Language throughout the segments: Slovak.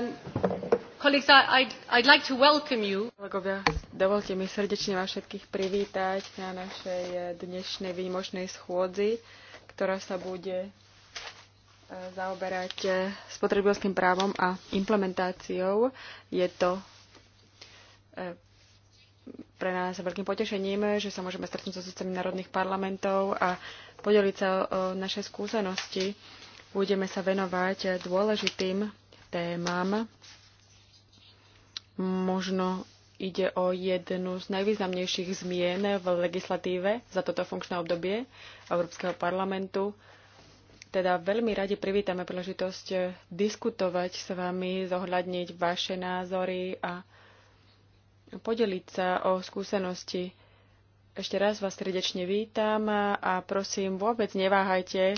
Um, Kolegovia, dovolte mi srdečne vás všetkých privítať na našej eh, dnešnej výmočnej schôdzi, ktorá sa bude eh, zaoberať eh, spotrebiteľským právom a implementáciou. Je to pre nás veľkým potešením, že sa môžeme stretnúť so sudcami národných parlamentov a podeliť sa o naše skúsenosti. Budeme sa venovať dôležitým témam. Možno ide o jednu z najvýznamnejších zmien v legislatíve za toto funkčné obdobie Európskeho parlamentu. Teda veľmi radi privítame príležitosť diskutovať s vami, zohľadniť vaše názory a podeliť sa o skúsenosti. Ešte raz vás srdečne vítam a prosím, vôbec neváhajte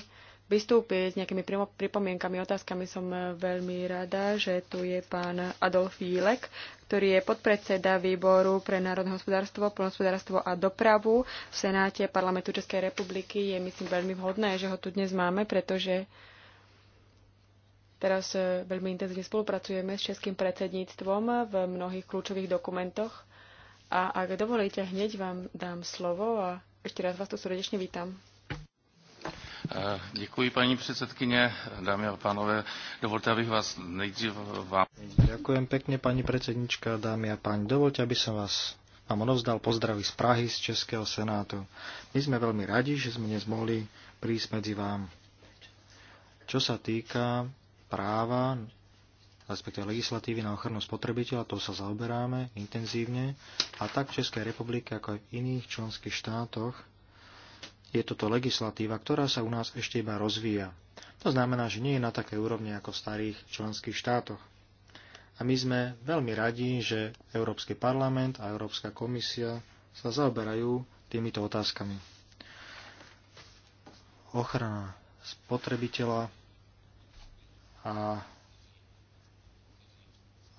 vystúpiť s nejakými pripomienkami, otázkami. Som eh, veľmi rada, že tu je pán Adolf Jílek, ktorý je podpredseda výboru pre národné hospodárstvo, plnohospodárstvo a dopravu v Senáte parlamentu Českej republiky. Je, myslím, veľmi vhodné, že ho tu dnes máme, pretože teraz eh, veľmi intenzívne spolupracujeme s českým predsedníctvom v mnohých kľúčových dokumentoch. A ak dovolíte, hneď vám dám slovo a ešte raz vás tu srdečne vítam. Eh, děkuji, paní předsedkyně, dámy a pánové. Dovolte, abych vás nejdřív vám... Ďakujem pekne, pani predsednička, dámy a páni. Dovolte, aby som vás vám odovzdal pozdravy z Prahy, z Českého senátu. My sme veľmi radi, že sme dnes mohli prísť medzi vám. Čo sa týka práva, respektíve legislatívy na ochranu spotrebiteľa, to sa zaoberáme intenzívne a tak v Českej republike ako aj v iných členských štátoch je toto legislatíva, ktorá sa u nás ešte iba rozvíja. To znamená, že nie je na takej úrovni ako v starých členských štátoch. A my sme veľmi radi, že Európsky parlament a Európska komisia sa zaoberajú týmito otázkami. Ochrana spotrebiteľa a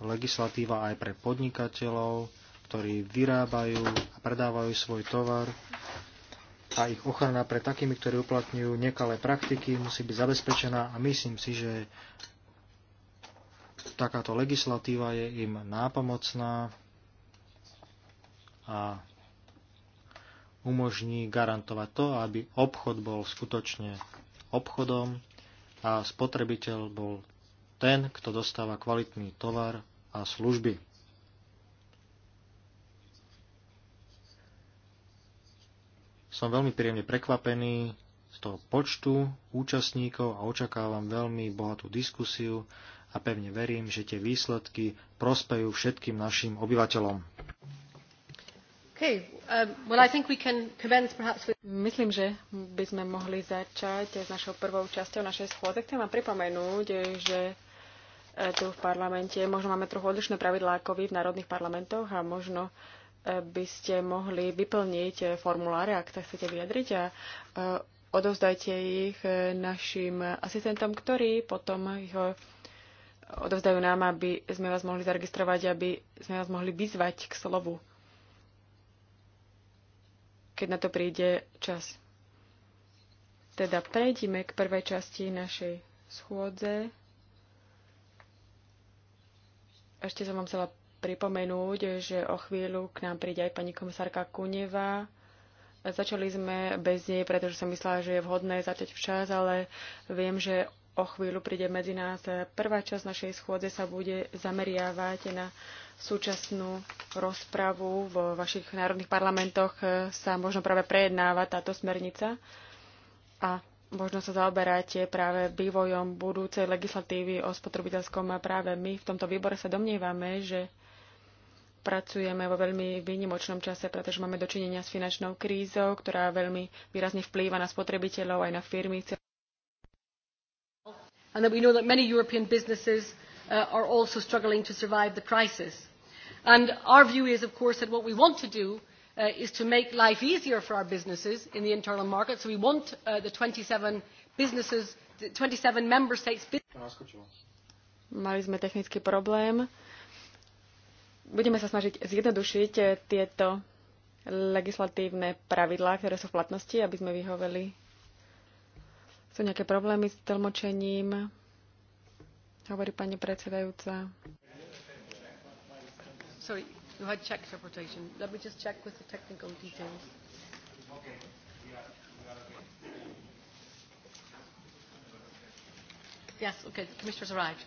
legislatíva aj pre podnikateľov, ktorí vyrábajú a predávajú svoj tovar a ich ochrana pre takými, ktorí uplatňujú nekalé praktiky, musí byť zabezpečená a myslím si, že takáto legislatíva je im nápomocná a umožní garantovať to, aby obchod bol skutočne obchodom a spotrebiteľ bol ten, kto dostáva kvalitný tovar a služby. Som veľmi príjemne prekvapený z toho počtu účastníkov a očakávam veľmi bohatú diskusiu a pevne verím, že tie výsledky prospejú všetkým našim obyvateľom. Okay. Um, well, I think we can commence perhaps with... Myslím, že by sme mohli začať s našou prvou časťou našej schôdze. Chcem vám pripomenúť, že eh, tu v parlamente možno máme trochu odlišné pravidlá ako vy v národných parlamentoch a možno uh, by ste mohli vyplniť formuláre, ak sa chcete vyjadriť a e, odovzdajte ich e, našim asistentom, ktorí potom ich e, odovzdajú nám, aby sme vás mohli zaregistrovať, aby sme vás mohli vyzvať k slovu, keď na to príde čas. Teda prejdime k prvej časti našej schôdze. Ešte som vám chcela pripomenúť, že o chvíľu k nám príde aj pani komisárka Kuneva. Začali sme bez nej, pretože som myslela, že je vhodné začať včas, ale viem, že o chvíľu príde medzi nás. Prvá časť našej schôdze sa bude zameriavať na súčasnú rozpravu. Vo vašich národných parlamentoch sa možno práve prejednáva táto smernica a možno sa zaoberáte práve vývojom budúcej legislatívy o spotrebiteľskom práve. My v tomto výbore sa domnievame, že pracujeme vo veľmi výnimočnom čase, pretože máme dočinenia s finančnou krízou, ktorá veľmi výrazne vplýva na spotrebiteľov aj na firmy. And that we know that many European businesses uh, are also struggling to survive the crisis. And our view is, of course, that what we want to do uh, is to make life easier for our businesses in the internal market. So we want uh, the 27 businesses, the 27 member states. Mali sme technický problém Budeme sa snažiť zjednodušiť eh, tieto legislatívne pravidlá, ktoré sú v platnosti, aby sme vyhoveli. Sú nejaké problémy s tlmočením? Hovorí pani predsedajúca. Sorry, you had Czech interpretation. Let me just check with the technical details. Yes, okay, the commissioner's arrived.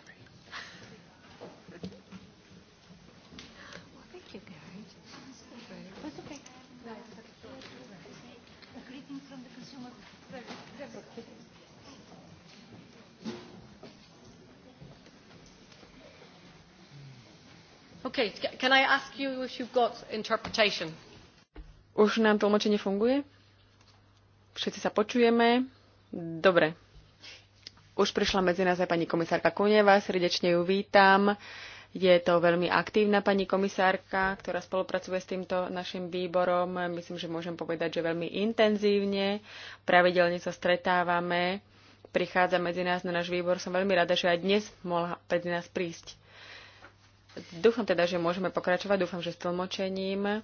Okay, can I ask you if you've got interpretation? Už nám tlmočenie funguje? Všetci sa počujeme? Dobre. Už prišla medzi nás aj pani komisárka Kuneva, srdečne ju vítam. Je to veľmi aktívna pani komisárka, ktorá spolupracuje s týmto našim výborom. Myslím, že môžem povedať, že veľmi intenzívne. Pravidelne sa stretávame. Prichádza medzi nás na náš výbor. Som veľmi rada, že aj dnes mohla medzi nás prísť. Dúfam teda, že môžeme pokračovať. Dúfam, že s tlmočením.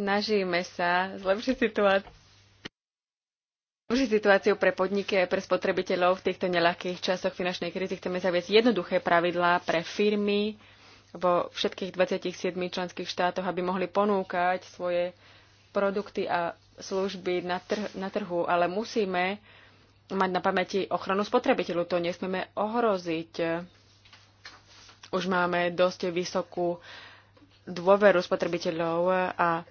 Snažíme sa zlepšiť situáciu si situáciu pre podniky a pre spotrebiteľov v týchto neľahkých časoch finančnej krízy chceme zaviesť jednoduché pravidlá pre firmy vo všetkých 27 členských štátoch, aby mohli ponúkať svoje produkty a služby na, trh, na trhu, ale musíme mať na pamäti ochranu spotrebiteľov. To nesmieme ohroziť. Už máme dosť vysokú dôveru spotrebiteľov a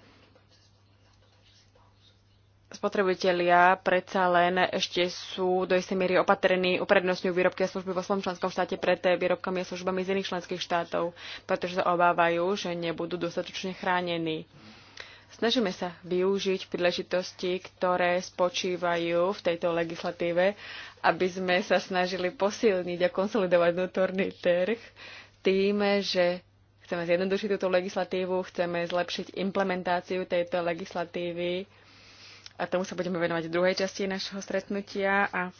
spotrebitelia predsa len ešte sú do istej miery opatrení, uprednostňujú výrobky a služby vo svojom členskom štáte pred výrobkami a službami z iných členských štátov, pretože sa obávajú, že nebudú dostatočne chránení. Snažíme sa využiť príležitosti, ktoré spočívajú v tejto legislatíve, aby sme sa snažili posilniť a konsolidovať vnútorný trh tým, že chceme zjednodušiť túto legislatívu, chceme zlepšiť implementáciu tejto legislatívy a tomu sa budeme venovať v druhej časti našho stretnutia. A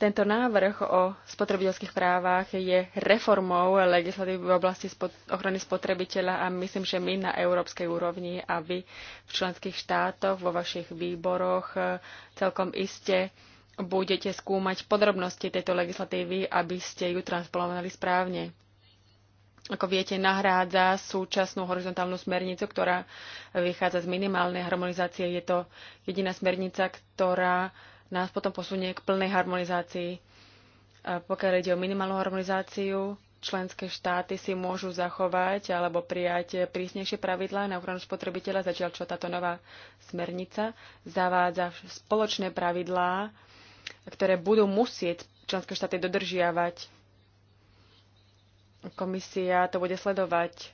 tento návrh o spotrebiteľských právach je reformou legislatívy v oblasti ochrany spotrebiteľa a myslím, že my na európskej úrovni a vy v členských štátoch, vo vašich výboroch e, celkom iste budete skúmať podrobnosti tejto legislatívy, aby ste ju transponovali správne ako viete, nahrádza súčasnú horizontálnu smernicu, ktorá vychádza z minimálnej harmonizácie. Je to jediná smernica, ktorá nás potom posunie k plnej harmonizácii. A pokiaľ ide o minimálnu harmonizáciu, členské štáty si môžu zachovať alebo prijať prísnejšie pravidlá na ochranu spotrebiteľa, zatiaľ čo táto nová smernica zavádza spoločné pravidlá, ktoré budú musieť členské štáty dodržiavať Komisia to bude sledovať.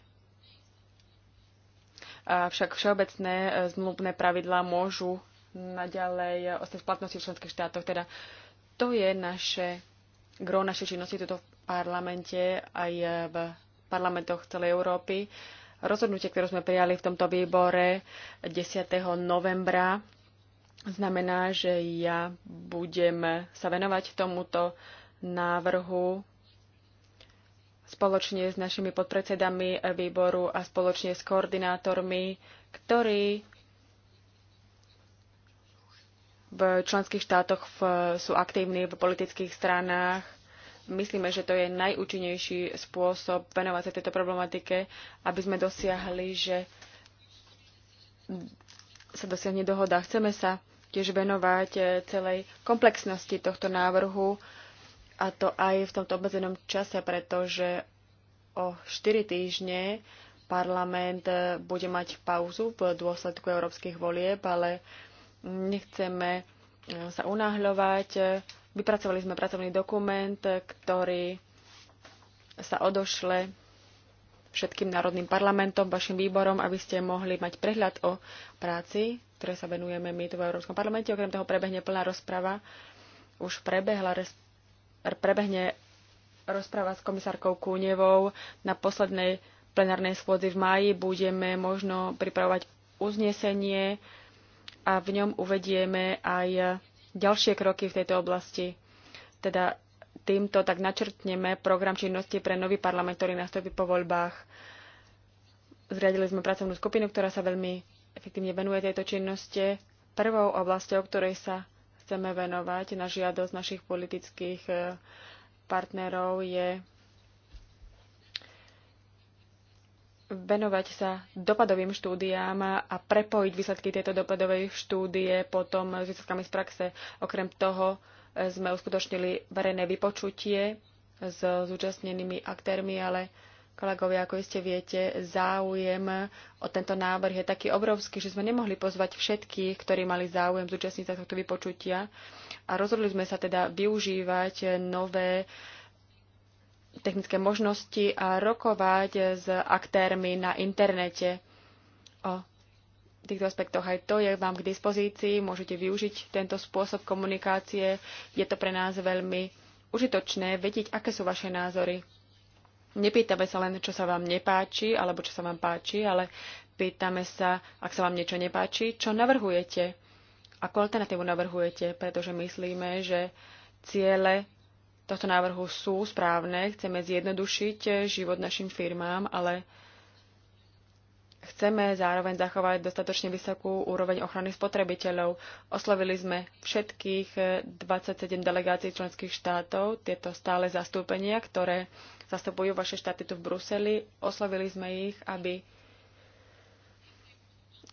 Avšak všeobecné e, zmluvné pravidlá môžu naďalej e, ostať v platnosti v členských štátoch. Teda to je naše gro našej činnosti tuto v parlamente aj e, v parlamentoch celej Európy. Rozhodnutie, ktoré sme prijali v tomto výbore 10. novembra, znamená, že ja budem sa venovať tomuto návrhu spoločne s našimi podpredsedami výboru a spoločne s koordinátormi, ktorí v členských štátoch v, sú aktívni v politických stranách. Myslíme, že to je najúčinnejší spôsob venovať sa tejto problematike, aby sme dosiahli, že sa dosiahne dohoda. Chceme sa tiež venovať eh, celej komplexnosti tohto návrhu a to aj v tomto obmedzenom čase, pretože o 4 týždne parlament eh, bude mať pauzu v dôsledku európskych volieb, ale nechceme eh, sa unáhľovať. Vypracovali sme pracovný dokument, eh, ktorý sa odošle všetkým národným parlamentom, vašim výborom, aby ste mohli mať prehľad o práci, ktoré sa venujeme my tu v Európskom parlamente. Okrem toho prebehne plná rozprava. Už prebehla prebehne rozpráva s komisárkou Kúnevou na poslednej plenárnej schôdzi v máji. Budeme možno pripravovať uznesenie a v ňom uvedieme aj ďalšie kroky v tejto oblasti. Teda týmto tak načrtneme program činnosti pre nový parlament, ktorý nastúpi po voľbách. Zriadili sme pracovnú skupinu, ktorá sa veľmi efektívne venuje tejto činnosti. Prvou oblasťou, ktorej sa chceme venovať na žiadosť našich politických e, partnerov, je venovať sa dopadovým štúdiám a prepojiť výsledky tejto dopadovej štúdie potom s výsledkami z praxe. Okrem toho e, sme uskutočnili verejné vypočutie s zúčastnenými aktérmi, ale Kolegovia, ako iste viete, záujem o tento návrh je taký obrovský, že sme nemohli pozvať všetkých, ktorí mali záujem zúčastniť sa tohto vypočutia. A rozhodli sme sa teda využívať nové technické možnosti a rokovať s aktérmi na internete o týchto aspektoch. Aj to je vám k dispozícii, môžete využiť tento spôsob komunikácie. Je to pre nás veľmi užitočné vedieť, aké sú vaše názory nepýtame sa len, čo sa vám nepáči alebo čo sa vám páči, ale pýtame sa, ak sa vám niečo nepáči, čo navrhujete, akú alternatívu navrhujete, pretože myslíme, že ciele tohto návrhu sú správne, chceme zjednodušiť život našim firmám, ale chceme zároveň zachovať dostatočne vysokú úroveň ochrany spotrebiteľov. Oslovili sme všetkých 27 delegácií členských štátov, tieto stále zastúpenia, ktoré zastupujú vaše štáty tu v Bruseli. Oslovili sme ich, aby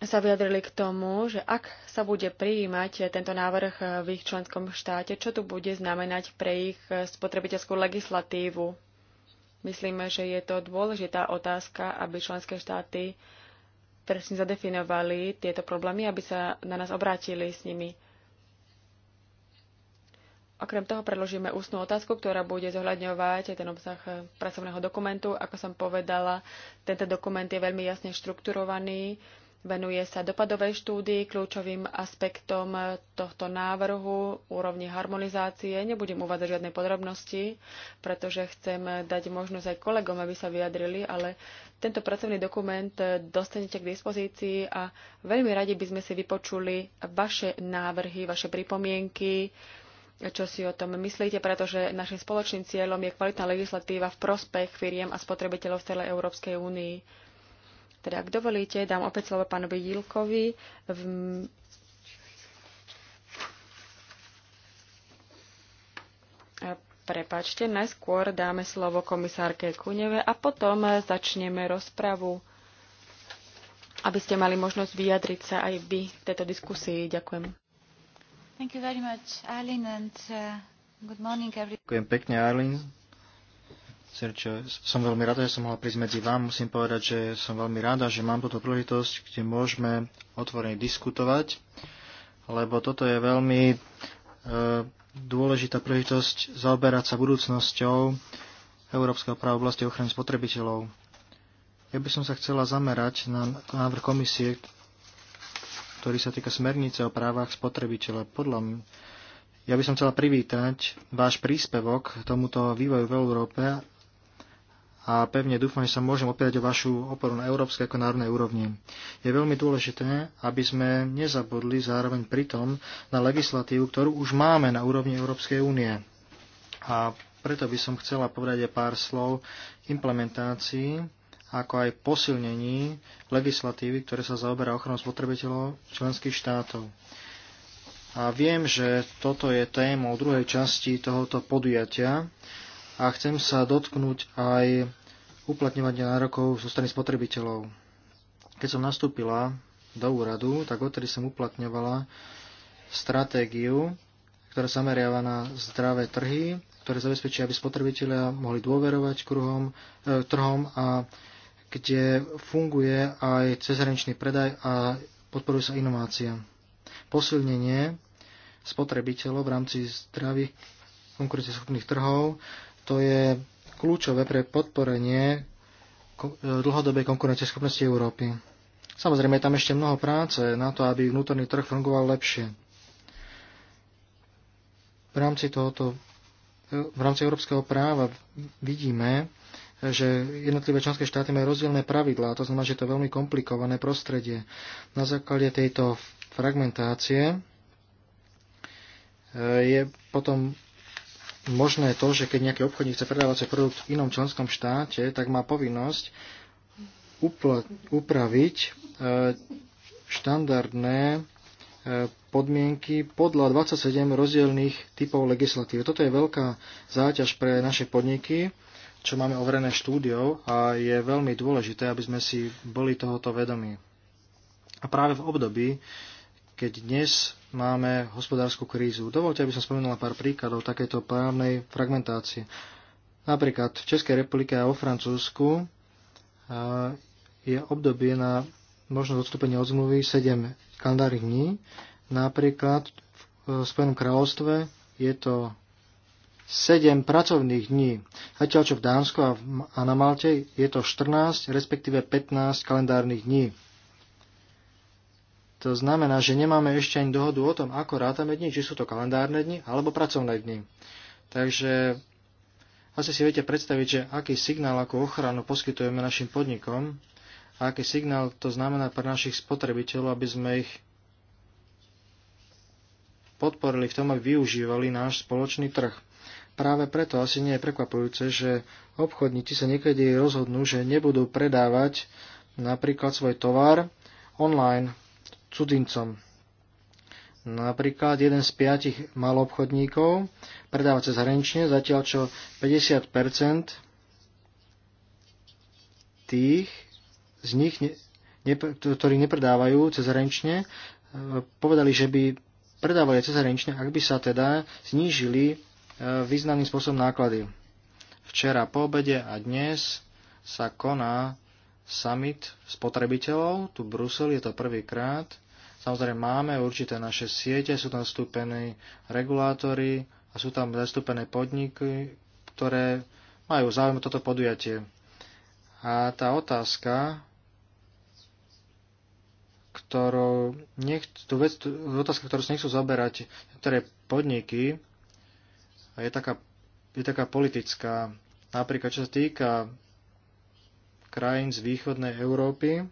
sa vyjadrili k tomu, že ak sa bude prijímať tento návrh v ich členskom štáte, čo to bude znamenať pre ich spotrebiteľskú legislatívu. Myslíme, že je to dôležitá otázka, aby členské štáty presne zadefinovali tieto problémy, aby sa na nás obrátili s nimi. Okrem toho predložíme ústnu otázku, ktorá bude zohľadňovať ten obsah eh, pracovného dokumentu. Ako som povedala, tento dokument je veľmi jasne štrukturovaný, venuje sa dopadovej štúdii, kľúčovým aspektom eh, tohto návrhu, úrovni harmonizácie. Nebudem uvádzať žiadne podrobnosti, pretože chcem eh, dať možnosť aj kolegom, aby sa vyjadrili, ale tento pracovný dokument dostanete k dispozícii a veľmi radi by sme si vypočuli vaše návrhy, vaše pripomienky, čo si o tom myslíte, pretože našim spoločným cieľom je kvalitná legislatíva v prospech firiem a spotrebiteľov v celej Európskej únii. Teda, ak dovolíte, dám opäť slovo pánovi Jílkovi. V... Prepačte, najskôr dáme slovo komisárke Kuneve a potom začneme rozpravu, aby ste mali možnosť vyjadriť sa aj vy v tejto diskusii. Ďakujem. Thank you very much, Arlene, and uh, good morning, everyone. Ďakujem pekne, Arlene. Serčo, som veľmi rada, že som mohla prísť medzi vám. Musím povedať, že som veľmi rada, že mám túto príležitosť, kde môžeme otvorene diskutovať, lebo toto je veľmi e, dôležitá príležitosť zaoberať sa budúcnosťou Európskeho práva oblasti ochrany spotrebiteľov. Ja by som sa chcela zamerať na návrh komisie, ktorý sa týka smernice o právach spotrebiteľa. Podľa mňa, ja by som chcela privítať váš príspevok k tomuto vývoju v Európe a pevne dúfam, že sa môžem opierať o vašu oporu na európskej ako národnej úrovni. Je veľmi dôležité, aby sme nezabudli zároveň pritom na legislatívu, ktorú už máme na úrovni Európskej únie. A preto by som chcela povedať aj pár slov implementácii ako aj posilnení legislatívy, ktoré sa zaoberá ochranou spotrebiteľov členských štátov. A viem, že toto je témou druhej časti tohoto podujatia a chcem sa dotknúť aj uplatňovania nárokov zo strany spotrebiteľov. Keď som nastúpila do úradu, tak odtedy som uplatňovala stratégiu, ktorá zameriava na zdravé trhy, ktoré zabezpečia, aby spotrebitelia mohli dôverovať kruhom, e, trhom a kde funguje aj cezhraničný predaj a podporuje sa inovácia. Posilnenie spotrebiteľov v rámci zdravých konkurencieschopných trhov, to je kľúčové pre podporenie dlhodobej konkurencieschopnosti Európy. Samozrejme, je tam ešte mnoho práce na to, aby vnútorný trh fungoval lepšie. V rámci tohoto, v rámci európskeho práva vidíme, že jednotlivé členské štáty majú rozdielne pravidlá, to znamená, že to je veľmi komplikované prostredie. Na základe tejto fragmentácie e, je potom možné to, že keď nejaký obchodník chce predávať svoj produkt v inom členskom štáte, tak má povinnosť upraviť e, štandardné e, podmienky podľa 27 rozdielných typov legislatívy. Toto je veľká záťaž pre naše podniky čo máme overené štúdiou a je veľmi dôležité, aby sme si boli tohoto vedomí. A práve v období, keď dnes máme hospodárskú krízu. Dovolte, aby som spomenula pár príkladov takéto právnej fragmentácie. Napríklad v Českej republike a vo Francúzsku je obdobie na možnosť odstúpenia od zmluvy 7 kalendárnych dní. Napríklad v e, Spojenom kráľovstve je to 7 pracovných dní. Zatiaľ čo v Dánsku a, na Malte je to 14, respektíve 15 kalendárnych dní. To znamená, že nemáme ešte ani dohodu o tom, ako rátame dni, či sú to kalendárne dni alebo pracovné dni. Takže asi si viete predstaviť, že aký signál ako ochranu poskytujeme našim podnikom a aký signál to znamená pre našich spotrebiteľov, aby sme ich podporili v tom, aby využívali náš spoločný trh. Práve preto asi nie je prekvapujúce, že obchodníci sa niekedy rozhodnú, že nebudú predávať napríklad svoj tovar online cudzincom. Napríklad jeden z piatich malobchodníkov predáva cez hranične, zatiaľ čo 50% tých z nich, ktorí nepredávajú cez hranične, eh, povedali, že by predávali cez hranične, ak by sa teda znížili významným spôsobom náklady. Včera po obede a dnes sa koná summit spotrebiteľov. Tu Brusel je to prvýkrát. Samozrejme máme určité naše siete, sú tam vstúpení regulátory a sú tam zastúpené podniky, ktoré majú záujem toto podujatie. A tá otázka, ktorou nechcú, tú vec, tú otázka, ktorú si nechcú zaberať ktoré podniky, a je taká, je taká politická. Napríklad, čo sa týka krajín z východnej Európy,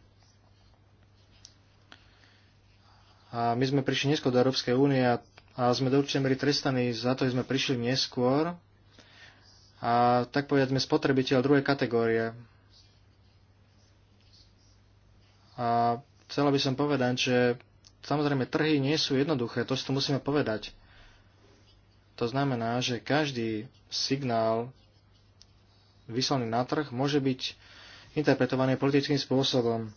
a my sme prišli neskôr do Európskej únie a, a sme do určitej miery trestaní za to, že sme prišli neskôr a tak povedať sme spotrebiteľ druhej kategórie. A chcela by som povedať, že samozrejme trhy nie sú jednoduché, to si tu musíme povedať. To znamená, že každý signál vyslaný na trh môže byť interpretovaný politickým spôsobom.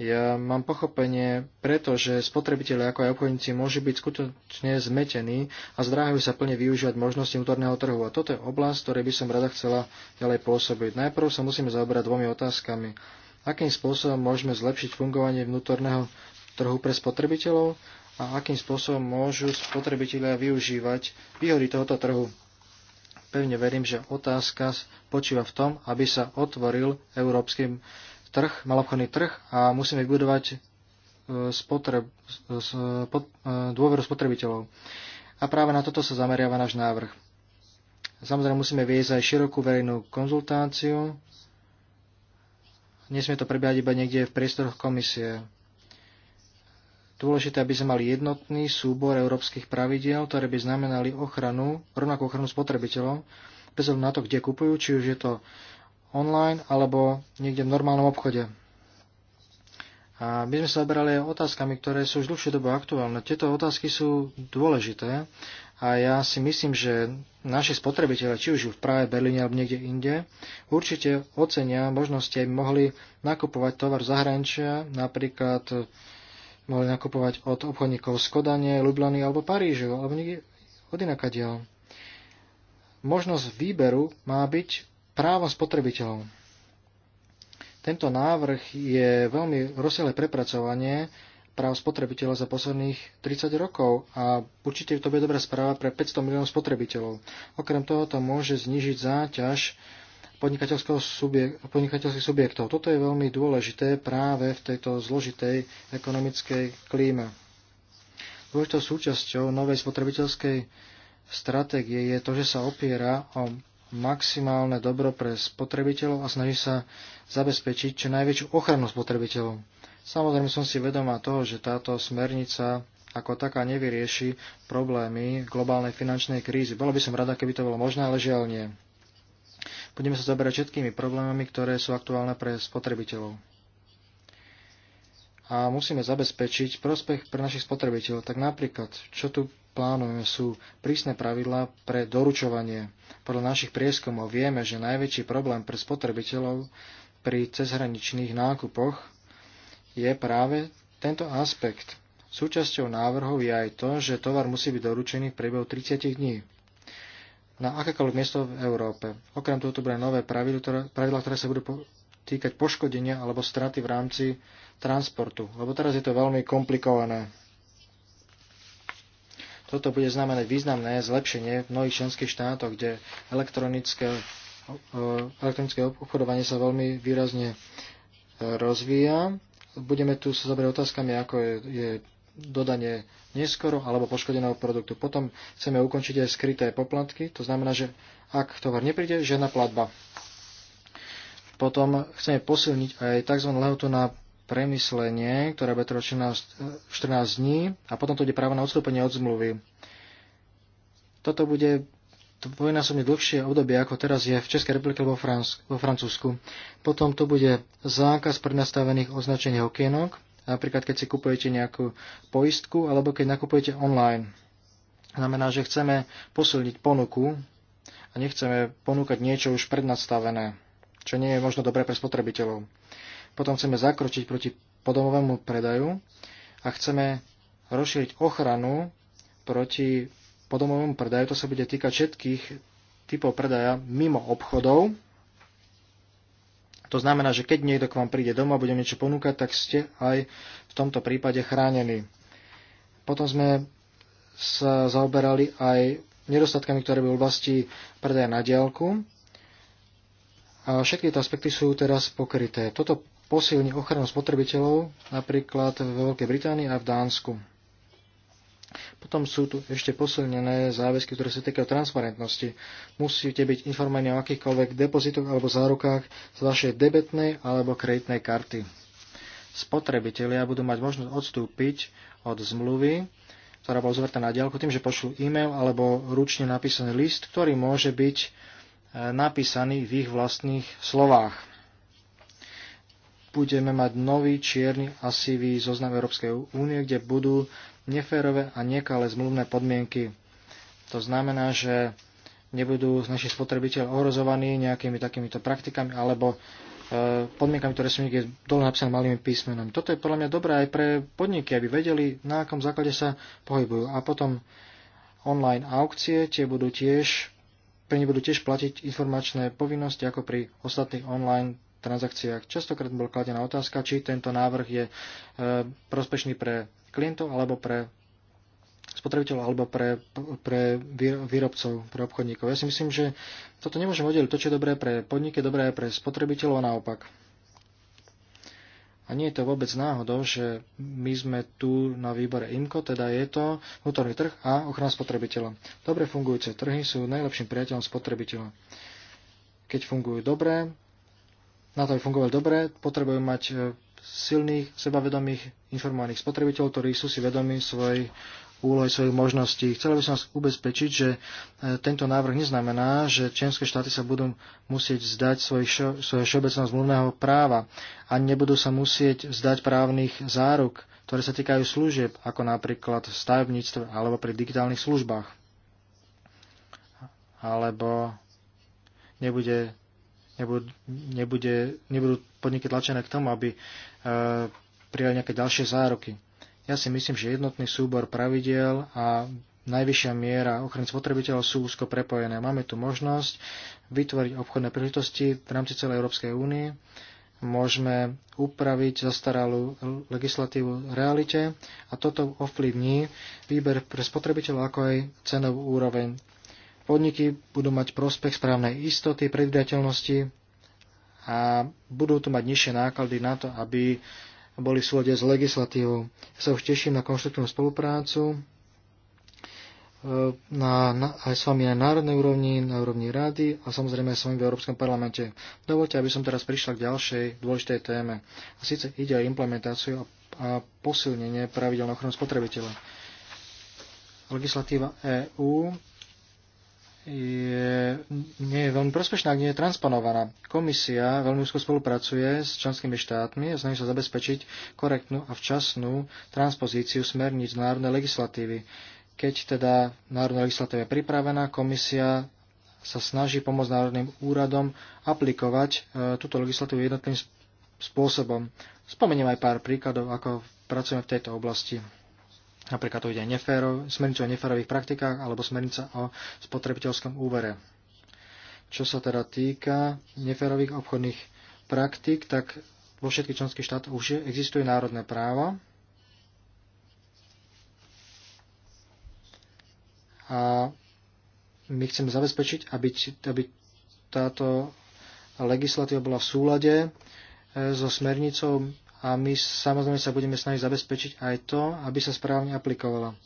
Ja mám pochopenie, pretože spotrebitelia ako aj obchodníci môžu byť skutočne zmetení a zdráhajú sa plne využívať možnosti vnútorného trhu. A toto je oblasť, ktorej by som rada chcela ďalej pôsobiť. Najprv sa musíme zaoberať dvomi otázkami. Akým spôsobom môžeme zlepšiť fungovanie vnútorného trhu pre spotrebiteľov a akým spôsobom môžu spotrebitelia využívať výhody tohoto trhu. Pevne verím, že otázka počíva v tom, aby sa otvoril európsky trh, malobchodný trh a musíme vybudovať e, spotreb, spot, e, dôveru spotrebiteľov. A práve na toto sa zameriava náš návrh. Samozrejme musíme viesť aj širokú verejnú konzultáciu. Nesmie to prebiehať iba niekde v priestoroch komisie. Dôležité, aby sme mali jednotný súbor európskych pravidiel, ktoré by znamenali ochranu, rovnakú ochranu spotrebiteľov, bez ohľadu na to, kde kupujú, či už je to online alebo niekde v normálnom obchode. A my sme sa zaberali aj otázkami, ktoré sú už dlhšie dobu aktuálne. Tieto otázky sú dôležité a ja si myslím, že naši spotrebitelia, či už v Prahe, Berlíne alebo niekde inde, určite ocenia možnosti, aby mohli nakupovať tovar zahraničia, napríklad mohli nakupovať od obchodníkov z Kodane, Lublany alebo Parížu, alebo niekde od diel. Možnosť výberu má byť právom spotrebiteľov. Tento návrh je veľmi rozsiahle prepracovanie práv spotrebiteľov za posledných 30 rokov a určite to bude dobrá správa pre 500 miliónov spotrebiteľov. Okrem toho to môže znižiť záťaž subjek- podnikateľských subjektov. Toto je veľmi dôležité práve v tejto zložitej ekonomickej klíme. Dôležitou súčasťou novej spotrebiteľskej stratégie je to, že sa opiera o maximálne dobro pre spotrebiteľov a snaží sa zabezpečiť čo najväčšiu ochranu spotrebiteľov. Samozrejme som si vedomá toho, že táto smernica ako taká nevyrieši problémy globálnej finančnej krízy. Bolo by som rada, keby to bolo možné, ale žiaľ nie. Budeme sa zaberať všetkými problémami, ktoré sú aktuálne pre spotrebiteľov. A musíme zabezpečiť prospech pre našich spotrebiteľov. Tak napríklad, čo tu plánujeme, sú prísne pravidlá pre doručovanie. Podľa našich prieskumov vieme, že najväčší problém pre spotrebiteľov pri cezhraničných nákupoch je práve tento aspekt. Súčasťou návrhov je aj to, že tovar musí byť doručený v priebehu 30 dní na akékoľvek miesto v Európe. Okrem toho tu bude nové pravidlo, ktoré, pravidla, ktoré sa budú týkať poškodenia alebo straty v rámci transportu, lebo teraz je to veľmi komplikované. Toto bude znamenať významné zlepšenie v mnohých členských štátoch, kde elektronické, elektronické obchodovanie sa veľmi výrazne e, rozvíja. Budeme tu sa zabrať otázkami, ako je, je dodanie neskoro alebo poškodeného produktu. Potom chceme ukončiť aj skryté poplatky, to znamená, že ak tovar nepríde, žiadna platba. Potom chceme posilniť aj tzv. lehotu na premyslenie, ktorá bude trvať 14 dní a potom to ide právo na odstúpenie od zmluvy. Toto bude dvojnásobne dlhšie obdobie, ako teraz je v Českej republike alebo vo, vo Francúzsku. Potom to bude zákaz prednastavených označení okienok, napríklad keď si kupujete nejakú poistku alebo keď nakupujete online. Znamená, že chceme posilniť ponuku a nechceme ponúkať niečo už prednastavené, čo nie je možno dobré pre spotrebiteľov. Potom chceme zakročiť proti podomovému predaju a chceme rozšíriť ochranu proti podomovému predaju. To sa bude týkať všetkých typov predaja mimo obchodov, to znamená, že keď niekto k vám príde domov a bude niečo ponúkať, tak ste aj v tomto prípade chránení. Potom sme sa zaoberali aj nedostatkami, ktoré by v oblasti predaja na diálku. A všetky tieto aspekty sú teraz pokryté. Toto posilní ochranu spotrebiteľov napríklad v Veľkej Británii a v Dánsku. Potom sú tu ešte posilnené záväzky, ktoré sa týkajú transparentnosti. Musíte byť informovaní o akýchkoľvek depozitoch alebo zárukách z vašej debetnej alebo kreditnej karty. Spotrebitelia budú mať možnosť odstúpiť od zmluvy, ktorá bola uzavretá na diálku, tým, že pošlú e-mail alebo ručne napísaný list, ktorý môže byť e, napísaný v ich vlastných slovách budeme mať nový čierny a sivý zoznam Európskej únie, kde budú neférové a nekalé zmluvné podmienky. To znamená, že nebudú naši spotrebiteľ ohrozovaní nejakými takýmito praktikami alebo e, podmienkami, ktoré sú niekde dole napísané malými písmenom. Toto je podľa mňa dobré aj pre podniky, aby vedeli, na akom základe sa pohybujú. A potom online aukcie, tie budú tiež, pre ne budú tiež platiť informačné povinnosti ako pri ostatných online transakciách. Častokrát bol kladená otázka, či tento návrh je e, prospešný pre klientov alebo pre spotrebiteľov alebo pre, pre výrobcov, pre obchodníkov. Ja si myslím, že toto nemôžeme oddeliť. To, čo je dobré pre podniky, je dobré aj pre spotrebiteľov a naopak. A nie je to vôbec náhodou, že my sme tu na výbore IMCO, teda je to vnútorný trh a ochrana spotrebiteľa. Dobre fungujúce trhy sú najlepším priateľom spotrebiteľa. Keď fungujú dobre, na to, aby fungoval dobre, potrebujú mať e, silných, sebavedomých, informovaných spotrebiteľov, ktorí sú si vedomi svojej úlohy, svojich možností. Chcel by som vás ubezpečiť, že e, tento návrh neznamená, že členské štáty sa budú musieť vzdať svojho všeobecného zmluvného práva a nebudú sa musieť vzdať právnych záruk, ktoré sa týkajú služieb, ako napríklad v stavebníctve alebo pri digitálnych službách. Alebo nebude nebudú, nebude, nebudú podniky tlačené k tomu, aby eh, prijali nejaké ďalšie zároky. Ja si myslím, že jednotný súbor pravidiel a najvyššia miera ochrany spotrebiteľov sú úzko prepojené. Máme tu možnosť vytvoriť obchodné príležitosti v rámci celej Európskej únie. Môžeme upraviť zastaralú legislatívu v realite a toto ovplyvní výber pre spotrebiteľov ako aj cenovú úroveň podniky budú mať prospech správnej istoty, predvydateľnosti a budú tu mať nižšie náklady na to, aby boli v súlade s legislatívou. Ja sa už teším na konštruktívnu spoluprácu e, na, na, aj s vami na národnej úrovni, na úrovni rady a samozrejme aj s vami v Európskom parlamente. Dovolte, aby som teraz prišla k ďalšej dôležitej téme. A síce ide o implementáciu a, a posilnenie pravidelného ochrany ochranu spotrebiteľa. Legislatíva EÚ je, nie je veľmi prospešná, ak nie je transponovaná. Komisia veľmi úzko spolupracuje s členskými štátmi a snaží sa zabezpečiť korektnú a včasnú transpozíciu smerníc národnej legislatívy. Keď teda národná legislatíva je pripravená, komisia sa snaží pomôcť národným úradom aplikovať e, túto legislatívu jednotným spôsobom. Spomeniem aj pár príkladov, ako pracujeme v tejto oblasti. Napríklad to ide neféro, smernica o neférových praktikách alebo smernica o spotrebiteľskom úvere. Čo sa teda týka neférových obchodných praktik, tak vo všetkých členských štátoch už existuje národné právo a my chceme zabezpečiť, aby, aby táto legislatíva bola v súlade e, so smernicou a my samozrejme sa budeme snažiť zabezpečiť aj to, aby sa správne aplikovala.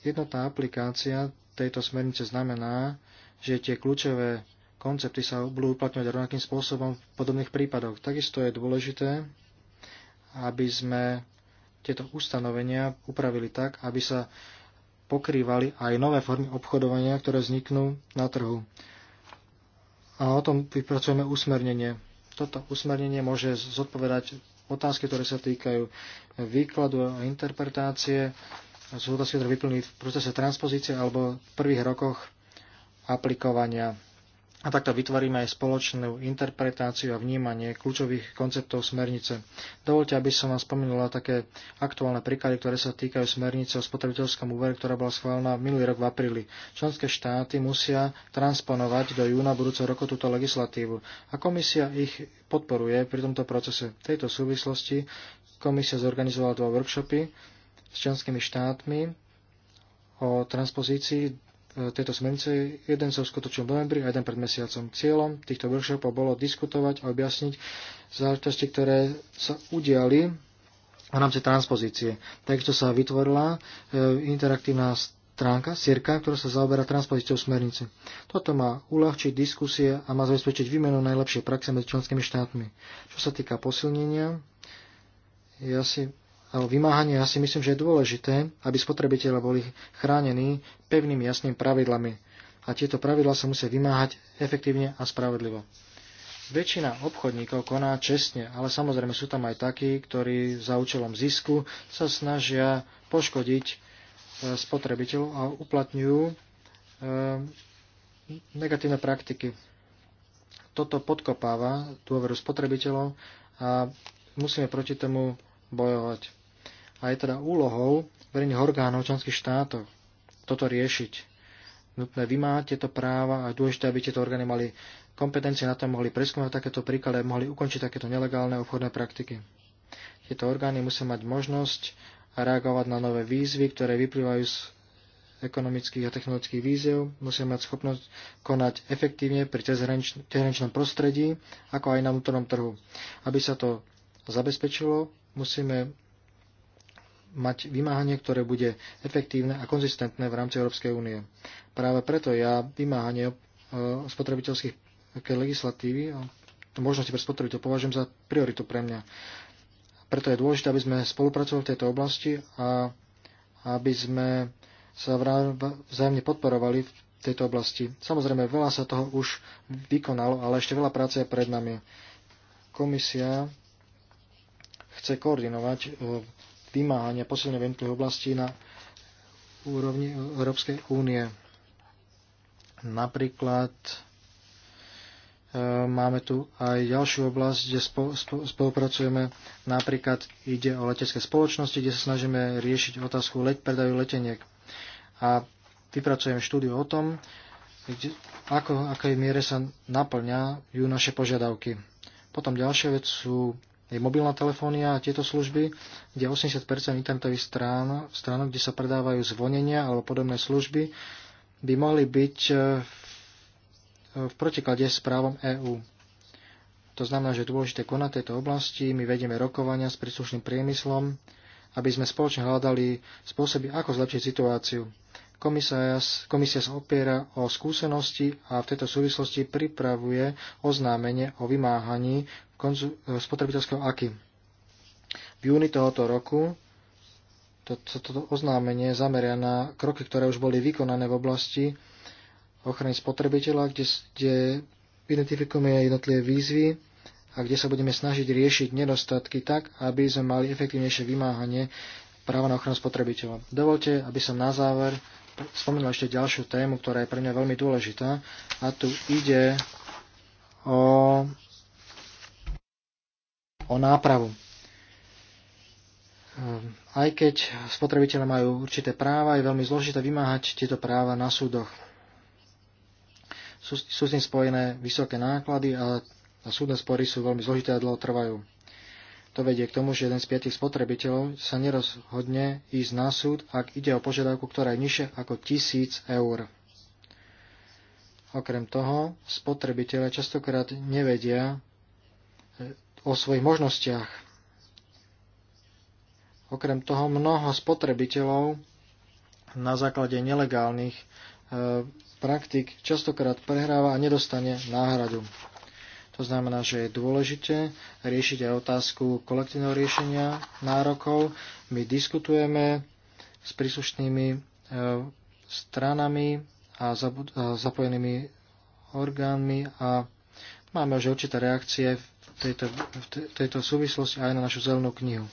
Jednotná aplikácia tejto smernice znamená, že tie kľúčové koncepty sa budú uplatňovať rovnakým spôsobom v podobných prípadoch. Takisto je dôležité, aby sme tieto ustanovenia upravili tak, aby sa pokrývali aj nové formy obchodovania, ktoré vzniknú na trhu. A o tom vypracujeme usmernenie. Toto usmernenie môže zodpovedať otázky, ktoré sa týkajú výkladu a interpretácie, sú otázky, ktoré vyplní v procese transpozície alebo v prvých rokoch aplikovania a takto vytvoríme aj spoločnú interpretáciu a vnímanie kľúčových konceptov smernice. Dovolte, aby som vám spomenula také aktuálne príklady, ktoré sa týkajú smernice o spotrebiteľskom úvere, ktorá bola schválená minulý rok v apríli. Členské štáty musia transponovať do júna budúceho roku túto legislatívu a komisia ich podporuje pri tomto procese. V tejto súvislosti komisia zorganizovala dva workshopy s členskými štátmi o transpozícii E, tejto smernice, jeden sa uskutočil v novembri a jeden pred mesiacom. Cieľom týchto workshopov bolo diskutovať a objasniť záležitosti, ktoré sa udiali v rámci transpozície. Takisto sa vytvorila e, interaktívna stránka, sirka, ktorá sa zaoberá transpozíciou smernice. Toto má uľahčiť diskusie a má zabezpečiť výmenu najlepšej praxe medzi členskými štátmi. Čo sa týka posilnenia, ja si alebo vymáhanie, ja si myslím, že je dôležité, aby spotrebitelia boli chránení pevnými jasnými pravidlami. A tieto pravidlá sa musia vymáhať efektívne a spravodlivo. Väčšina obchodníkov koná čestne, ale samozrejme sú tam aj takí, ktorí za účelom zisku sa snažia poškodiť e, spotrebiteľov a uplatňujú e, negatívne praktiky. Toto podkopáva dôveru spotrebiteľov a musíme proti tomu bojovať a je teda úlohou verejných orgánov členských štátov toto riešiť. Nutné vymáhať tieto práva a dôležité, aby tieto orgány mali kompetencie na to, mohli preskúmať takéto príklady a mohli ukončiť takéto nelegálne obchodné praktiky. Tieto orgány musia mať možnosť reagovať na nové výzvy, ktoré vyplývajú z ekonomických a technologických víziev, musia mať schopnosť konať efektívne pri cezhraničnom prostredí, ako aj na vnútornom trhu. Aby sa to zabezpečilo, musíme mať vymáhanie, ktoré bude efektívne a konzistentné v rámci Európskej únie. Práve preto ja vymáhanie e, spotrebiteľských legislatívy a možnosti pre spotrebiteľ považujem za prioritu pre mňa. Preto je dôležité, aby sme spolupracovali v tejto oblasti a aby sme sa vzájomne podporovali v tejto oblasti. Samozrejme, veľa sa toho už vykonalo, ale ešte veľa práce je pred nami. Komisia chce koordinovať e, vymáhania posilne v jednotlivých oblasti na úrovni Európskej únie. Napríklad e, máme tu aj ďalšiu oblasť, kde spolupracujeme. Napríklad ide o letecké spoločnosti, kde sa snažíme riešiť otázku let, predaju leteniek. A vypracujem štúdiu o tom, kde, ako, akej miere sa naplňajú naše požiadavky. Potom ďalšia vec sú je mobilná telefónia a tieto služby, kde 80% internetových strán, stránok, kde sa predávajú zvonenia alebo podobné služby, by mohli byť e, v protiklade s právom EÚ. To znamená, že je dôležité konať tejto oblasti, my vedieme rokovania s príslušným priemyslom, aby sme spoločne hľadali spôsoby, ako zlepšiť situáciu. Komisia, komisia sa opiera o skúsenosti a v tejto súvislosti pripravuje oznámenie o vymáhaní konzu- e, spotrebiteľského AKI. V júni tohoto roku toto to, to oznámenie zameria na kroky, ktoré už boli vykonané v oblasti ochrany spotrebiteľa, kde, kde identifikujeme jednotlivé výzvy a kde sa budeme snažiť riešiť nedostatky tak, aby sme mali efektívnejšie vymáhanie práva na ochranu spotrebiteľa. Dovolte, aby som na záver spomenul ešte ďalšiu tému, ktorá je pre mňa veľmi dôležitá. A tu ide o o nápravu. Ehm, aj keď spotrebiteľe majú určité práva, je veľmi zložité vymáhať tieto práva na súdoch. Sú, s tým spojené vysoké náklady a, súdne spory sú veľmi zložité a dlho trvajú. To vedie k tomu, že jeden z piatich spotrebiteľov sa nerozhodne ísť na súd, ak ide o požiadavku, ktorá je nižšia ako 1000 eur. Okrem toho, spotrebiteľe častokrát nevedia, o svojich možnostiach. Okrem toho mnoho spotrebiteľov na základe nelegálnych e, praktik častokrát prehráva a nedostane náhradu. To znamená, že je dôležité riešiť aj otázku kolektívneho riešenia nárokov. My diskutujeme s príslušnými e, stranami a zapojenými orgánmi a máme už určité reakcie tejto, v tejto súvislosti aj na našu zelenú knihu.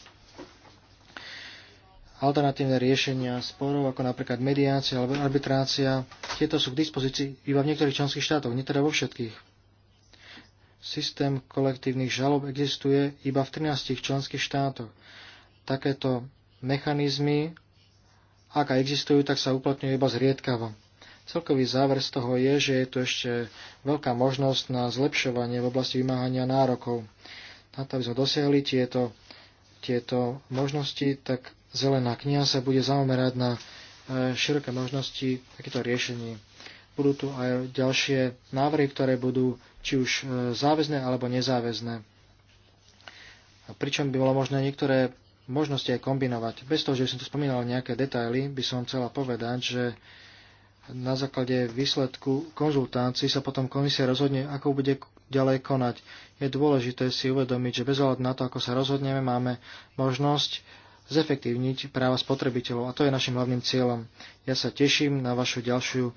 Alternatívne riešenia sporov, ako napríklad mediácia alebo arbitrácia, tieto sú k dispozícii iba v niektorých členských štátoch, nie teda vo všetkých. Systém kolektívnych žalob existuje iba v 13 členských štátoch. Takéto mechanizmy, ak existujú, tak sa uplatňujú iba zriedkavo. Celkový záver z toho je, že je tu ešte veľká možnosť na zlepšovanie v oblasti vymáhania nárokov. Na to, aby sme dosiahli tieto, tieto možnosti, tak Zelená kniha sa bude zaomerať na e, široké možnosti takéto riešení. Budú tu aj ďalšie návrhy, ktoré budú či už e, záväzné alebo nezáväzné. Pričom by bolo možné niektoré možnosti aj kombinovať. Bez toho, že som tu spomínal nejaké detaily, by som chcela povedať, že na základe výsledku konzultácií sa potom komisia rozhodne, ako bude ďalej konať. Je dôležité si uvedomiť, že bez ohľadu na to, ako sa rozhodneme, máme možnosť zefektívniť práva spotrebiteľov a to je našim hlavným cieľom. Ja sa teším na vašu ďalšiu e,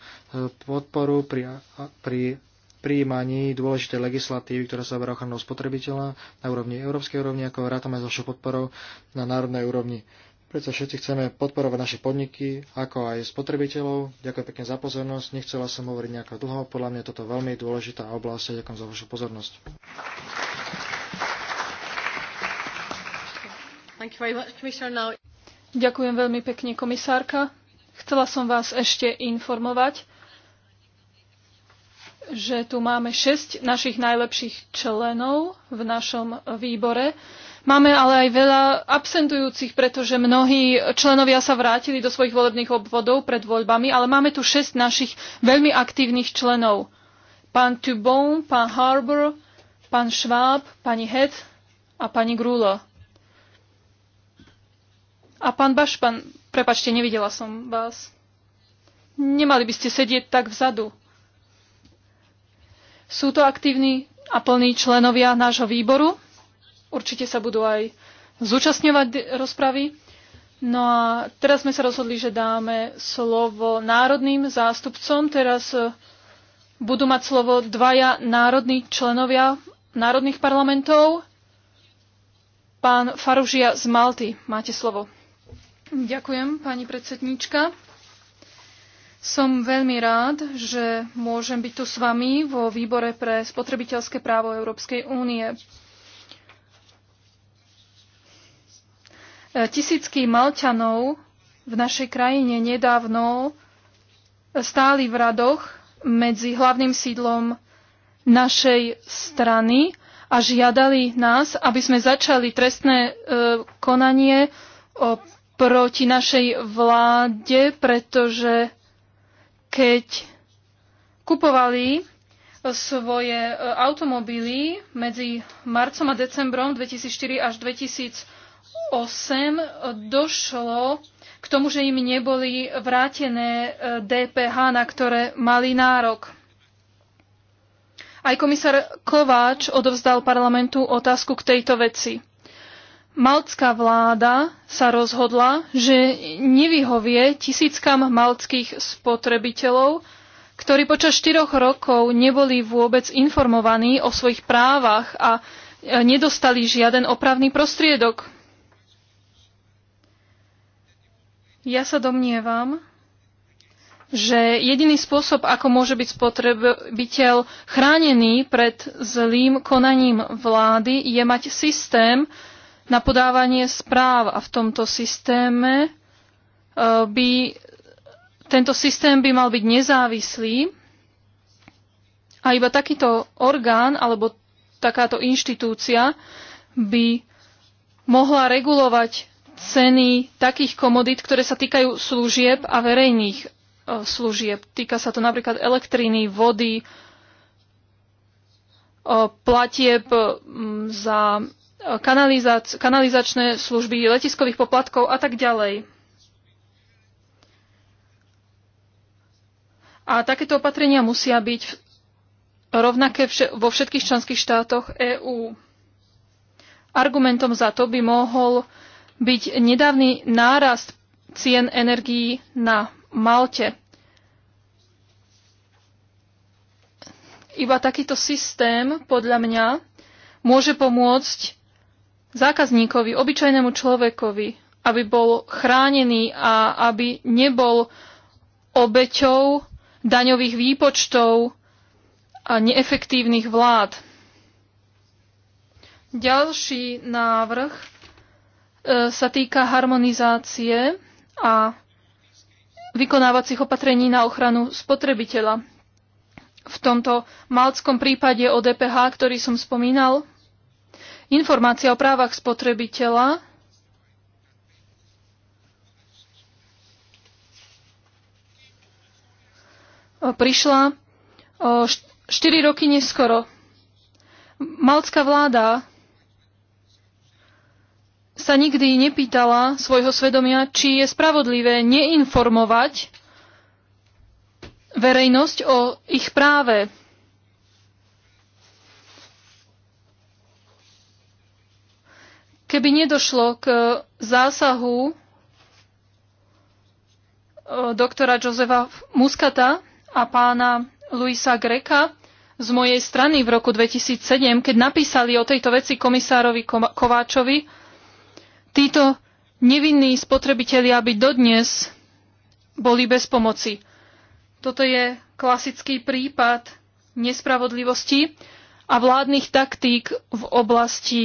podporu pri, pri prijímaní dôležitej legislatívy, ktorá sa zaoberá ochranou spotrebiteľa na úrovni európskej úrovni, ako vrátame s vašou podporou na národnej úrovni. Preto všetci chceme podporovať naše podniky, ako aj spotrebiteľov. Ďakujem pekne za pozornosť. Nechcela som hovoriť nejako dlho. Podľa mňa toto veľmi dôležitá oblasť. Ďakujem za vašu pozornosť. Ďakujem veľmi pekne, komisárka. Chcela som vás ešte informovať, že tu máme šesť našich najlepších členov v našom výbore. Máme ale aj veľa absentujúcich, pretože mnohí členovia sa vrátili do svojich volebných obvodov pred voľbami, ale máme tu šesť našich veľmi aktívnych členov. Pán Tubon, pán Harbour, pán Schwab, pani Het a pani Grúlo. A pán Baš, pán, prepačte, nevidela som vás. Nemali by ste sedieť tak vzadu. Sú to aktívni a plní členovia nášho výboru určite sa budú aj zúčastňovať rozpravy. No a teraz sme sa rozhodli, že dáme slovo národným zástupcom. Teraz e, budú mať slovo dvaja národní členovia národných parlamentov. Pán Faružia z Malty, máte slovo. Ďakujem, pani predsedníčka. Som veľmi rád, že môžem byť tu s vami vo výbore pre spotrebiteľské právo Európskej únie. E, tisícky Malťanov v našej krajine nedávno stáli v radoch medzi hlavným sídlom našej strany a žiadali nás, aby sme začali trestné e, konanie e, proti našej vláde, pretože keď kupovali svoje automobily medzi marcom a decembrom 2004 až 2008, E, došlo k tomu, že im neboli vrátené e, DPH, na ktoré mali nárok. Aj komisár Kováč odovzdal parlamentu otázku k tejto veci. Maltská vláda sa rozhodla, že nevyhovie tisíckam malckých spotrebiteľov, ktorí počas štyroch rokov neboli vôbec informovaní o svojich právach a e, nedostali žiaden opravný prostriedok. Ja sa domnievam, že jediný spôsob, ako môže byť spotrebiteľ chránený pred zlým konaním vlády, je mať systém na podávanie správ. A v tomto systéme e, by tento systém by mal byť nezávislý a iba takýto orgán alebo takáto inštitúcia by mohla regulovať ceny takých komodít, ktoré sa týkajú služieb a verejných e, služieb. Týka sa to napríklad elektriny, vody, e, platieb e, za kanalizačné služby, letiskových poplatkov a tak ďalej. A takéto opatrenia musia byť rovnaké vo všetkých členských štátoch EÚ. Argumentom za to by mohol byť nedávny nárast cien energií na Malte. Iba takýto systém, podľa mňa, môže pomôcť zákazníkovi, obyčajnému človekovi, aby bol chránený a aby nebol obeťou daňových výpočtov a neefektívnych vlád. Ďalší návrh E, sa týka harmonizácie a vykonávacích opatrení na ochranu spotrebiteľa. V tomto malckom prípade o DPH, ktorý som spomínal, informácia o právach spotrebiteľa prišla 4 e, roky neskoro. Malcká vláda sa nikdy nepýtala svojho svedomia, či je spravodlivé neinformovať verejnosť o ich práve. Keby nedošlo k zásahu e, doktora Josefa Muskata a pána Luisa Greka z mojej strany v roku 2007, keď napísali o tejto veci komisárovi Kováčovi, títo nevinní spotrebitelia by dodnes boli bez pomoci. Toto je klasický prípad nespravodlivosti a vládnych taktík v oblasti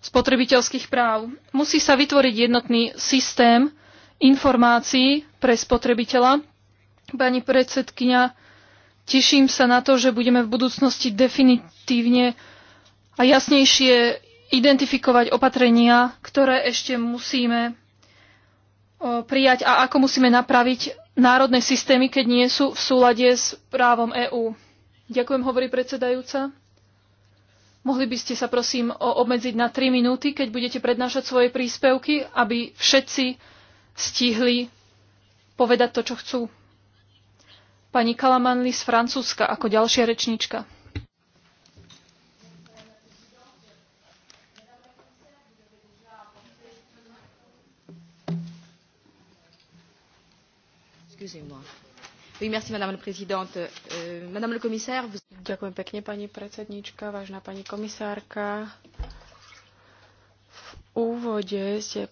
spotrebiteľských práv. Musí sa vytvoriť jednotný systém informácií pre spotrebiteľa. Pani predsedkynia, teším sa na to, že budeme v budúcnosti definitívne a jasnejšie identifikovať opatrenia, ktoré ešte musíme prijať a ako musíme napraviť národné systémy, keď nie sú v súlade s právom EÚ. Ďakujem, hovorí predsedajúca. Mohli by ste sa prosím obmedziť na 3 minúty, keď budete prednášať svoje príspevky, aby všetci stihli povedať to, čo chcú. Pani Kalamanli z Francúzska ako ďalšia rečníčka. Euh, Ďakujem pekne, pani predsedníčka, vážna pani komisárka. V úvode ste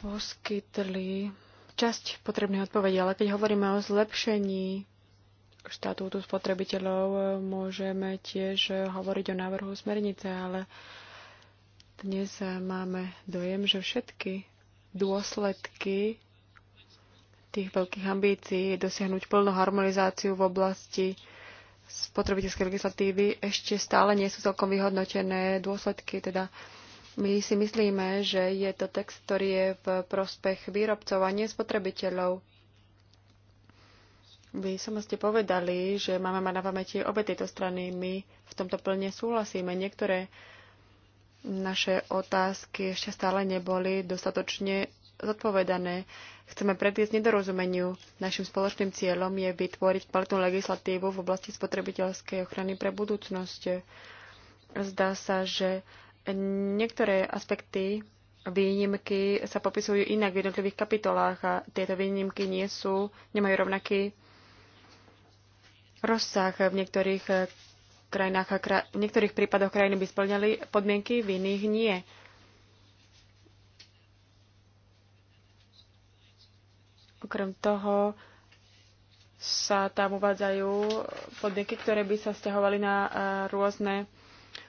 poskytli časť potrebnej odpovede, ale keď hovoríme o zlepšení štatútu spotrebiteľov, môžeme tiež hovoriť o návrhu smernice, ale dnes máme dojem, že všetky dôsledky tých veľkých ambícií dosiahnuť plnú harmonizáciu v oblasti spotrebiteľskej legislatívy ešte stále nie sú celkom vyhodnotené dôsledky. Teda my si myslíme, že je to text, ktorý je v prospech výrobcov a nie spotrebiteľov. Vy som ste povedali, že máme mať na pamäti obe tieto strany. My v tomto plne súhlasíme. Niektoré naše otázky ešte stále neboli dostatočne zodpovedané. Chceme predísť nedorozumeniu. Našim spoločným cieľom je vytvoriť kvalitnú legislatívu v oblasti spotrebiteľskej ochrany pre budúcnosť. Zdá sa, že niektoré aspekty výnimky sa popisujú inak v jednotlivých kapitolách a tieto výnimky nie sú, nemajú rovnaký rozsah. V niektorých eh, krajinách a kra- v niektorých prípadoch krajiny by splňali podmienky, v iných nie. Okrem toho sa tam uvádzajú podniky, ktoré by sa stiahovali na e, rôzne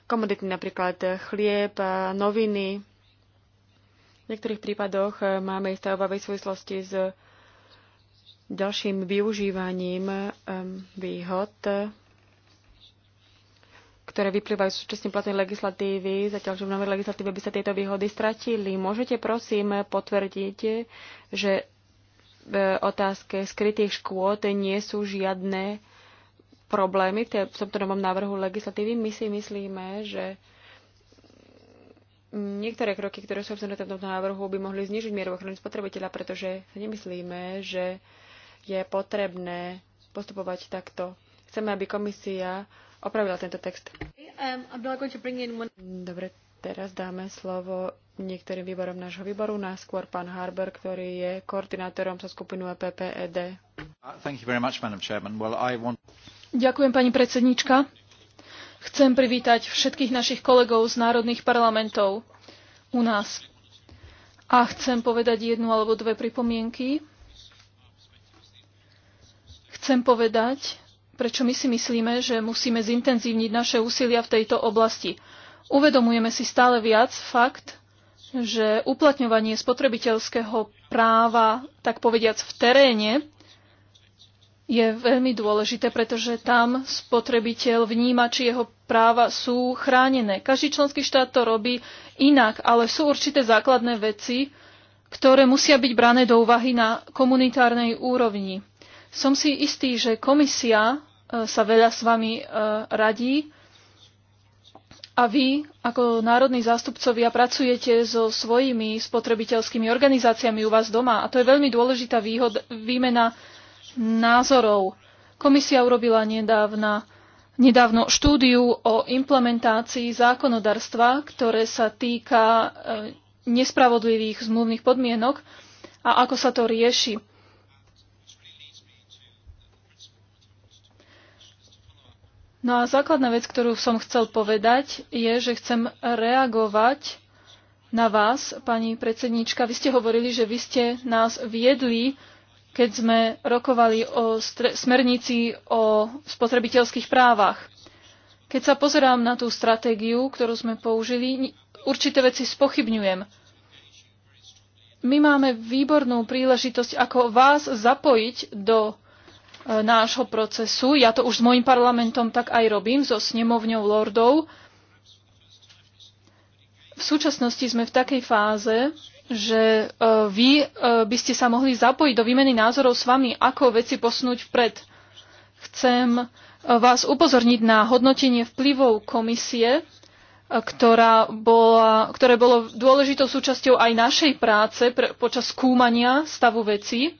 komodity, napríklad e, chlieb, e, noviny. V niektorých prípadoch máme isté obavy v súvislosti s ďalším využívaním výhod, ktoré vyplývajú z súčasne platnej legislatívy, zatiaľ, že v novej legislatíve by sa tieto výhody stratili. Môžete prosím potvrdiť, že otázke skrytých škôd nie sú žiadne problémy v tomto novom návrhu legislatívy. My si myslíme, že niektoré kroky, ktoré sú obsahnuté v tomto návrhu, by mohli znižiť mieru ochrany spotrebiteľa, pretože si nemyslíme, že je potrebné postupovať takto. Chceme, aby komisia opravila tento text. Um, Dobre, teraz dáme slovo niektorým výborom nášho výboru, náskôr pán Harber, ktorý je koordinátorom sa skupinu EPPED. Uh, Ďakujem, pani predsednička. Chcem privítať všetkých našich kolegov z národných parlamentov u nás. A chcem povedať jednu alebo dve pripomienky. Chcem povedať, prečo my si myslíme, že musíme zintenzívniť naše úsilia v tejto oblasti. Uvedomujeme si stále viac fakt, že uplatňovanie spotrebiteľského práva, tak povediac v teréne, je veľmi dôležité, pretože tam spotrebiteľ vníma, či jeho práva sú chránené. Každý členský štát to robí inak, ale sú určité základné veci, ktoré musia byť brané do úvahy na komunitárnej úrovni. Som si istý, že komisia e, sa veľa s vami e, radí a vy, ako národní zástupcovia, pracujete so svojimi spotrebiteľskými organizáciami u vás doma. A to je veľmi dôležitá výhod, výmena názorov. Komisia urobila nedávna, nedávno štúdiu o implementácii zákonodarstva, ktoré sa týka e, nespravodlivých zmluvných podmienok a ako sa to rieši. No a základná vec, ktorú som chcel povedať, je, že chcem reagovať na vás, pani predsednička. Vy ste hovorili, že vy ste nás viedli, keď sme rokovali o smernici o spotrebiteľských právach. Keď sa pozerám na tú stratégiu, ktorú sme použili, určité veci spochybňujem. My máme výbornú príležitosť, ako vás zapojiť do E, nášho procesu. Ja to už s môjim parlamentom tak aj robím, so snemovňou lordov. V súčasnosti sme v takej fáze, že e, vy e, by ste sa mohli zapojiť do výmeny názorov s vami, ako veci posunúť vpred. Chcem vás upozorniť na hodnotenie vplyvov komisie, ktorá bola, ktoré bolo dôležitou súčasťou aj našej práce pre, počas skúmania stavu vecí.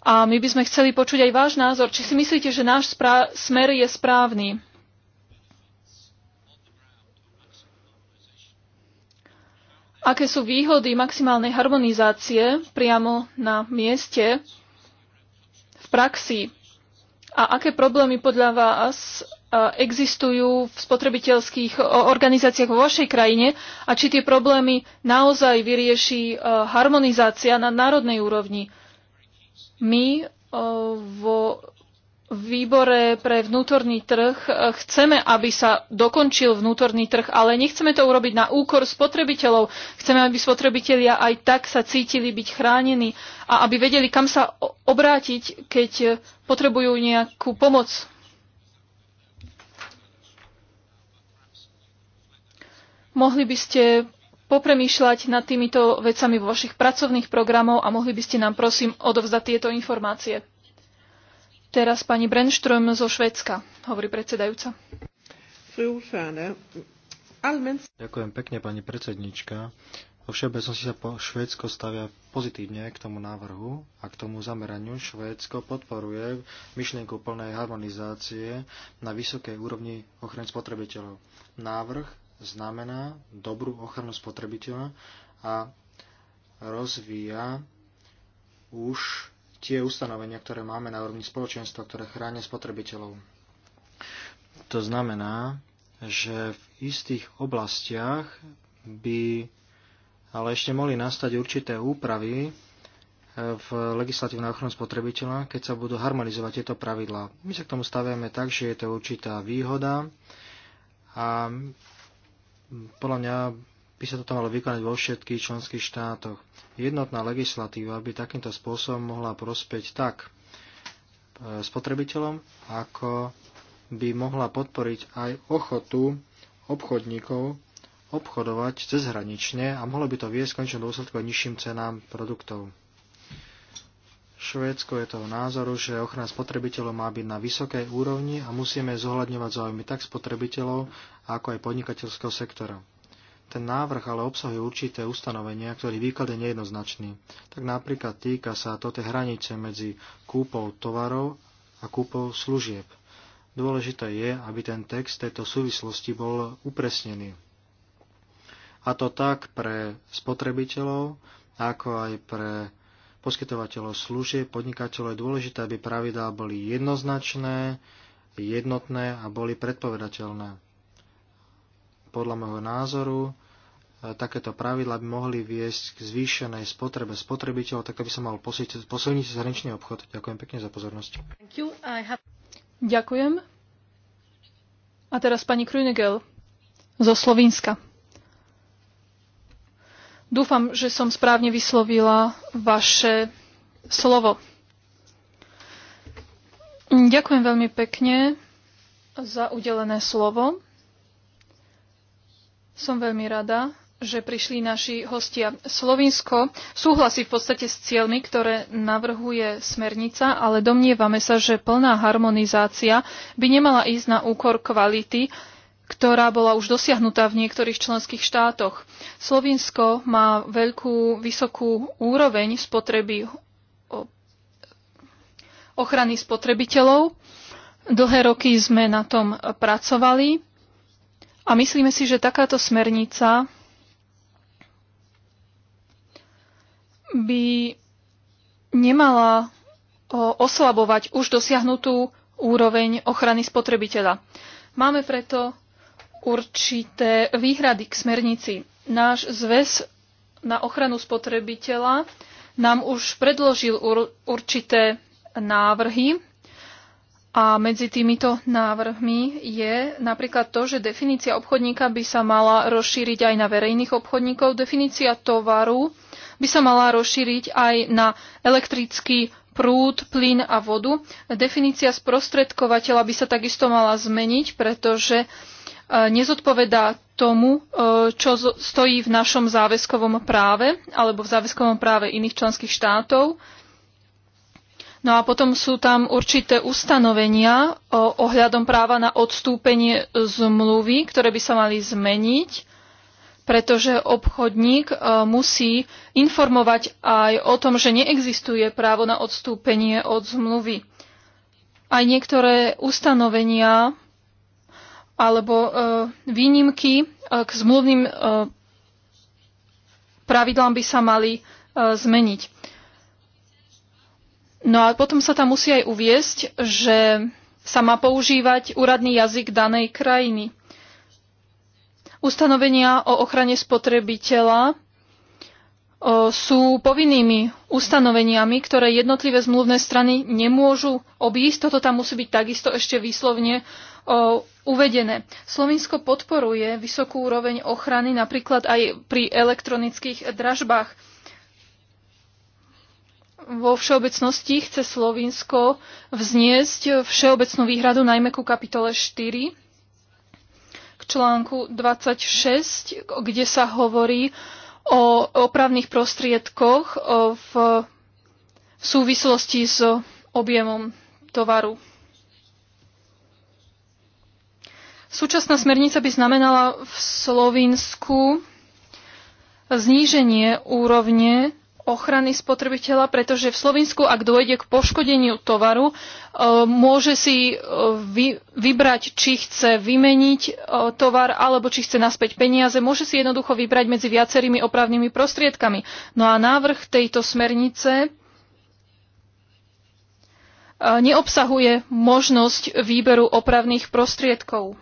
A my by sme chceli počuť aj váš názor. Či si myslíte, že náš smer je správny? Aké sú výhody maximálnej harmonizácie priamo na mieste v praxi? A aké problémy podľa vás existujú v spotrebiteľských organizáciách vo vašej krajine a či tie problémy naozaj vyrieši harmonizácia na národnej úrovni? My vo výbore pre vnútorný trh e, chceme, aby sa dokončil vnútorný trh, ale nechceme to urobiť na úkor spotrebiteľov. Chceme, aby spotrebitelia aj tak sa cítili byť chránení a aby vedeli, kam sa obrátiť, keď potrebujú nejakú pomoc. Mohli by ste popremýšľať nad týmito vecami vo vašich pracovných programov a mohli by ste nám prosím odovzdať tieto informácie. Teraz pani Brenström zo Švedska, hovorí predsedajúca. Ďakujem pekne, pani predsednička. Vo všeobecnosti sa po Švédsko stavia pozitívne k tomu návrhu a k tomu zameraniu. Švédsko podporuje myšlienku plnej harmonizácie na vysokej úrovni ochrany spotrebiteľov. Návrh znamená dobrú ochranu spotrebiteľa a rozvíja už tie ustanovenia, ktoré máme na úrovni spoločenstva, ktoré chránia spotrebiteľov. To znamená, že v istých oblastiach by ale ešte mohli nastať určité úpravy eh, v legislatívnej ochranu spotrebiteľa, keď sa budú harmonizovať tieto pravidlá. My sa k tomu stavujeme tak, že je to určitá výhoda a podľa mňa by sa toto malo vykonať vo všetkých členských štátoch. Jednotná legislatíva by takýmto spôsobom mohla prospeť tak e, spotrebiteľom, ako by mohla podporiť aj ochotu obchodníkov obchodovať cezhranične a mohlo by to viesť v končnom dôsledku nižším cenám produktov. Švédsko je toho názoru, že ochrana spotrebiteľov má byť na vysokej úrovni a musíme zohľadňovať záujmy tak spotrebiteľov, ako aj podnikateľského sektora. Ten návrh ale obsahuje určité ustanovenia, ktorý výklad je nejednoznačný. Tak napríklad týka sa to tej hranice medzi kúpou tovarov a kúpou služieb. Dôležité je, aby ten text tejto súvislosti bol upresnený. A to tak pre spotrebiteľov, ako aj pre poskytovateľov služieb, podnikateľov je dôležité, aby pravidlá boli jednoznačné, jednotné a boli predpovedateľné. Podľa môjho názoru e, takéto pravidla by mohli viesť k zvýšenej spotrebe spotrebiteľov, tak aby sa mal posilniť, zahraničný obchod. Ďakujem pekne za pozornosť. Have... Ďakujem. A teraz pani Krunegel zo Slovenska. Dúfam, že som správne vyslovila vaše slovo. Ďakujem veľmi pekne za udelené slovo. Som veľmi rada, že prišli naši hostia. Slovinsko súhlasí v podstate s cieľmi, ktoré navrhuje smernica, ale domnievame sa, že plná harmonizácia by nemala ísť na úkor kvality ktorá bola už dosiahnutá v niektorých členských štátoch. Slovinsko má veľkú, vysokú úroveň spotreby ochrany spotrebiteľov. Dlhé roky sme na tom pracovali a myslíme si, že takáto smernica by nemala oslabovať už dosiahnutú úroveň ochrany spotrebiteľa. Máme preto určité výhrady k smernici. Náš zväz na ochranu spotrebiteľa nám už predložil určité návrhy a medzi týmito návrhmi je napríklad to, že definícia obchodníka by sa mala rozšíriť aj na verejných obchodníkov, definícia tovaru by sa mala rozšíriť aj na elektrický prúd, plyn a vodu. Definícia sprostredkovateľa by sa takisto mala zmeniť, pretože uh, E, nezodpovedá tomu, e, čo stojí v našom záväzkovom práve alebo v záväzkovom práve iných členských štátov. No a potom sú tam určité ustanovenia e, ohľadom práva na odstúpenie zmluvy, ktoré by sa mali zmeniť, pretože obchodník musí informovať aj o tom, že neexistuje právo na odstúpenie od zmluvy. Aj niektoré ustanovenia alebo e, výnimky e, k zmluvným e, pravidlám by sa mali zmeniť. No a potom sa tam musí aj uviesť, že sa má používať úradný jazyk danej krajiny. Ustanovenia o ochrane spotrebiteľa sú povinnými ustanoveniami, ktoré jednotlivé zmluvné strany nemôžu obísť. Toto tam musí byť takisto ešte výslovne o, uvedené. Slovinsko podporuje vysokú úroveň ochrany napríklad aj pri elektronických dražbách. Vo všeobecnosti chce Slovinsko vzniesť všeobecnú výhradu najmä ku kapitole 4 k článku 26, kde sa hovorí o opravných prostriedkoch v v súvislosti s objemom tovaru. Súčasná smernica by znamenala v Slovinsku zníženie úrovne ochrany spotrebiteľa, pretože v Slovensku, ak dojde k poškodeniu tovaru, e, môže si e, vy, vybrať, či chce vymeniť e, tovar alebo či chce naspäť peniaze. Môže si jednoducho vybrať medzi viacerými opravnými prostriedkami. No a návrh tejto smernice neobsahuje možnosť výberu opravných prostriedkov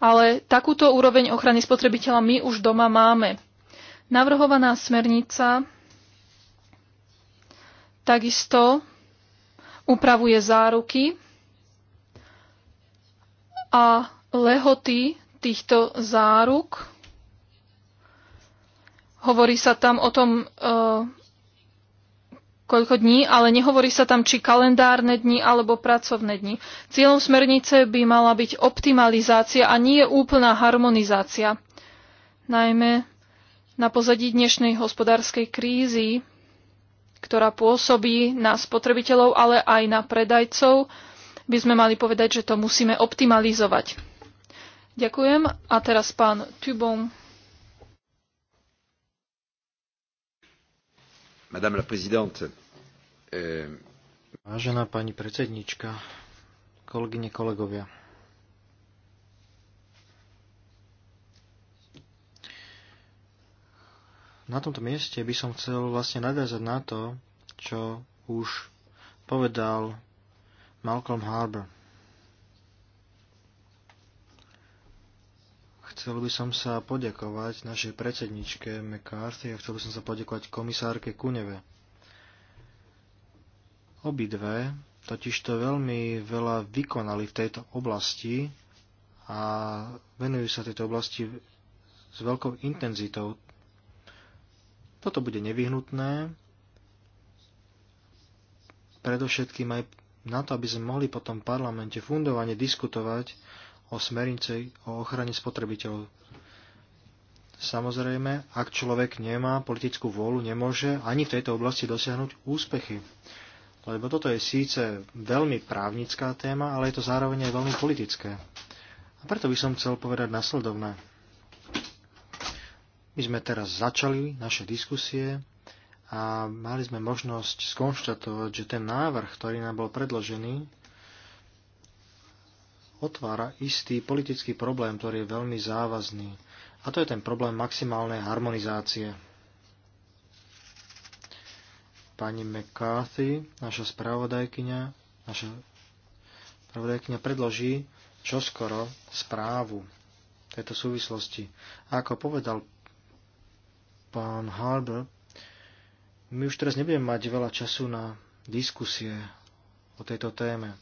ale takúto úroveň ochrany spotrebiteľa my už doma máme. Navrhovaná smernica takisto upravuje záruky a lehoty týchto záruk. Hovorí sa tam o tom e, koľko dní, ale nehovorí sa tam, či kalendárne dni alebo pracovné dni. Cieľom smernice by mala byť optimalizácia a nie úplná harmonizácia. Najmä na pozadí dnešnej hospodárskej krízy, ktorá pôsobí na spotrebiteľov, ale aj na predajcov, by sme mali povedať, že to musíme optimalizovať. Ďakujem. A teraz pán Tubon. Madame la présidente. Euh, Vážená pani predsednička, kolegyne, kolegovia. Na tomto mieste by som chcel vlastne nadviazať na to, čo už povedal Malcolm Harbour. Chcel by som sa poďakovať našej predsedničke McCarthy a chcel by som sa poďakovať komisárke Kuneve. Obidve totižto veľmi veľa vykonali v tejto oblasti a venujú sa tejto oblasti s veľkou intenzitou. Toto bude nevyhnutné, predovšetkým aj na to, aby sme mohli potom v parlamente fundovane diskutovať o smernice o ochrane spotrebiteľov. Samozrejme, ak človek nemá politickú vôľu, nemôže ani v tejto oblasti dosiahnuť úspechy. Lebo toto je síce veľmi právnická téma, ale je to zároveň aj veľmi politické. A preto by som chcel povedať nasledovné. My sme teraz začali naše diskusie a mali sme možnosť skonštatovať, že ten návrh, ktorý nám bol predložený, otvára istý politický problém, ktorý je veľmi závazný. A to je ten problém maximálnej harmonizácie. Pani McCarthy, naša spravodajkyňa, naša spravodajkyňa predloží čoskoro správu tejto súvislosti. A ako povedal pán Harbour, my už teraz nebudeme mať veľa času na diskusie o tejto téme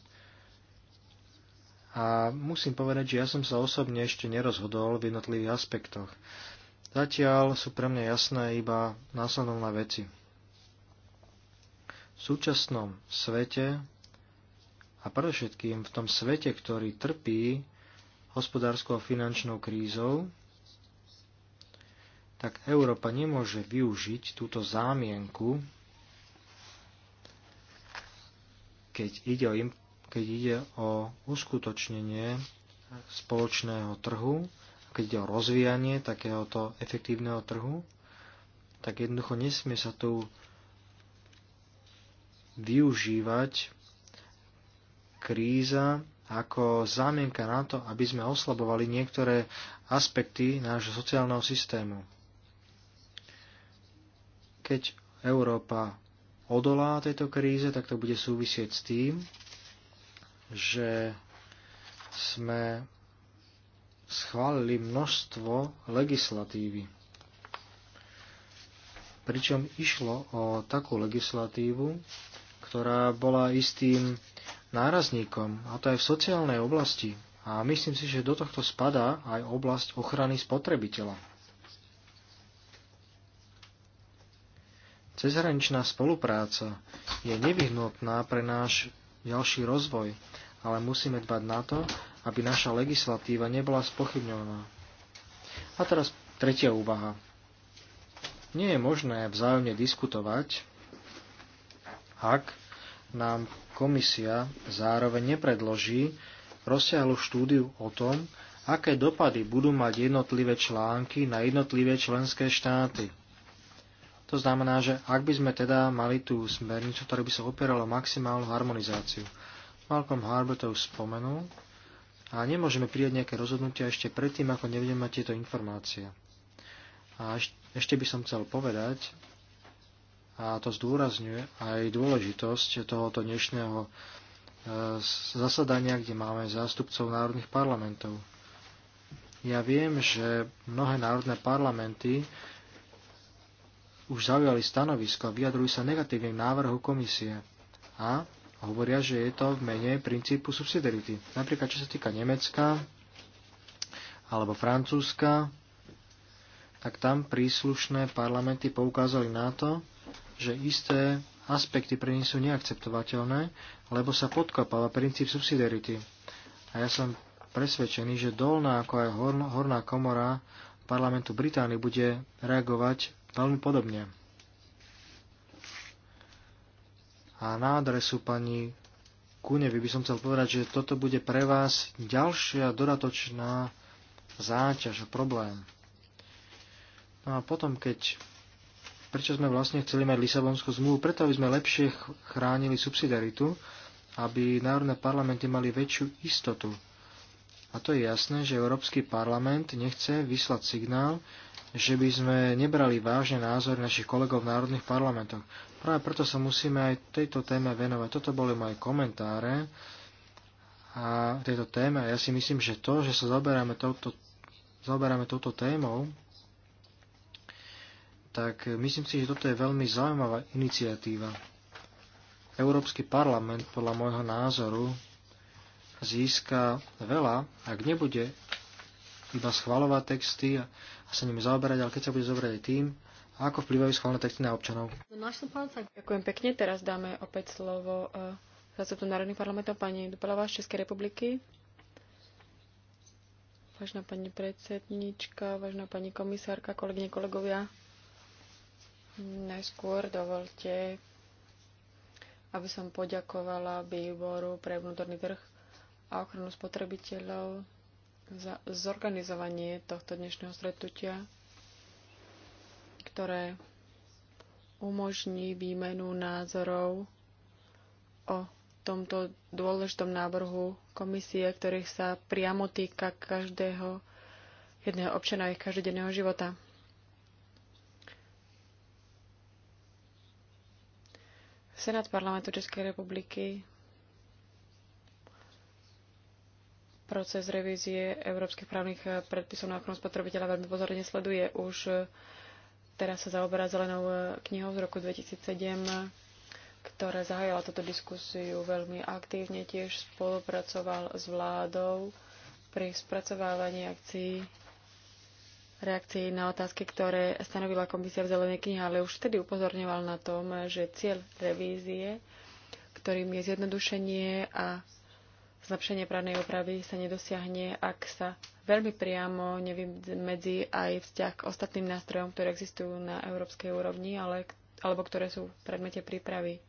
a musím povedať, že ja som sa osobne ešte nerozhodol v jednotlivých aspektoch. Zatiaľ sú pre mňa jasné iba následovné veci. V súčasnom svete a predovšetkým v tom svete, ktorý trpí hospodárskou a finančnou krízou, tak Európa nemôže využiť túto zámienku, keď ide o keď ide o uskutočnenie spoločného trhu, keď ide o rozvíjanie takéhoto efektívneho trhu, tak jednoducho nesmie sa tu využívať kríza ako zámienka na to, aby sme oslabovali niektoré aspekty nášho sociálneho systému. Keď Európa odolá tejto kríze, tak to bude súvisieť s tým, že sme schválili množstvo legislatívy. Pričom išlo o takú legislatívu, ktorá bola istým nárazníkom, a to aj v sociálnej oblasti. A myslím si, že do tohto spadá aj oblasť ochrany spotrebiteľa. Cezhraničná spolupráca je nevyhnutná pre náš ďalší rozvoj, ale musíme dbať na to, aby naša legislatíva nebola spochybňovaná. A teraz tretia úvaha. Nie je možné vzájomne diskutovať, ak nám komisia zároveň nepredloží rozsiahlu štúdiu o tom, aké dopady budú mať jednotlivé články na jednotlivé členské štáty. To znamená, že ak by sme teda mali tú smernicu, ktorá by sa opierala maximálnu harmonizáciu. Malcolm Harbour to už spomenul a nemôžeme prijať nejaké rozhodnutia ešte predtým, ako nebudeme mať tieto informácie. A ešte by som chcel povedať, a to zdôrazňuje aj dôležitosť tohoto dnešného e, zasadania, kde máme zástupcov národných parlamentov. Ja viem, že mnohé národné parlamenty už zaujali stanovisko a vyjadrujú sa negatívne k návrhu komisie a hovoria, že je to v mene princípu subsidiarity. Napríklad, čo sa týka Nemecka alebo Francúzska, tak tam príslušné parlamenty poukázali na to, že isté aspekty pre nich sú neakceptovateľné, lebo sa podkopáva princíp subsidiarity. A ja som presvedčený, že dolná ako aj horná komora parlamentu Britány bude reagovať Veľmi podobne. A na adresu pani Kunevi by som chcel povedať, že toto bude pre vás ďalšia dodatočná záťaž a problém. No a potom, keď prečo sme vlastne chceli mať Lisabonskú zmluvu, preto aby sme lepšie chránili subsidiaritu, aby národné parlamenty mali väčšiu istotu. A to je jasné, že Európsky parlament nechce vyslať signál, že by sme nebrali vážne názory našich kolegov v národných parlamentoch. Práve preto sa musíme aj tejto téme venovať. Toto boli moje komentáre a tejto téme. Ja si myslím, že to, že sa zaoberáme touto, zaoberáme touto témou, tak myslím si, že toto je veľmi zaujímavá iniciatíva. Európsky parlament podľa môjho názoru získa veľa, ak nebude iba schvalovať texty a sa nimi zaoberať, ale keď sa bude zaoberať aj tým, ako vplyvajú schválené texty na občanov. Ďakujem pekne. Teraz dáme opäť slovo e, zástupcu Národných parlamentov pani Dupalová z Českej republiky. Vážna pani predsednička, vážna pani komisárka, kolegyne, kolegovia. Najskôr dovolte, aby som poďakovala výboru pre vnútorný trh a ochranu spotrebiteľov za zorganizovanie tohto dnešného stretnutia, ktoré umožní výmenu názorov o tomto dôležitom návrhu komisie, ktorých sa priamo týka každého jedného občana ich každodenného života. Senát parlamentu Českej republiky Proces revízie európskych právnych predpisov na ochranu spotrebiteľa veľmi pozorne sleduje. Už eh, teraz sa zaoberá zelenou eh, knihou z roku 2007, ktorá zahájala túto diskusiu veľmi aktívne. Tiež spolupracoval s vládou pri spracovávaní akcií reakcií na otázky, ktoré stanovila komisia v Zelenej knihe, ale už vtedy upozorňoval na tom, eh, že cieľ revízie, ktorým je zjednodušenie a zlepšenie právnej úpravy sa nedosiahne, ak sa veľmi priamo nevymedzi aj vzťah k ostatným nástrojom, ktoré existujú na európskej úrovni, ale, alebo ktoré sú v predmete prípravy.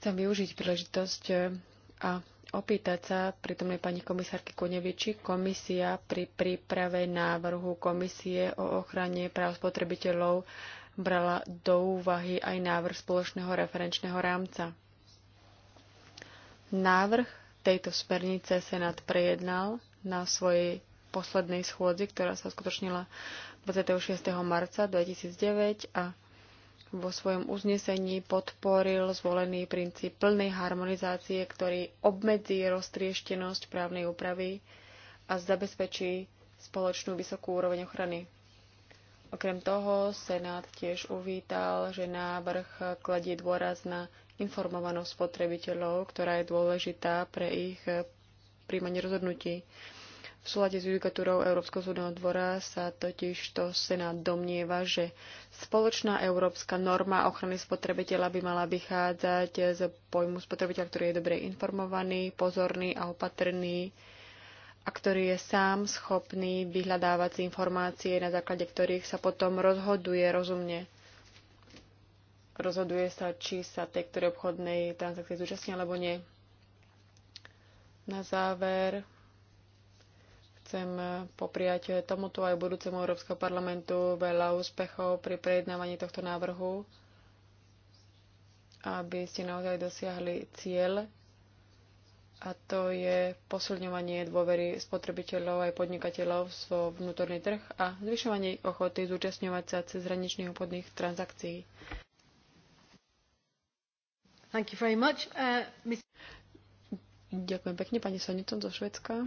Chcem využiť príležitosť eh, a opýtať sa prítomnej pani komisárky Kunevi, či komisia pri príprave návrhu komisie o ochrane práv spotrebiteľov brala do úvahy aj návrh spoločného referenčného rámca. Návrh tejto smernice Senát prejednal na svojej poslednej schôdzi, ktorá sa skutočnila 26. marca 2009 a vo svojom uznesení podporil zvolený princíp plnej harmonizácie, ktorý obmedzí roztrieštenosť právnej úpravy a zabezpečí spoločnú vysokú úroveň ochrany. Okrem toho, Senát tiež uvítal, že návrh kladie dôraz na informovanosť spotrebiteľov, ktorá je dôležitá pre ich eh, príjmanie rozhodnutí. V súlade s judikatúrou Európskeho súdneho dvora sa totiž to Senát domnieva, že spoločná európska norma ochrany spotrebiteľa by mala vychádzať z pojmu spotrebiteľa, ktorý je dobre informovaný, pozorný a opatrný a ktorý je sám schopný vyhľadávať si informácie, na základe ktorých sa potom rozhoduje rozumne rozhoduje sa, či sa tej ktorej obchodnej transakcie zúčastní alebo nie. Na záver chcem popriať tomuto aj budúcemu Európskeho parlamentu veľa úspechov pri prejednávaní tohto návrhu, aby ste naozaj dosiahli cieľ, a to je posilňovanie dôvery spotrebiteľov aj podnikateľov vo vnútorný trh a zvyšovanie ochoty zúčastňovať sa cez hraničných obchodných transakcií. Thank you very much. Uh, Ďakujem pekne, pani Soniton zo Švedska.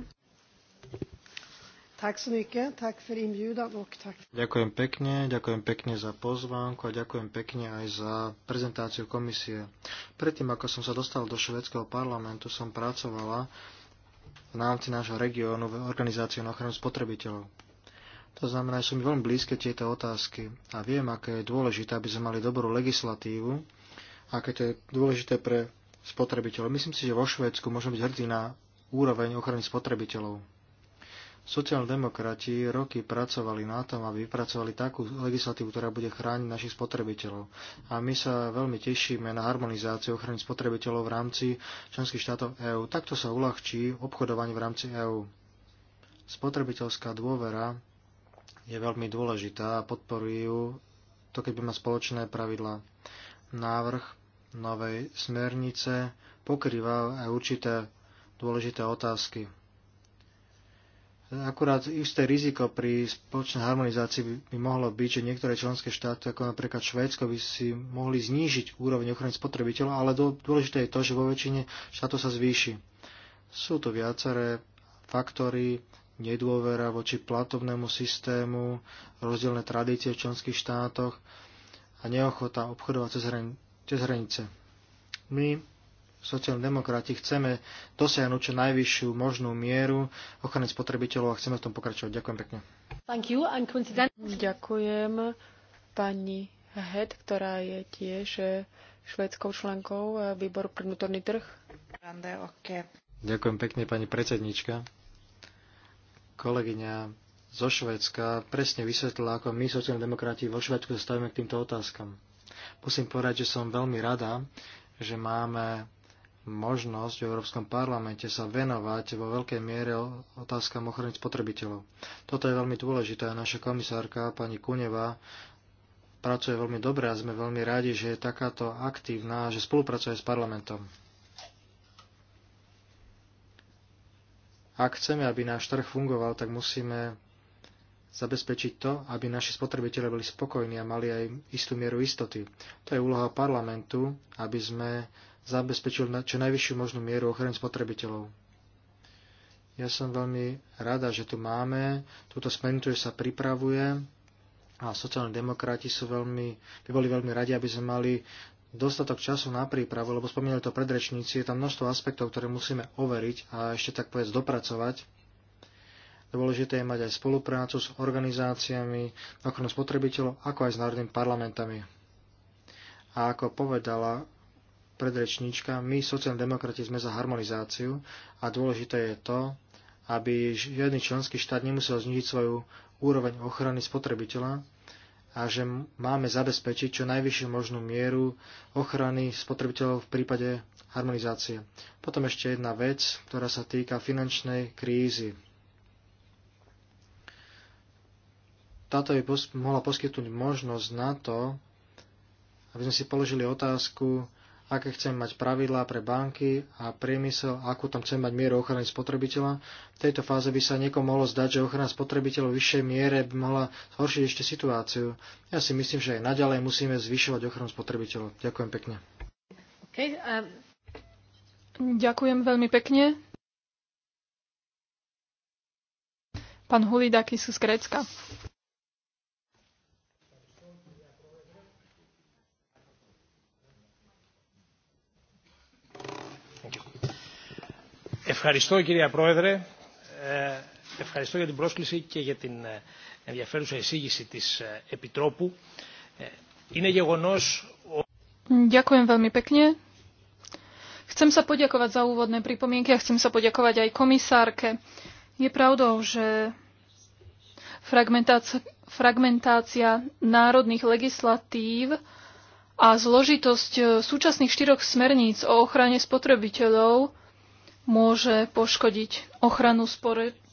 Ďakujem pekne, ďakujem pekne za pozvánku a ďakujem pekne aj za prezentáciu komisie. Predtým, ako som sa dostal do švedského parlamentu, som pracovala v rámci nášho regiónu v organizácii na ochranu spotrebiteľov. To znamená, že sú mi veľmi blízke tieto otázky a viem, aké je dôležité, aby sme mali dobrú legislatívu, aké to je dôležité pre spotrebiteľov. Myslím si, že vo Švédsku môžeme byť hrdí na úroveň ochrany spotrebiteľov. Sociálni demokrati roky pracovali na tom, aby vypracovali takú legislatívu, ktorá bude chrániť našich spotrebiteľov. A my sa veľmi tešíme na harmonizáciu ochrany spotrebiteľov v rámci členských štátov EÚ. Takto sa uľahčí obchodovanie v rámci EÚ. Spotrebiteľská dôvera je veľmi dôležitá a podporujú to, keď by má spoločné pravidlá návrh novej smernice pokrýva aj určité dôležité otázky. Akurát isté riziko pri spoločnej harmonizácii by mohlo byť, že niektoré členské štáty, ako napríklad Švédsko, by si mohli znížiť úroveň ochrany spotrebiteľov, ale dôležité je to, že vo väčšine štátov sa zvýši. Sú to viaceré faktory, nedôvera voči platobnému systému, rozdielne tradície v členských štátoch, a neochota obchodovať cez, hran- cez hranice. My, sociálni demokrati, chceme dosiahnuť čo najvyššiu možnú mieru ochrany spotrebiteľov a chceme v tom pokračovať. Ďakujem pekne. Ďakujem pani Head, ktorá je tiež eh, švedskou členkou eh, výboru pre vnútorný trh. Ďakujem pekne, pani predsednička. Kolegyňa zo Švédska presne vysvetlila, ako my, sociálni demokrati, vo Švedsku sa stavíme k týmto otázkam. Musím povedať, že som veľmi rada, že máme možnosť v Európskom parlamente sa venovať vo veľkej miere otázkam ochrany spotrebiteľov. Toto je veľmi dôležité. Naša komisárka, pani Kuneva, pracuje veľmi dobre a sme veľmi radi, že je takáto aktívna, že spolupracuje s parlamentom. Ak chceme, aby náš trh fungoval, tak musíme zabezpečiť to, aby naši spotrebitelia boli spokojní a mali aj istú mieru istoty. To je úloha parlamentu, aby sme zabezpečili čo najvyššiu možnú mieru ochrany spotrebiteľov. Ja som veľmi rada, že tu máme, túto smernicu sa pripravuje a sociálni demokrati sú veľmi, by boli veľmi radi, aby sme mali dostatok času na prípravu, lebo spomínali to predrečníci, je tam množstvo aspektov, ktoré musíme overiť a ešte tak povedz dopracovať Dôležité je mať aj spoluprácu s organizáciami ochranu spotrebiteľov, ako aj s národnými parlamentami. A ako povedala predrečníčka, my sociálni demokrati sme za harmonizáciu a dôležité je to, aby žiadny členský štát nemusel znižiť svoju úroveň ochrany spotrebiteľa a že máme zabezpečiť čo najvyššiu možnú mieru ochrany spotrebiteľov v prípade harmonizácie. Potom ešte jedna vec, ktorá sa týka finančnej krízy. táto by pos- mohla poskytnúť možnosť na to, aby sme si položili otázku, aké chceme mať pravidlá pre banky a priemysel, akú tam chceme mať mieru ochrany spotrebiteľa. V tejto fáze by sa niekomu mohlo zdať, že ochrana spotrebiteľov v vyššej miere by mohla zhoršiť ešte situáciu. Ja si myslím, že aj naďalej musíme zvyšovať ochranu spotrebiteľov. Ďakujem pekne. Okay, um... Ďakujem veľmi pekne. Pán sú z Grécka. Ευχαριστώ κυρία Πρόεδρε. Ευχαριστώ για την πρόσκληση και για την ενδιαφέρουσα εισήγηση της Επιτρόπου. Είναι γεγονός... Ďakujem veľmi pekne. Chcem sa poďakovať za úvodné pripomienky a chcem sa poďakovať aj komisárke. Je pravdou, že fragmentácia, fragmentácia národných legislatív a zložitosť e, súčasných štyroch smerníc o ochrane spotrebiteľov môže poškodiť ochranu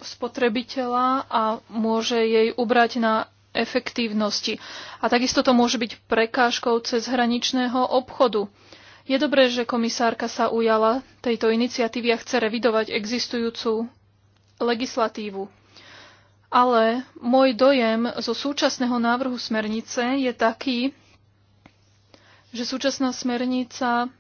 spotrebiteľa a môže jej ubrať na efektívnosti. A takisto to môže byť prekážkou cezhraničného obchodu. Je dobré, že komisárka sa ujala tejto iniciatívy a chce revidovať existujúcu legislatívu. Ale môj dojem zo súčasného návrhu smernice je taký, že súčasná smernica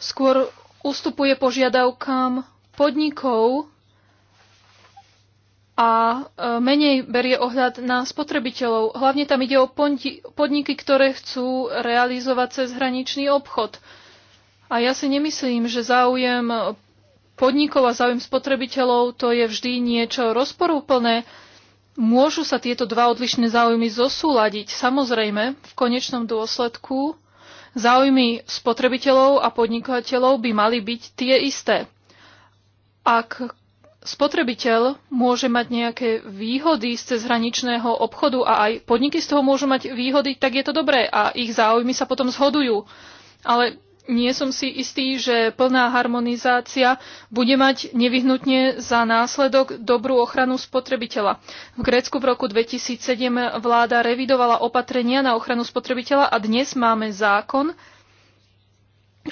skôr ustupuje požiadavkám podnikov a e, menej berie ohľad na spotrebiteľov. Hlavne tam ide o podniky, ktoré chcú realizovať cezhraničný obchod. A ja si nemyslím, že záujem podnikov a záujem spotrebiteľov to je vždy niečo rozporúplné. Môžu sa tieto dva odlišné záujmy zosúladiť. Samozrejme, v konečnom dôsledku Záujmy spotrebiteľov a podnikateľov by mali byť tie isté. Ak spotrebiteľ môže mať nejaké výhody z cezhraničného obchodu a aj podniky z toho môžu mať výhody, tak je to dobré a ich záujmy sa potom zhodujú. Ale nie som si istý, že plná harmonizácia bude mať nevyhnutne za následok dobrú ochranu spotrebiteľa. V Grécku v roku 2007 vláda revidovala opatrenia na ochranu spotrebiteľa a dnes máme zákon,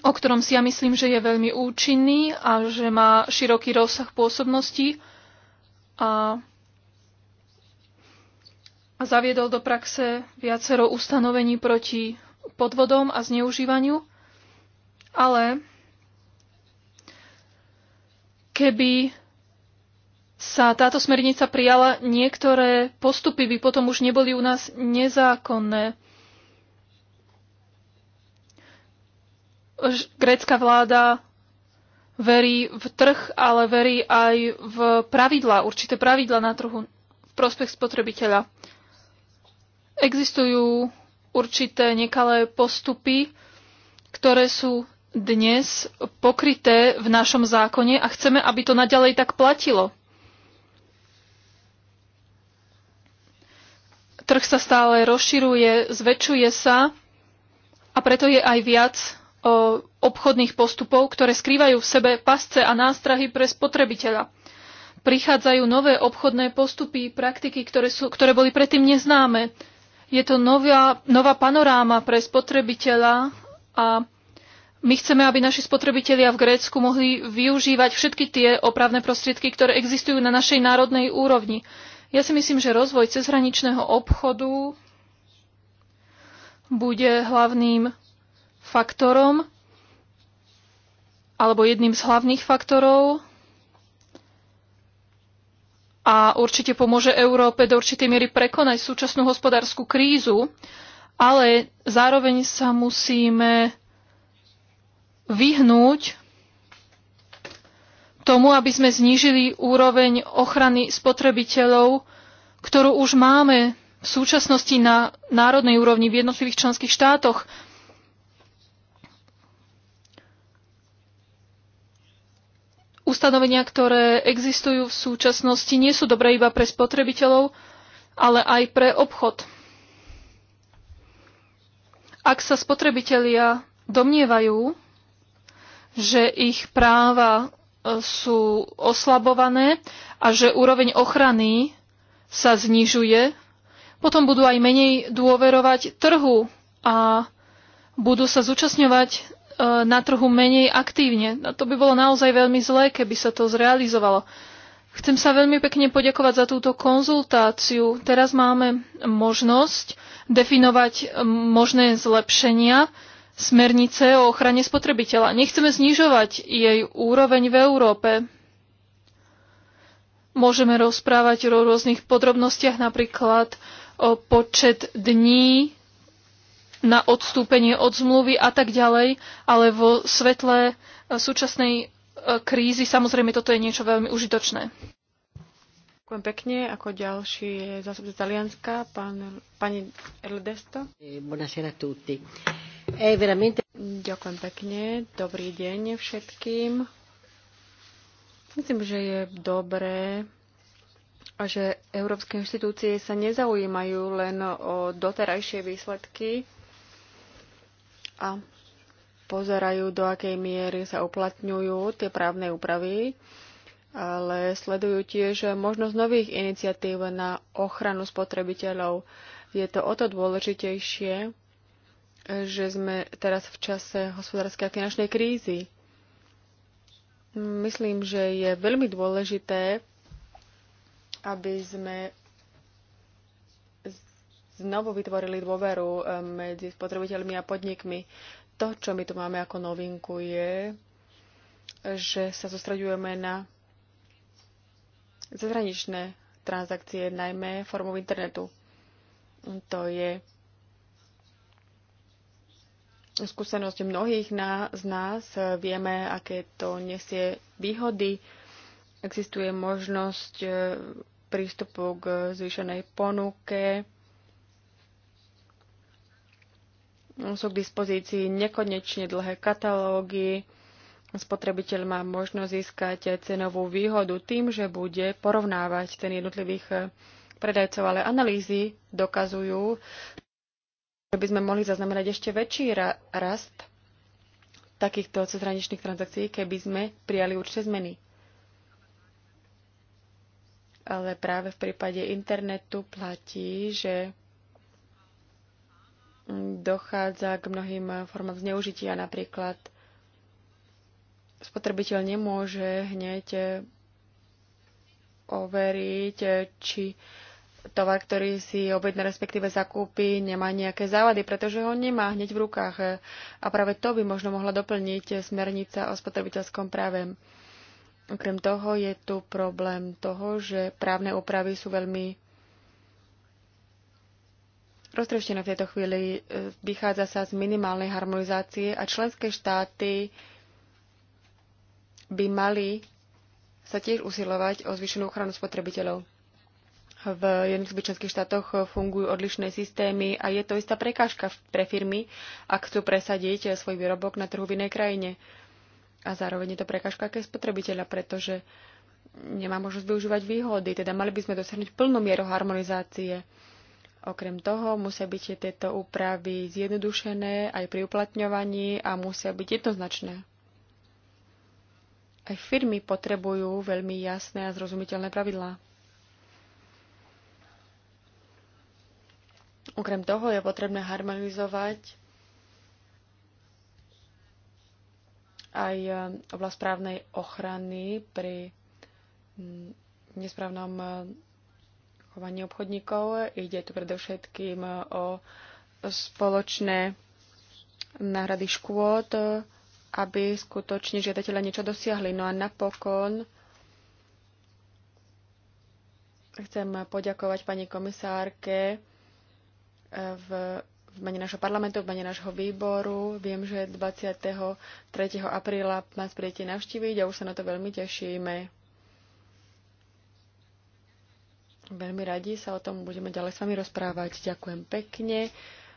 o ktorom si ja myslím, že je veľmi účinný a že má široký rozsah pôsobnosti a, a zaviedol do praxe viacero ustanovení proti podvodom a zneužívaniu. Ale keby sa táto smernica prijala, niektoré postupy by potom už neboli u nás nezákonné. Grécka vláda verí v trh, ale verí aj v pravidlá, určité pravidlá na trhu v prospech spotrebiteľa. Existujú určité nekalé postupy, ktoré sú dnes pokryté v našom zákone a chceme, aby to naďalej tak platilo. Trh sa stále rozširuje, zväčšuje sa a preto je aj viac o, obchodných postupov, ktoré skrývajú v sebe pasce a nástrahy pre spotrebiteľa. Prichádzajú nové obchodné postupy, praktiky, ktoré, sú, ktoré boli predtým neznáme. Je to nová, nová panoráma pre spotrebiteľa a my chceme, aby naši spotrebitelia v Grécku mohli využívať všetky tie opravné prostriedky, ktoré existujú na našej národnej úrovni. Ja si myslím, že rozvoj cezhraničného obchodu bude hlavným faktorom alebo jedným z hlavných faktorov a určite pomôže Európe do určitej miery prekonať súčasnú hospodárskú krízu, ale zároveň sa musíme vyhnúť tomu, aby sme znížili úroveň ochrany spotrebiteľov, ktorú už máme v súčasnosti na národnej úrovni v jednotlivých členských štátoch. Ustanovenia, ktoré existujú v súčasnosti, nie sú dobré iba pre spotrebiteľov, ale aj pre obchod. Ak sa spotrebitelia domnievajú, že ich práva e, sú oslabované a že úroveň ochrany sa znižuje, potom budú aj menej dôverovať trhu a budú sa zúčastňovať e, na trhu menej aktívne. A to by bolo naozaj veľmi zlé, keby sa to zrealizovalo. Chcem sa veľmi pekne poďakovať za túto konzultáciu. Teraz máme možnosť definovať možné zlepšenia smernice o ochrane spotrebiteľa. Nechceme znižovať jej úroveň v Európe. Môžeme rozprávať o rôznych podrobnostiach, napríklad o počet dní na odstúpenie od zmluvy a tak ďalej, ale vo svetle súčasnej e, krízy samozrejme toto je niečo veľmi užitočné. Ďakujem pekne. Ako ďalší je zásobca Talianska, pán, pani Erledesto. Buonasera a tutti. Eh, Ďakujem pekne. Dobrý deň všetkým. Myslím, že je dobré, že európske inštitúcie sa nezaujímajú len o doterajšie výsledky a pozerajú, do akej miery sa uplatňujú tie právne úpravy, ale sledujú tiež možnosť nových iniciatív na ochranu spotrebiteľov. Je to o to dôležitejšie, že sme teraz v čase hospodárskej a finančnej krízy. Myslím, že je veľmi dôležité, aby sme znovu vytvorili dôveru eh, medzi spotrebiteľmi a podnikmi. To, čo my tu máme ako novinku, je, že sa zostraďujeme na zahraničné transakcie, najmä formou internetu. To je skúsenosť mnohých z nás. Vieme, aké to nesie výhody. Existuje možnosť e, prístupu k zvýšenej ponuke. Sú k dispozícii nekonečne dlhé katalógy. Spotrebiteľ má možnosť získať cenovú výhodu tým, že bude porovnávať ten jednotlivých predajcov, ale analýzy dokazujú, by sme mohli zaznamenať ešte väčší ra- rast takýchto cezhraničných transakcií, keby sme prijali určité zmeny. Ale práve v prípade internetu platí, že dochádza k mnohým formám zneužitia. Napríklad spotrebiteľ nemôže hneď overiť, či tovar, ktorý si objedná, respektíve zakúpi, nemá nejaké závady, pretože ho nemá hneď v rukách. A práve to by možno mohla doplniť smernica o spotrebiteľskom práve. Okrem toho je tu problém toho, že právne úpravy sú veľmi roztreštené v tejto chvíli. Vychádza sa z minimálnej harmonizácie a členské štáty by mali sa tiež usilovať o zvýšenú ochranu spotrebiteľov v jednotlivých členských štátoch fungujú odlišné systémy a je to istá prekážka pre firmy, ak chcú presadiť svoj výrobok na trhu v inej krajine. A zároveň je to prekážka aj spotrebiteľa, pretože nemá možnosť využívať výhody. Teda mali by sme dosiahnuť plnú mieru harmonizácie. Okrem toho musia byť tieto úpravy zjednodušené aj pri uplatňovaní a musia byť jednoznačné. Aj firmy potrebujú veľmi jasné a zrozumiteľné pravidlá. Okrem toho je potrebné harmonizovať aj e, oblasť právnej ochrany pri mm, nesprávnom e, chovaní obchodníkov. Ide tu predovšetkým e, o spoločné náhrady škôd, aby skutočne žiadateľa niečo dosiahli. No a napokon chcem poďakovať pani komisárke v, v mene našho parlamentu, v mene nášho výboru. Viem, že 23. apríla nás prijete navštíviť a už sa na to veľmi tešíme. Veľmi radi sa o tom budeme ďalej s vami rozprávať. Ďakujem pekne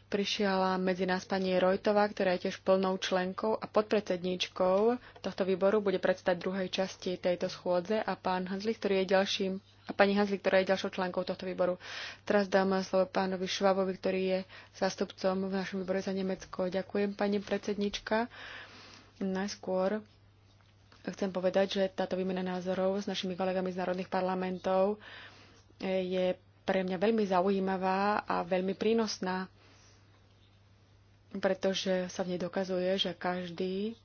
prišiela medzi nás pani Rojtová, ktorá je tiež plnou členkou a podpredsedníčkou tohto výboru, bude predstať druhej časti tejto schôdze a pán Hanzli, ktorý je ďalším a pani Hanzli, ktorá je ďalšou členkou tohto výboru. Teraz dám slovo pánovi Švabovi, ktorý je zástupcom v našom výbore za Nemecko. Ďakujem, pani predsednička. Najskôr chcem povedať, že táto výmena názorov s našimi kolegami z národných parlamentov je pre mňa veľmi zaujímavá a veľmi prínosná pretože sa v nej dokazuje, že každý,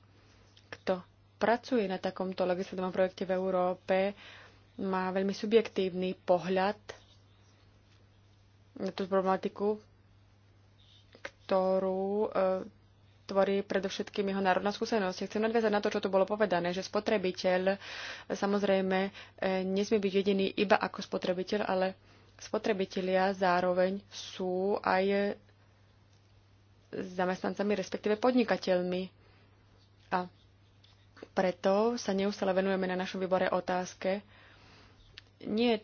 kto pracuje na takomto legislatívnom projekte v Európe, má veľmi subjektívny pohľad na tú problematiku, ktorú e, tvorí predovšetkým jeho národná skúsenosť. Chcem nadviazať na to, čo tu bolo povedané, že spotrebiteľ e, samozrejme e, nesmie byť jediný iba ako spotrebiteľ, ale spotrebitelia zároveň sú aj zamestnancami, respektíve podnikateľmi. A preto sa neustále venujeme na našom výbore otázke nie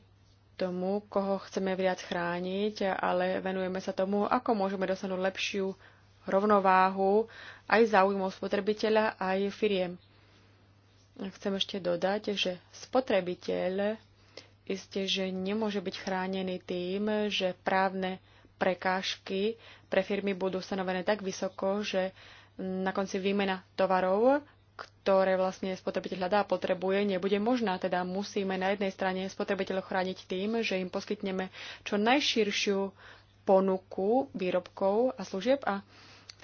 tomu, koho chceme viac chrániť, ale venujeme sa tomu, ako môžeme dosiahnuť lepšiu rovnováhu aj záujmov spotrebiteľa, aj firiem. Chcem ešte dodať, že spotrebiteľ isté, že nemôže byť chránený tým, že právne prekážky pre firmy budú stanovené tak vysoko, že na konci výmena tovarov, ktoré vlastne spotrebiteľ hľadá a potrebuje, nebude možná. Teda musíme na jednej strane spotrebiteľov chrániť tým, že im poskytneme čo najširšiu ponuku výrobkov a služieb. A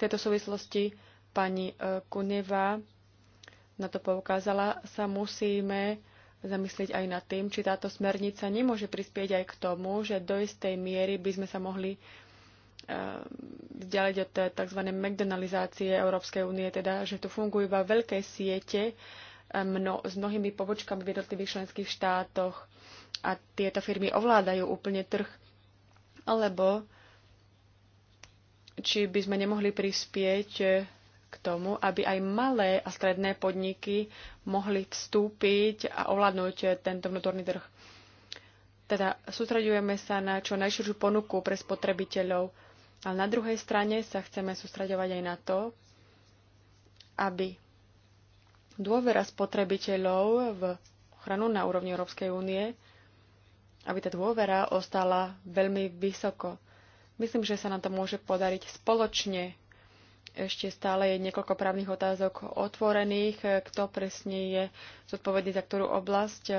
v tejto súvislosti pani eh, Kuneva na to poukázala, sa musíme zamyslieť aj nad tým, či táto smernica nemôže prispieť aj k tomu, že do istej miery by sme sa mohli eh, vzdialiť od tzv. McDonalizácie Európskej únie, teda, že tu fungujú iba veľké siete eh, mno, s mnohými pobočkami v jednotlivých členských štátoch a tieto firmy ovládajú úplne trh. Alebo či by sme nemohli prispieť eh, k tomu, aby aj malé a stredné podniky mohli vstúpiť a ovládnuť tento vnútorný trh. Teda sústredujeme sa na čo najširšiu ponuku pre spotrebiteľov, ale na druhej strane sa chceme sústredovať aj na to, aby dôvera spotrebiteľov v ochranu na úrovni Európskej únie, aby tá dôvera ostala veľmi vysoko. Myslím, že sa nám to môže podariť spoločne ešte stále je niekoľko právnych otázok otvorených, e, kto presne je zodpovedný za ktorú oblasť. E,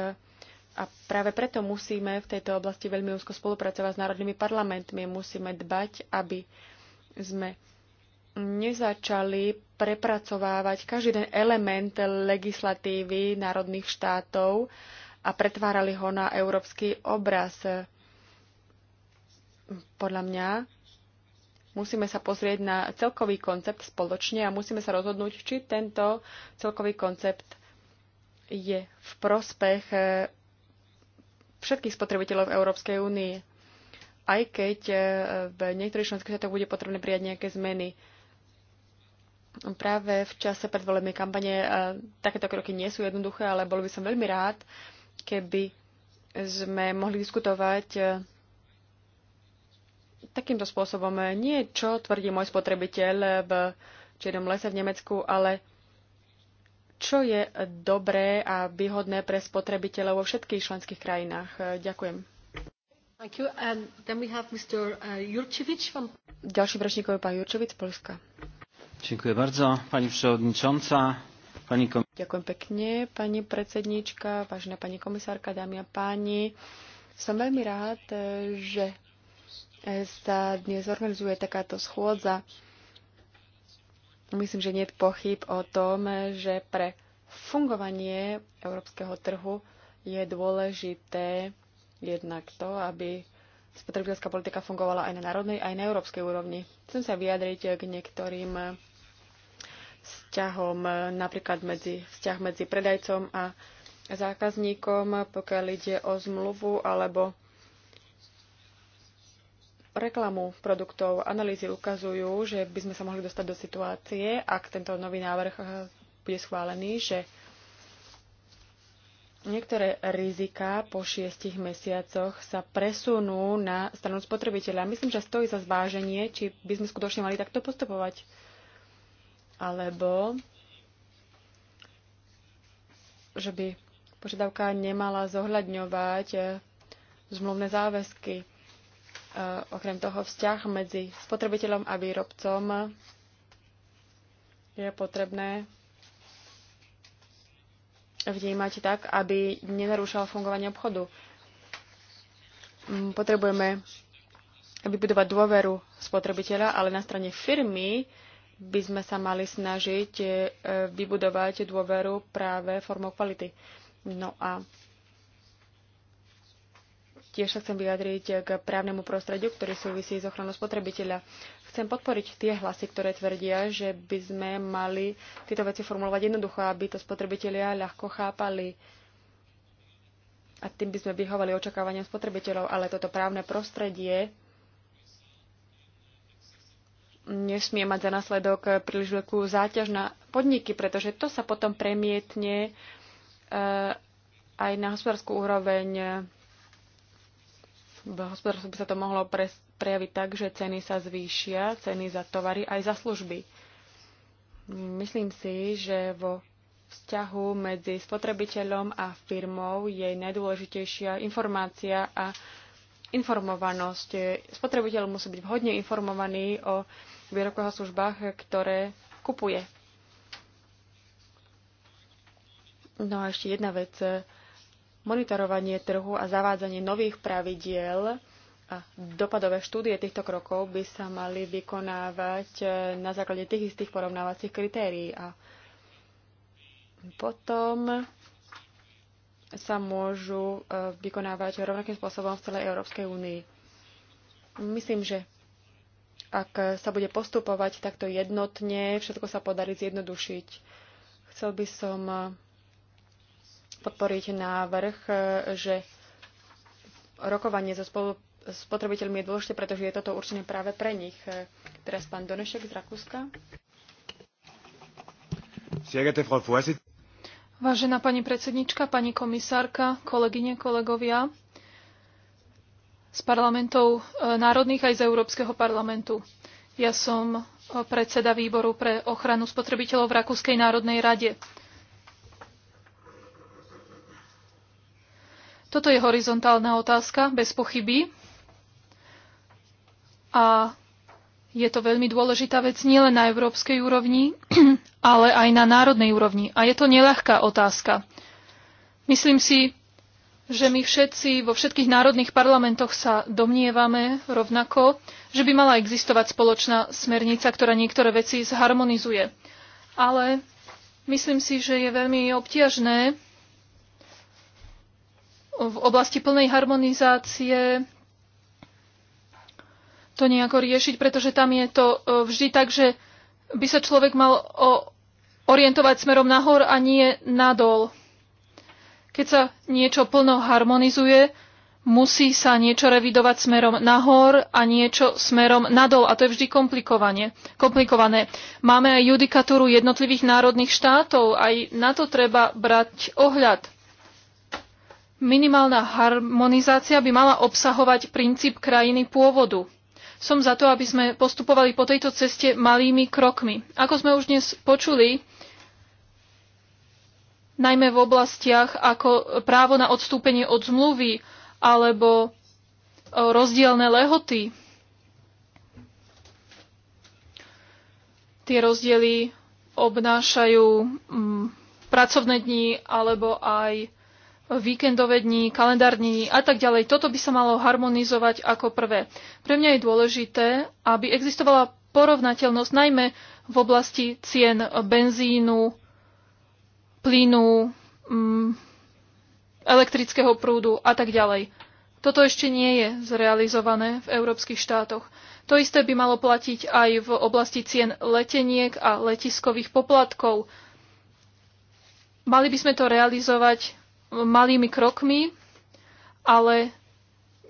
a práve preto musíme v tejto oblasti veľmi úzko spolupracovať s národnými parlamentmi. Musíme dbať, aby sme nezačali prepracovávať každý ten element legislatívy národných štátov a pretvárali ho na európsky obraz. Podľa mňa Musíme sa pozrieť na celkový koncept spoločne a musíme sa rozhodnúť, či tento celkový koncept je v prospech e, všetkých spotrebiteľov Európskej únie. Aj keď e, v niektorých členských štátoch bude potrebné prijať nejaké zmeny. Práve v čase predvolebnej kampane e, takéto kroky nie sú jednoduché, ale bol by som veľmi rád, keby sme mohli diskutovať takýmto spôsobom. Eh, nie čo tvrdí môj spotrebiteľ v čiernom lese v Nemecku, ale čo je dobré a výhodné pre spotrebiteľov vo všetkých členských krajinách. Eh, ďakujem. Eh, from... Ďalším ročníkom je pán Jurčevič z Polska. Ďakujem bardzo, pani przewodnicząca. Pani kom... Ďakujem pekne, pani predsedníčka, vážená pani komisárka, dámy a páni. Som veľmi rád, že sa dnes organizuje takáto schôdza. Myslím, že nie je pochyb o tom, že pre fungovanie európskeho trhu je dôležité jednak to, aby spotrebiteľská politika fungovala aj na národnej, aj na európskej úrovni. Chcem sa vyjadriť k niektorým vzťahom, napríklad medzi, vzťah medzi predajcom a zákazníkom, pokiaľ ide o zmluvu alebo reklamu produktov. Analýzy ukazujú, že by sme sa mohli dostať do situácie, ak tento nový návrh eh, bude schválený, že niektoré rizika po šiestich mesiacoch sa presunú na stranu spotrebiteľa. Myslím, že stojí za zváženie, či by sme skutočne mali takto postupovať. Alebo že by požiadavka nemala zohľadňovať eh, zmluvné záväzky Eh, okrem toho vzťah medzi spotrebiteľom a výrobcom je potrebné vnímať tak, aby nenarúšal fungovanie obchodu. Mm, potrebujeme vybudovať dôveru spotrebiteľa, ale na strane firmy by sme sa mali snažiť eh, vybudovať dôveru práve formou kvality. No a Tiež sa chcem vyjadriť k právnemu prostrediu, ktorý súvisí s ochranou spotrebiteľa. Chcem podporiť tie hlasy, ktoré tvrdia, že by sme mali tieto veci formulovať jednoducho, aby to spotrebitelia ľahko chápali. A tým by sme vyhovali očakávaniam spotrebiteľov, ale toto právne prostredie nesmie mať za následok príliš veľkú záťaž na podniky, pretože to sa potom premietne eh, aj na hospodárskú úroveň v hospodárstve by sa to mohlo prejaviť tak, že ceny sa zvýšia, ceny za tovary aj za služby. Myslím si, že vo vzťahu medzi spotrebiteľom a firmou je najdôležitejšia informácia a informovanosť. Spotrebiteľ musí byť vhodne informovaný o výrobkoch a službách, ktoré kupuje. No a ešte jedna vec. Monitorovanie trhu a zavádzanie nových pravidiel a dopadové štúdie týchto krokov by sa mali vykonávať eh, na základe tých istých porovnávacích kritérií. A potom sa môžu eh, vykonávať rovnakým spôsobom v celej Európskej únii. Myslím, že ak sa bude postupovať takto jednotne, všetko sa podarí zjednodušiť. Chcel by som eh, podporiť návrh, e, že rokovanie so spotrebiteľmi je dôležité, pretože je toto určené práve pre nich. E, teraz pán Donešek z Rakúska. Vážená pani predsednička, pani komisárka, kolegyne, kolegovia z parlamentov e, národných aj z Európskeho parlamentu. Ja som predseda výboru pre ochranu spotrebiteľov v Rakúskej národnej rade. Toto je horizontálna otázka, bez pochyby. A je to veľmi dôležitá vec nielen na európskej úrovni, ale aj na národnej úrovni. A je to neľahká otázka. Myslím si, že my všetci vo všetkých národných parlamentoch sa domnievame rovnako, že by mala existovať spoločná smernica, ktorá niektoré veci zharmonizuje. Ale myslím si, že je veľmi obťažné v oblasti plnej harmonizácie to nejako riešiť, pretože tam je to e, vždy tak, že by sa človek mal orientovať smerom nahor a nie nadol. Keď sa niečo plno harmonizuje, musí sa niečo revidovať smerom nahor a niečo smerom nadol. A to je vždy komplikované. Máme aj judikatúru jednotlivých národných štátov. Aj na to treba brať ohľad. Minimálna harmonizácia by mala obsahovať princíp krajiny pôvodu. Som za to, aby sme postupovali po tejto ceste malými krokmi. Ako sme už dnes počuli, najmä v oblastiach ako právo na odstúpenie od zmluvy alebo e, rozdielne lehoty. Tie rozdiely obnášajú mm, pracovné dni alebo aj víkendové dní, kalendární dní a tak ďalej. Toto by sa malo harmonizovať ako prvé. Pre mňa je dôležité, aby existovala porovnateľnosť najmä v oblasti cien benzínu, plynu, mm, elektrického prúdu a tak ďalej. Toto ešte nie je zrealizované v európskych štátoch. To isté by malo platiť aj v oblasti cien leteniek a letiskových poplatkov. Mali by sme to realizovať malými krokmi, ale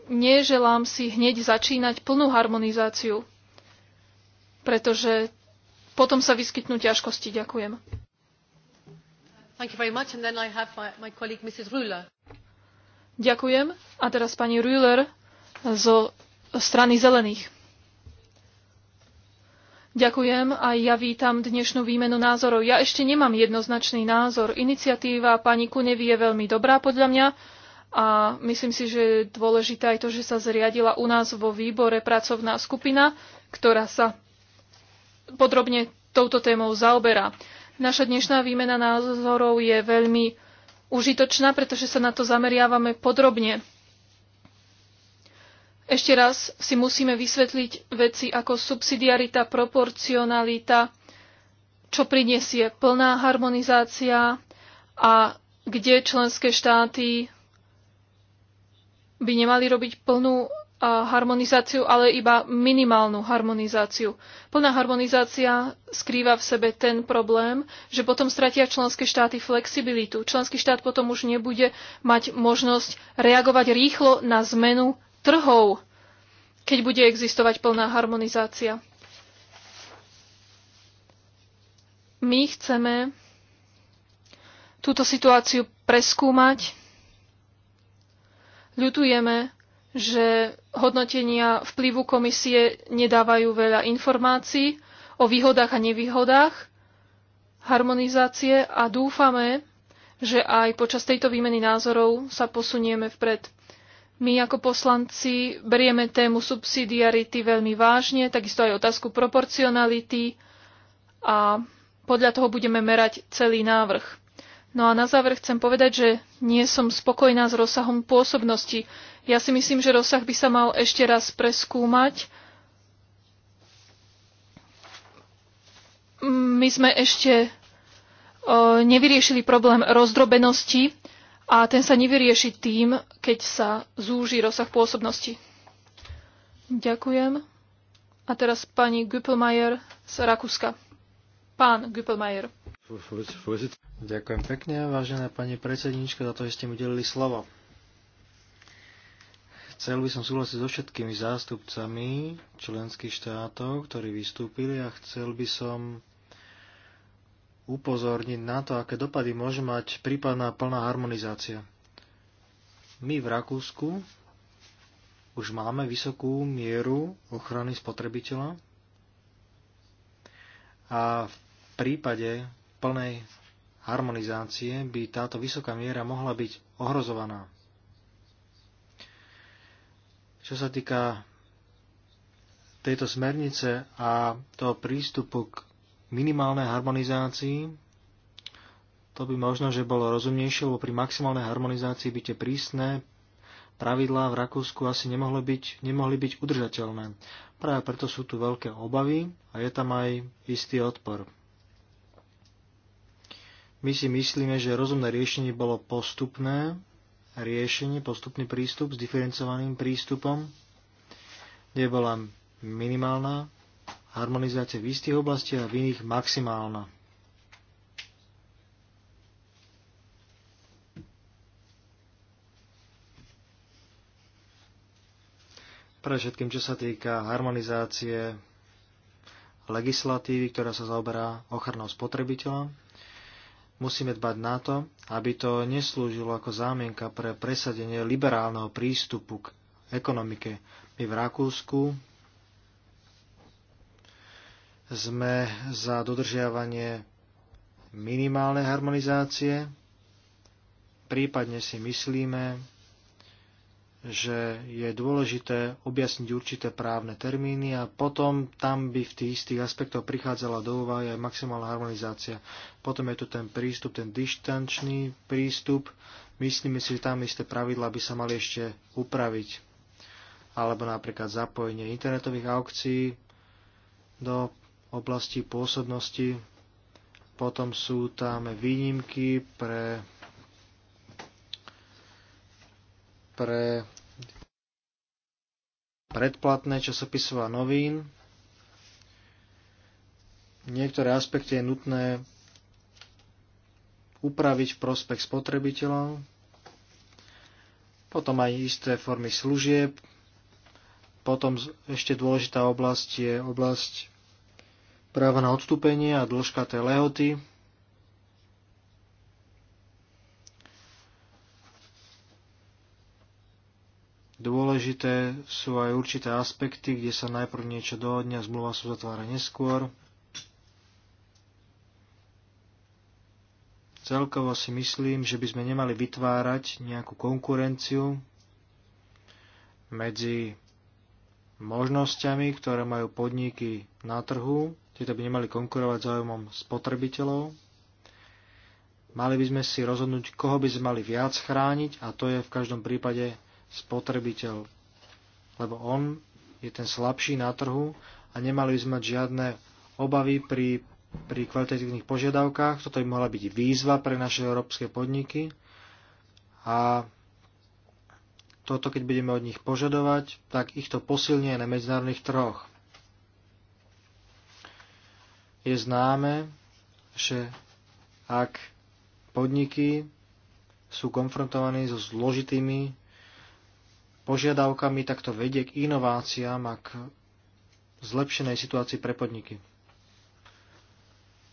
neželám si hneď začínať plnú harmonizáciu, pretože potom sa vyskytnú ťažkosti. Ďakujem. Much, my, Ďakujem. A teraz pani Rühler zo strany zelených. Ďakujem a ja vítam dnešnú výmenu názorov. Ja ešte nemám jednoznačný názor. Iniciatíva pani Kunevy je veľmi dobrá podľa mňa a myslím si, že je dôležité aj to, že sa zriadila u nás vo výbore pracovná skupina, ktorá sa podrobne touto témou zaoberá. Naša dnešná výmena názorov je veľmi užitočná, pretože sa na to zameriavame podrobne. Ešte raz si musíme vysvetliť veci ako subsidiarita, proporcionalita, čo prinesie plná harmonizácia a kde členské štáty by nemali robiť plnú harmonizáciu, ale iba minimálnu harmonizáciu. Plná harmonizácia skrýva v sebe ten problém, že potom stratia členské štáty flexibilitu. Členský štát potom už nebude mať možnosť reagovať rýchlo na zmenu trhov, keď bude existovať plná harmonizácia. My chceme túto situáciu preskúmať. Ľutujeme, že hodnotenia vplyvu komisie nedávajú veľa informácií o výhodách a nevýhodách harmonizácie a dúfame, že aj počas tejto výmeny názorov sa posunieme vpred. My ako poslanci berieme tému subsidiarity veľmi vážne, takisto aj otázku proporcionality a podľa toho budeme merať celý návrh. No a na záver chcem povedať, že nie som spokojná s rozsahom pôsobnosti. Ja si myslím, že rozsah by sa mal ešte raz preskúmať. My sme ešte e, nevyriešili problém rozdrobenosti a ten sa nevyrieši tým, keď sa zúži rozsah pôsobnosti. Ďakujem. A teraz pani Güppelmeier z Rakúska. Pán Güppelmeier. Ďakujem pekne, vážená pani predsednička, za to, že ste mi udelili slovo. Chcel by som súhlasiť so všetkými zástupcami členských štátov, ktorí vystúpili a chcel by som upozorniť na to, aké dopady môže mať prípadná plná harmonizácia. My v Rakúsku už máme vysokú mieru ochrany spotrebiteľa a v prípade plnej harmonizácie by táto vysoká miera mohla byť ohrozovaná. Čo sa týka tejto smernice a toho prístupu k minimálnej harmonizácii to by možno, že bolo rozumnejšie, lebo pri maximálnej harmonizácii by tie prísne pravidlá v Rakúsku asi nemohli byť, nemohli byť udržateľné. Práve preto sú tu veľké obavy a je tam aj istý odpor. My si myslíme, že rozumné riešenie bolo postupné riešenie, postupný prístup s diferencovaným prístupom, kde bola minimálna harmonizácia v istých oblastiach a v iných maximálna. Pre všetkým, čo sa týka harmonizácie legislatívy, ktorá sa zaoberá ochranou spotrebiteľa, musíme dbať na to, aby to neslúžilo ako zámienka pre presadenie liberálneho prístupu k ekonomike. My v Rakúsku sme za dodržiavanie minimálnej harmonizácie. Prípadne si myslíme, že je dôležité objasniť určité právne termíny a potom tam by v tých istých aspektoch prichádzala do úvahy aj maximálna harmonizácia. Potom je tu ten prístup, ten dištančný prístup. Myslíme si, že tam isté pravidla by sa mali ešte upraviť. Alebo napríklad zapojenie internetových aukcií do oblasti pôsobnosti. Potom sú tam výnimky pre, pre predplatné časopisov a novín. Niektoré aspekty je nutné upraviť v prospech spotrebiteľov. Potom aj isté formy služieb. Potom ešte dôležitá oblasť je oblasť práva na odstúpenie a dĺžka tej lehoty. Dôležité sú aj určité aspekty, kde sa najprv niečo dohodne a zmluva sa zatvára neskôr. Celkovo si myslím, že by sme nemali vytvárať nejakú konkurenciu medzi možnosťami, ktoré majú podniky na trhu tieto by nemali konkurovať záujmom spotrebiteľov. Mali by sme si rozhodnúť, koho by sme mali viac chrániť a to je v každom prípade spotrebiteľ. Lebo on je ten slabší na trhu a nemali by sme mať žiadne obavy pri, pri kvalitatívnych požiadavkách. Toto by mohla byť výzva pre naše európske podniky a toto, keď budeme od nich požadovať, tak ich to posilnie na medzinárodných trhoch je známe, že ak podniky sú konfrontovaní so zložitými požiadavkami, tak to vedie k inováciám a k zlepšenej situácii pre podniky.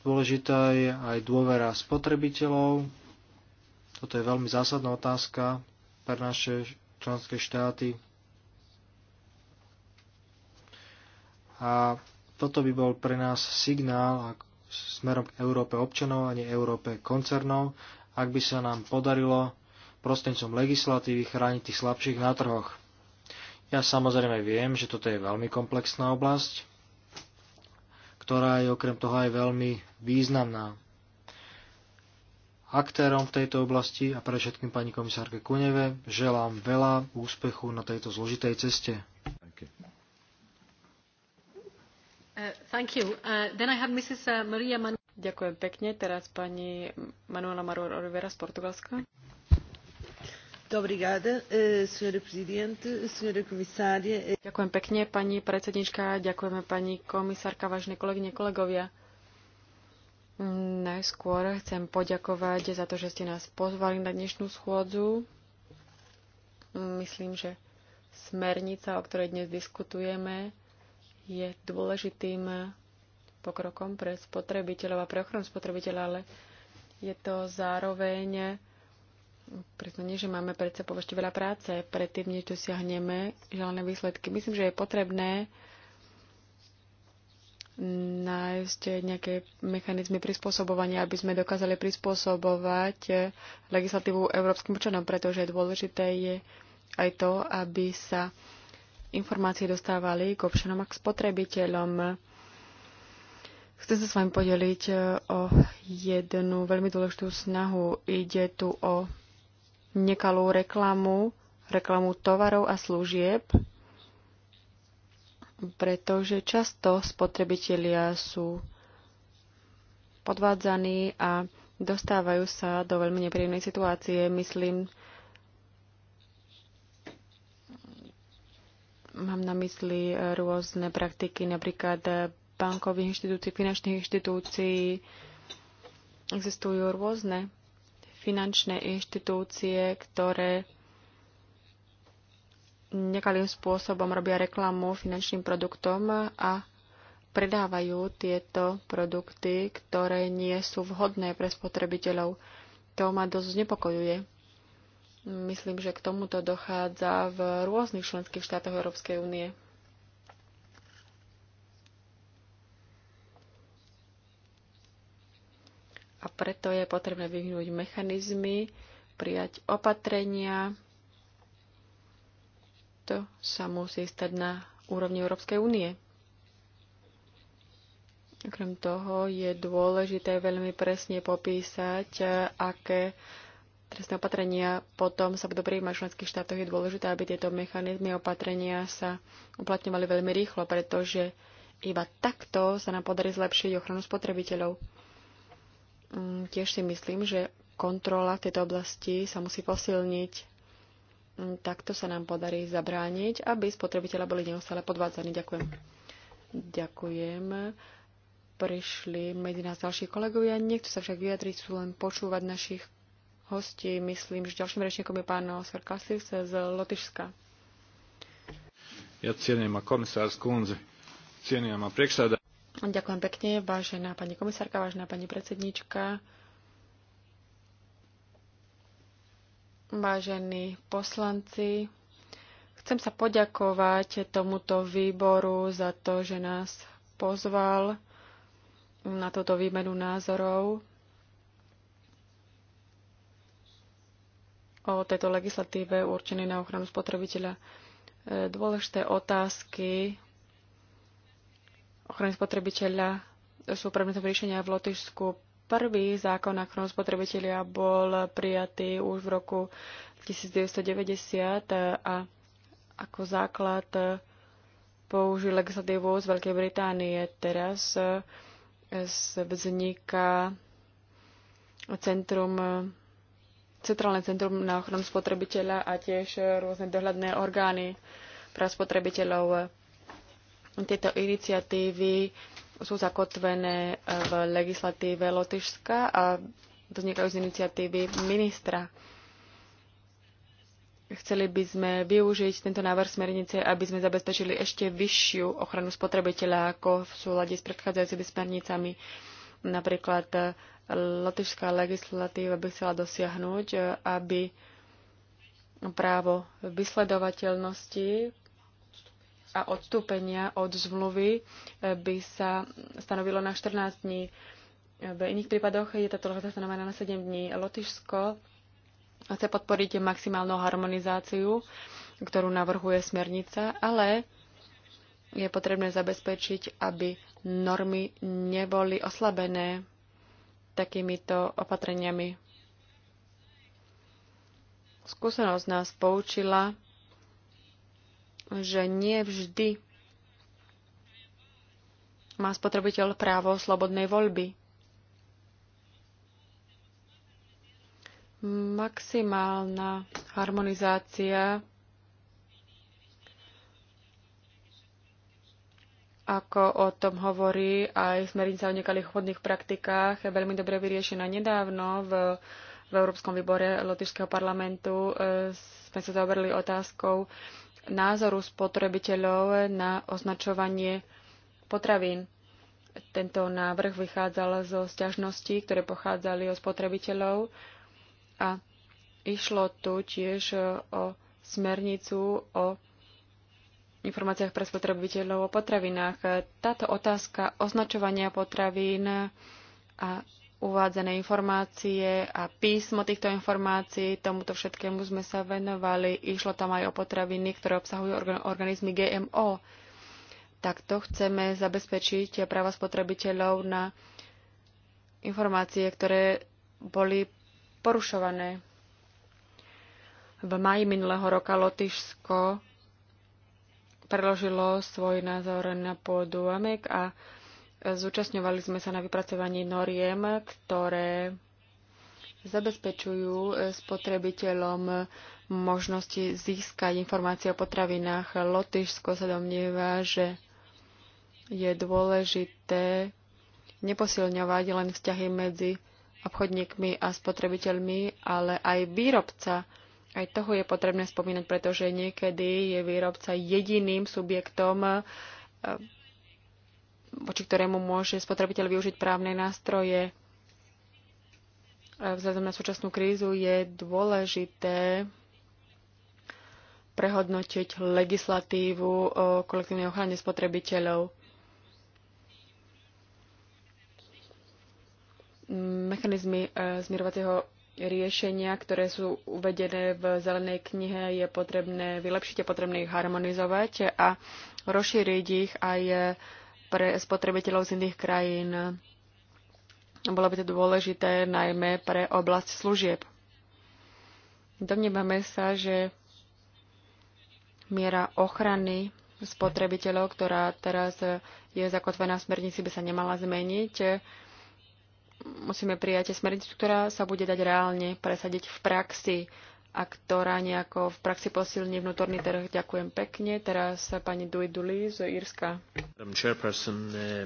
Dôležitá je aj dôvera spotrebiteľov. Toto je veľmi zásadná otázka pre naše členské štáty. A toto by bol pre nás signál smerom k Európe občanov a nie Európe koncernov, ak by sa nám podarilo prostrednícom legislatívy chrániť tých slabších na trhoch. Ja samozrejme viem, že toto je veľmi komplexná oblasť, ktorá je okrem toho aj veľmi významná. Aktérom v tejto oblasti a pre všetkým pani komisárke Kuneve želám veľa úspechu na tejto zložitej ceste. Uh, uh, uh, Ďakujem pekne. Teraz pani Manuela Maror Oliveira z Portugalska. Eh, eh. Ďakujem pekne, pani predsednička, ďakujeme pani komisárka, vážne kolegyne, kolegovia. Mm, najskôr chcem poďakovať za to, že ste nás pozvali na dnešnú schôdzu. Mm, myslím, že smernica, o ktorej dnes diskutujeme, je dôležitým pokrokom pre spotrebiteľov a pre ochranu spotrebiteľa, ale je to zároveň priznanie, že máme pred sebou ešte veľa práce predtým, než dosiahneme želané výsledky. Myslím, že je potrebné nájsť nejaké mechanizmy prispôsobovania, aby sme dokázali prispôsobovať legislatívu európskym občanom, pretože dôležité je aj to, aby sa informácie dostávali k občanom a k spotrebiteľom. Chcem sa s vami podeliť e, o jednu veľmi dôležitú snahu. Ide tu o nekalú reklamu, reklamu tovarov a služieb, pretože často spotrebitelia sú podvádzaní a dostávajú sa do veľmi nepríjemnej situácie. Myslím Mám na mysli e, rôzne praktiky, napríklad e, bankových inštitúcií, finančných inštitúcií. Existujú rôzne finančné inštitúcie, ktoré nekalým spôsobom robia reklamu finančným produktom a predávajú tieto produkty, ktoré nie sú vhodné pre spotrebiteľov. To ma dosť znepokojuje. Myslím, že k tomuto dochádza v rôznych členských štátoch Európskej únie. A preto je potrebné vyhnúť mechanizmy, prijať opatrenia. To sa musí stať na úrovni Európskej únie. Okrem toho je dôležité veľmi presne popísať, aké trestné opatrenia potom sa budú prijímať v členských štátoch, je dôležité, aby tieto mechanizmy opatrenia sa uplatňovali veľmi rýchlo, pretože iba takto sa nám podarí zlepšiť ochranu spotrebiteľov. Mm, tiež si myslím, že kontrola v tejto oblasti sa musí posilniť. Mm, takto sa nám podarí zabrániť, aby spotrebiteľa boli neustále podvádzaní. Ďakujem. Ďakujem prišli medzi nás ďalší kolegovia. Nechcú sa však vyjadriť, sú len počúvať našich hostí. Myslím, že ďalším rečníkom je pán Oskar Kasis z Lotyšska. Ja cieniem a komisár Skunzi. Cieniem a priekšsada. Ďakujem pekne, vážená pani komisárka, vážená pani predsedníčka. Vážení poslanci, chcem sa poďakovať tomuto výboru za to, že nás pozval na túto výmenu názorov o tejto legislatíve určenej na ochranu spotrebiteľa. E, dôležité otázky ochrany spotrebiteľa sú predmetom riešenia v Lotyšsku. Prvý zákon na ochranu spotrebiteľa bol prijatý už v roku 1990 a ako základ použil legislatívu z Veľkej Británie. Teraz e, vzniká Centrum Centrálne centrum na ochranu spotrebiteľa a tiež rôzne dohľadné orgány pre spotrebiteľov. Tieto iniciatívy sú zakotvené v legislatíve Lotyšska a vznikajú z iniciatívy ministra. Chceli by sme využiť tento návrh smernice, aby sme zabezpečili ešte vyššiu ochranu spotrebiteľa ako v súlade s predchádzajúcimi smernicami, napríklad lotyšská legislatíva by chcela dosiahnuť, eh, aby právo vysledovateľnosti a odstúpenia od zmluvy eh, by sa stanovilo na 14 dní. V iných prípadoch je táto lhota stanovená na 7 dní. Lotyšsko chce podporiť maximálnu harmonizáciu, ktorú navrhuje smernica, ale je potrebné zabezpečiť, aby normy neboli oslabené takýmito opatreniami. Skúsenosť nás poučila, že nie vždy má spotrebiteľ právo slobodnej voľby. Maximálna harmonizácia ako o tom hovorí aj smernica o nekalých chodných praktikách, je veľmi dobre vyriešená nedávno v, v Európskom výbore Lotyšského parlamentu. E, sme sa zaoberali otázkou názoru spotrebiteľov na označovanie potravín. Tento návrh vychádzal zo sťažností, ktoré pochádzali od spotrebiteľov a išlo tu tiež o smernicu o informáciách pre spotrebiteľov o potravinách. Táto otázka označovania potravín a uvádzané informácie a písmo týchto informácií, tomuto všetkému sme sa venovali. Išlo tam aj o potraviny, ktoré obsahujú organizmy GMO. Takto chceme zabezpečiť práva spotrebiteľov na informácie, ktoré boli porušované. V maji minulého roka Lotyšsko preložilo svoj názor na pôdu AMEK a zúčastňovali sme sa na vypracovaní noriem, ktoré zabezpečujú spotrebiteľom možnosti získať informácie o potravinách. Lotyšsko sa domnieva, že je dôležité neposilňovať len vzťahy medzi obchodníkmi a spotrebiteľmi, ale aj výrobca aj toho je potrebné spomínať, pretože niekedy je výrobca jediným subjektom, eh, voči ktorému môže spotrebiteľ využiť právne nástroje. Eh, vzhľadom na súčasnú krízu je dôležité prehodnotiť legislatívu o kolektívnej ochrane spotrebiteľov. Mechanizmy eh, zmierovacieho riešenia, ktoré sú uvedené v zelenej knihe, je potrebné vylepšiť a potrebné ich harmonizovať a rozšíriť ich aj pre spotrebiteľov z iných krajín. Bolo by to dôležité najmä pre oblasť služieb. Domnievame sa, že miera ochrany spotrebiteľov, ktorá teraz je zakotvená v smernici, by sa nemala zmeniť musíme prijať smernicu, ktorá sa bude dať reálne presadiť v praxi a ktorá nejako v praxi posilní vnútorný trh. Ďakujem pekne. Teraz pani Dui Duli z Írska. Eh,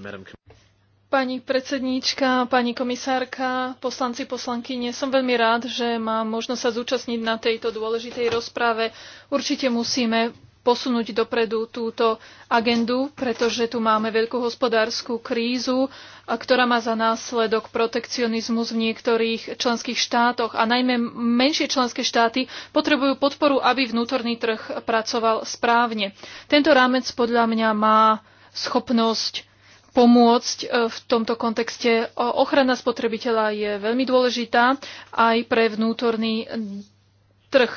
pani predsedníčka, pani komisárka, poslanci, poslankyne, som veľmi rád, že mám možnosť sa zúčastniť na tejto dôležitej rozprave. Určite musíme posunúť dopredu túto agendu, pretože tu máme veľkú hospodárskú krízu, ktorá má za následok protekcionizmus v niektorých členských štátoch a najmä menšie členské štáty potrebujú podporu, aby vnútorný trh pracoval správne. Tento rámec podľa mňa má schopnosť pomôcť e, v tomto kontexte. Ochrana spotrebiteľa je veľmi dôležitá aj pre vnútorný trh.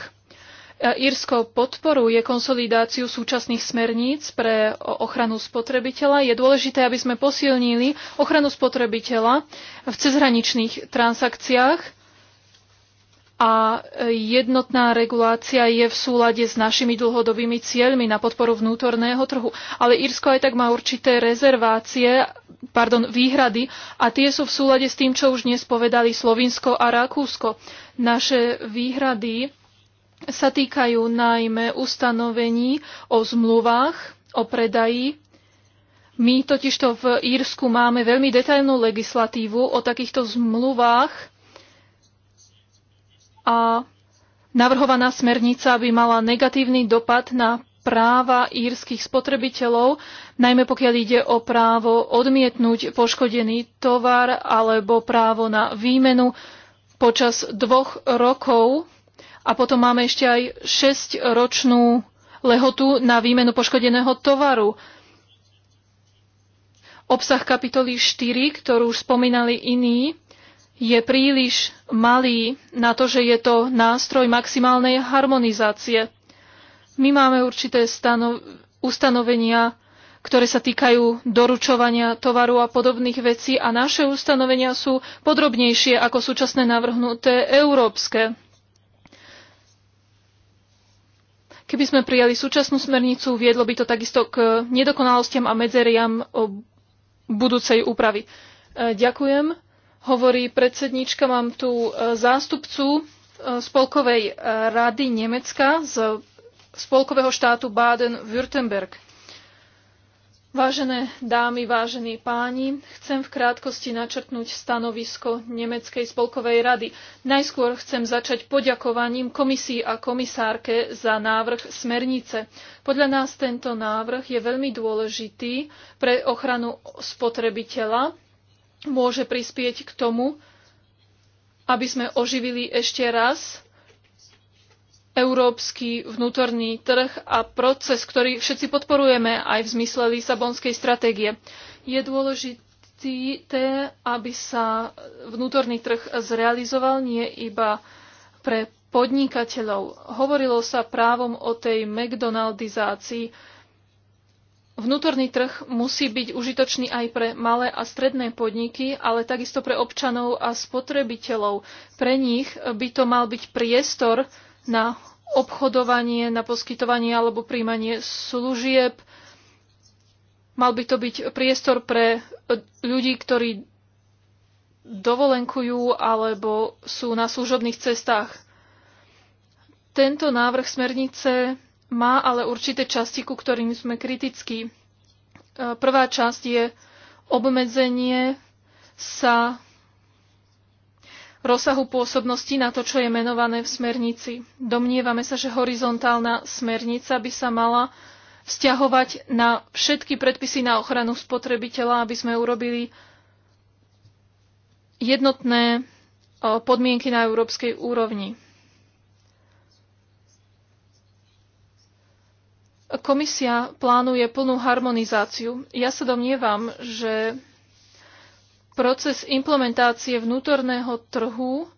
E, Írsko podporuje konsolidáciu súčasných smerníc pre ochranu spotrebiteľa. Je dôležité, aby sme posilnili ochranu spotrebiteľa v cezhraničných transakciách a e, jednotná regulácia je v súlade s našimi dlhodobými cieľmi na podporu vnútorného trhu. Ale Írsko aj tak má určité rezervácie, pardon, výhrady a tie sú v súlade s tým, čo už dnes povedali Slovinsko a Rakúsko. Naše výhrady sa týkajú najmä ustanovení o zmluvách, o predaji. My totižto v Írsku máme veľmi detailnú legislatívu o takýchto zmluvách a navrhovaná smernica by mala negatívny dopad na práva írskych spotrebiteľov, najmä pokiaľ ide o právo odmietnúť poškodený tovar alebo právo na výmenu počas dvoch rokov a potom máme ešte aj 6-ročnú lehotu na výmenu poškodeného tovaru. Obsah kapitoly 4, ktorú už spomínali iní, je príliš malý na to, že je to nástroj maximálnej harmonizácie. My máme určité stano- ustanovenia, ktoré sa týkajú doručovania tovaru a podobných vecí a naše ustanovenia sú podrobnejšie ako súčasné navrhnuté európske. Keby sme prijali súčasnú smernicu, viedlo by to takisto k nedokonalostiam a medzeriam eh, budúcej úpravy. Eh, ďakujem. Hovorí predsednička, mám tu eh, zástupcu Spolkovej rady Nemecka z Spolkového štátu Baden-Württemberg. Vážené dámy, vážení páni, chcem v krátkosti načrtnúť stanovisko Nemeckej spolkovej rady. Najskôr chcem začať poďakovaním komisii a komisárke za návrh smernice. Podľa nás tento návrh je veľmi dôležitý pre ochranu spotrebiteľa. Môže prispieť k tomu, aby sme oživili ešte raz európsky vnútorný trh a proces, ktorý všetci podporujeme aj v zmysle Lisabonskej stratégie. Je dôležité, aby sa vnútorný trh zrealizoval nie iba pre podnikateľov. Hovorilo sa právom o tej McDonaldizácii. Vnútorný trh musí byť užitočný aj pre malé a stredné podniky, ale takisto pre občanov a spotrebiteľov. Pre nich by to mal byť priestor, na obchodovanie, na poskytovanie alebo príjmanie služieb. Mal by to byť priestor pre ľudí, ktorí dovolenkujú alebo sú na služobných cestách. Tento návrh smernice má ale určité časti, ku ktorým sme kritickí. E, prvá časť je obmedzenie sa rozsahu pôsobnosti na to, čo je menované v smernici. Domnievame sa, že horizontálna smernica by sa mala vzťahovať na všetky predpisy na ochranu spotrebiteľa, aby sme urobili jednotné podmienky na európskej úrovni. Komisia plánuje plnú harmonizáciu. Ja sa domnievam, že proces implementácie vnútorného trhu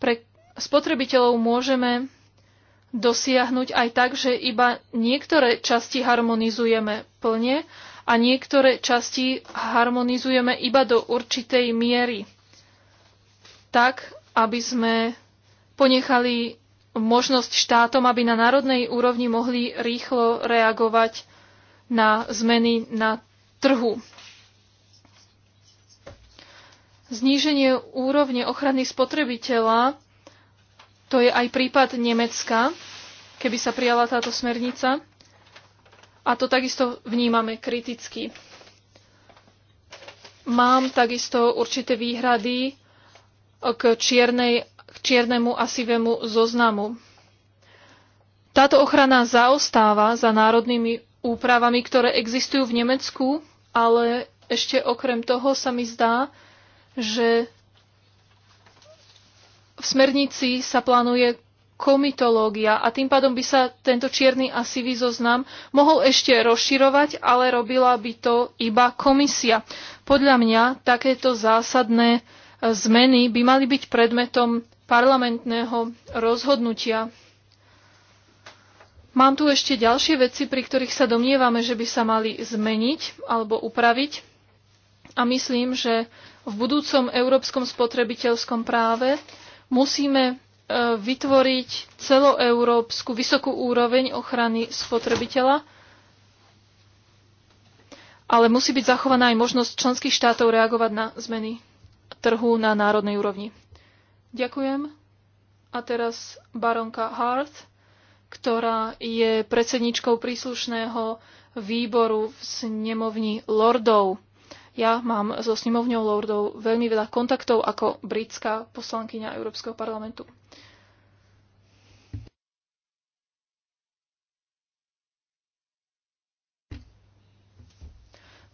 pre spotrebiteľov môžeme dosiahnuť aj tak, že iba niektoré časti harmonizujeme plne a niektoré časti harmonizujeme iba do určitej miery. Tak, aby sme ponechali možnosť štátom, aby na národnej úrovni mohli rýchlo reagovať na zmeny na trhu. Zníženie úrovne ochrany spotrebiteľa, to je aj prípad Nemecka, keby sa prijala táto smernica. A to takisto vnímame kriticky. Mám takisto určité výhrady k, čiernej, k čiernemu a sivému zoznamu. Táto ochrana zaostáva za národnými úpravami, ktoré existujú v Nemecku, ale ešte okrem toho sa mi zdá, že v smernici sa plánuje komitológia a tým pádom by sa tento čierny a sivý zoznam mohol ešte rozširovať, ale robila by to iba komisia. Podľa mňa takéto zásadné e, zmeny by mali byť predmetom parlamentného rozhodnutia. Mám tu ešte ďalšie veci, pri ktorých sa domnievame, že by sa mali zmeniť alebo upraviť. A myslím, že v budúcom európskom spotrebiteľskom práve musíme e, vytvoriť celoeurópsku vysokú úroveň ochrany spotrebiteľa, ale musí byť zachovaná aj možnosť členských štátov reagovať na zmeny trhu na národnej úrovni. Ďakujem. A teraz baronka Hart, ktorá je predsedničkou príslušného výboru v snemovni lordov. Ja mám so snemovňou lordov veľmi veľa kontaktov ako britská poslankyňa Európskeho parlamentu.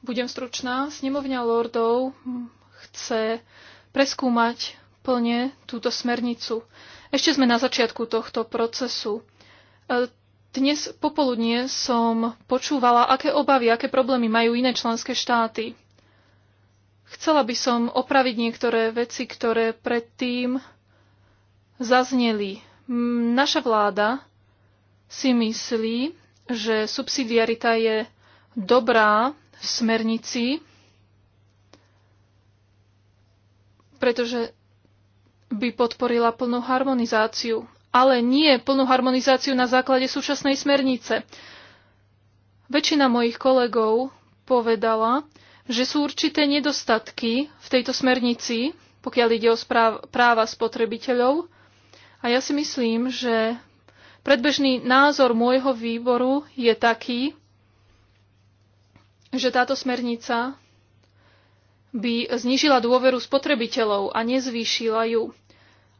Budem stručná. Snemovňa lordov chce preskúmať plne túto smernicu. Ešte sme na začiatku tohto procesu. E, dnes popoludne som počúvala, aké obavy, aké problémy majú iné členské štáty. Chcela by som opraviť niektoré veci, ktoré predtým zazneli. Naša vláda si myslí, že subsidiarita je dobrá v smernici, pretože by podporila plnú harmonizáciu, ale nie plnú harmonizáciu na základe súčasnej smernice. Väčšina mojich kolegov povedala, že sú určité nedostatky v tejto smernici, pokiaľ ide o práva spotrebiteľov. A ja si myslím, že predbežný názor môjho výboru je taký, že táto smernica by znižila dôveru spotrebiteľov a nezvýšila ju.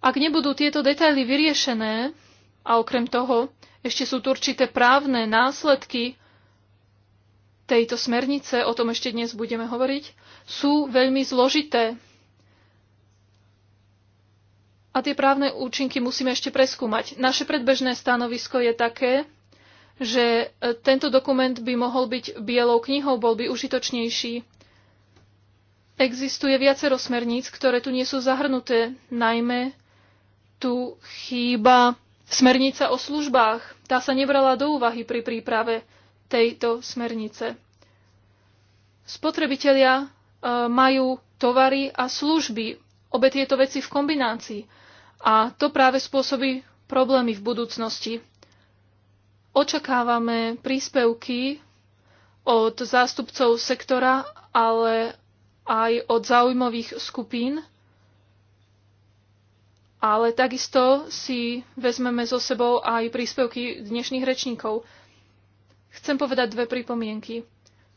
Ak nebudú tieto detaily vyriešené, a okrem toho ešte sú tu určité právne následky tejto smernice, o tom ešte dnes budeme hovoriť, sú veľmi zložité. A tie právne účinky musíme ešte preskúmať. Naše predbežné stanovisko je také, že e, tento dokument by mohol byť bielou knihou, bol by užitočnejší. Existuje viacero smerníc, ktoré tu nie sú zahrnuté, najmä tu chýba smernica o službách. Tá sa nebrala do úvahy pri príprave tejto smernice. Spotrebitelia e, majú tovary a služby, obe tieto veci v kombinácii. A to práve spôsobí problémy v budúcnosti. Očakávame príspevky od zástupcov sektora, ale aj od záujmových skupín, ale takisto si vezmeme so sebou aj príspevky dnešných rečníkov. Chcem povedať dve pripomienky.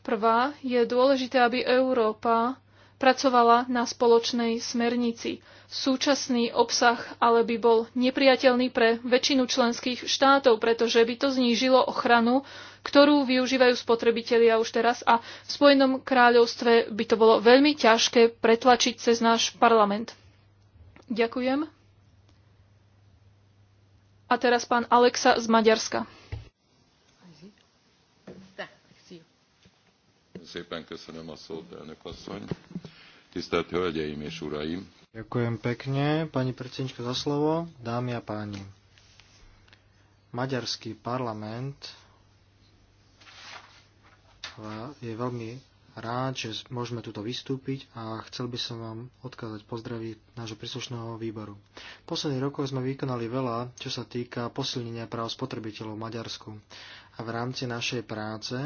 Prvá je dôležité, aby Európa pracovala na spoločnej smernici. Súčasný obsah ale by bol nepriateľný pre väčšinu členských štátov, pretože by to znížilo ochranu, ktorú využívajú spotrebitelia už teraz a v Spojenom kráľovstve by to bolo veľmi ťažké pretlačiť cez náš parlament. Ďakujem. A teraz pán Alexa z Maďarska. szépen köszönöm a szót, elnök asszony. Tisztelt Hölgyeim és Uraim! Ďakujem pekne, pani predsednička, za slovo. Dámy a páni, maďarský parlament je veľmi rád, že môžeme tuto vystúpiť a chcel by som vám odkázať pozdraviť nášho príslušného výboru. V posledných rokoch sme vykonali veľa, čo sa týka posilnenia práv spotrebiteľov v Maďarsku. A v rámci našej práce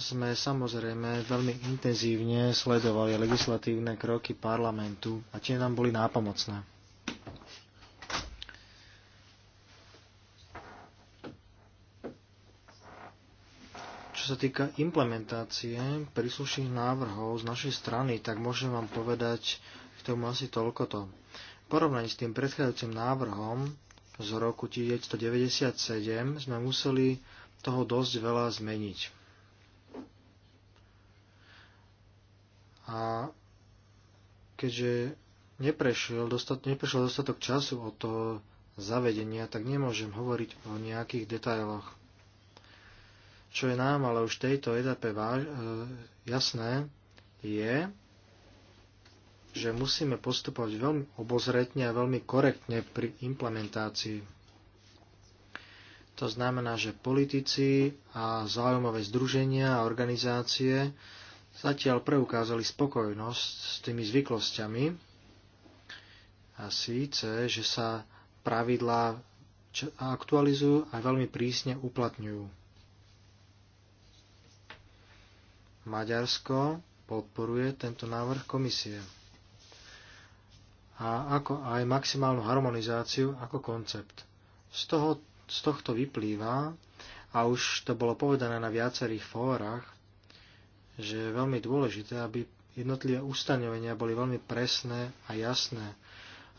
sme samozrejme veľmi intenzívne sledovali legislatívne kroky parlamentu a tie nám boli nápomocné. Čo sa týka implementácie príslušných návrhov z našej strany, tak môžem vám povedať k tomu asi toľkoto. V porovnaní s tým predchádzajúcim návrhom z roku 1997 sme museli toho dosť veľa zmeniť. a keďže neprešiel, dostat, neprešiel dostatok času od toho zavedenia, tak nemôžem hovoriť o nejakých detailoch. Čo je nám ale už v tejto etape váž, e, jasné, je, že musíme postupovať veľmi obozretne a veľmi korektne pri implementácii. To znamená, že politici a záujmové združenia a organizácie zatiaľ preukázali spokojnosť s tými zvyklosťami a síce, že sa pravidlá aktualizujú a veľmi prísne uplatňujú. Maďarsko podporuje tento návrh komisie a ako aj maximálnu harmonizáciu ako koncept. Z, toho, z tohto vyplýva, a už to bolo povedané na viacerých fórach, že je veľmi dôležité, aby jednotlivé ustanovenia boli veľmi presné a jasné.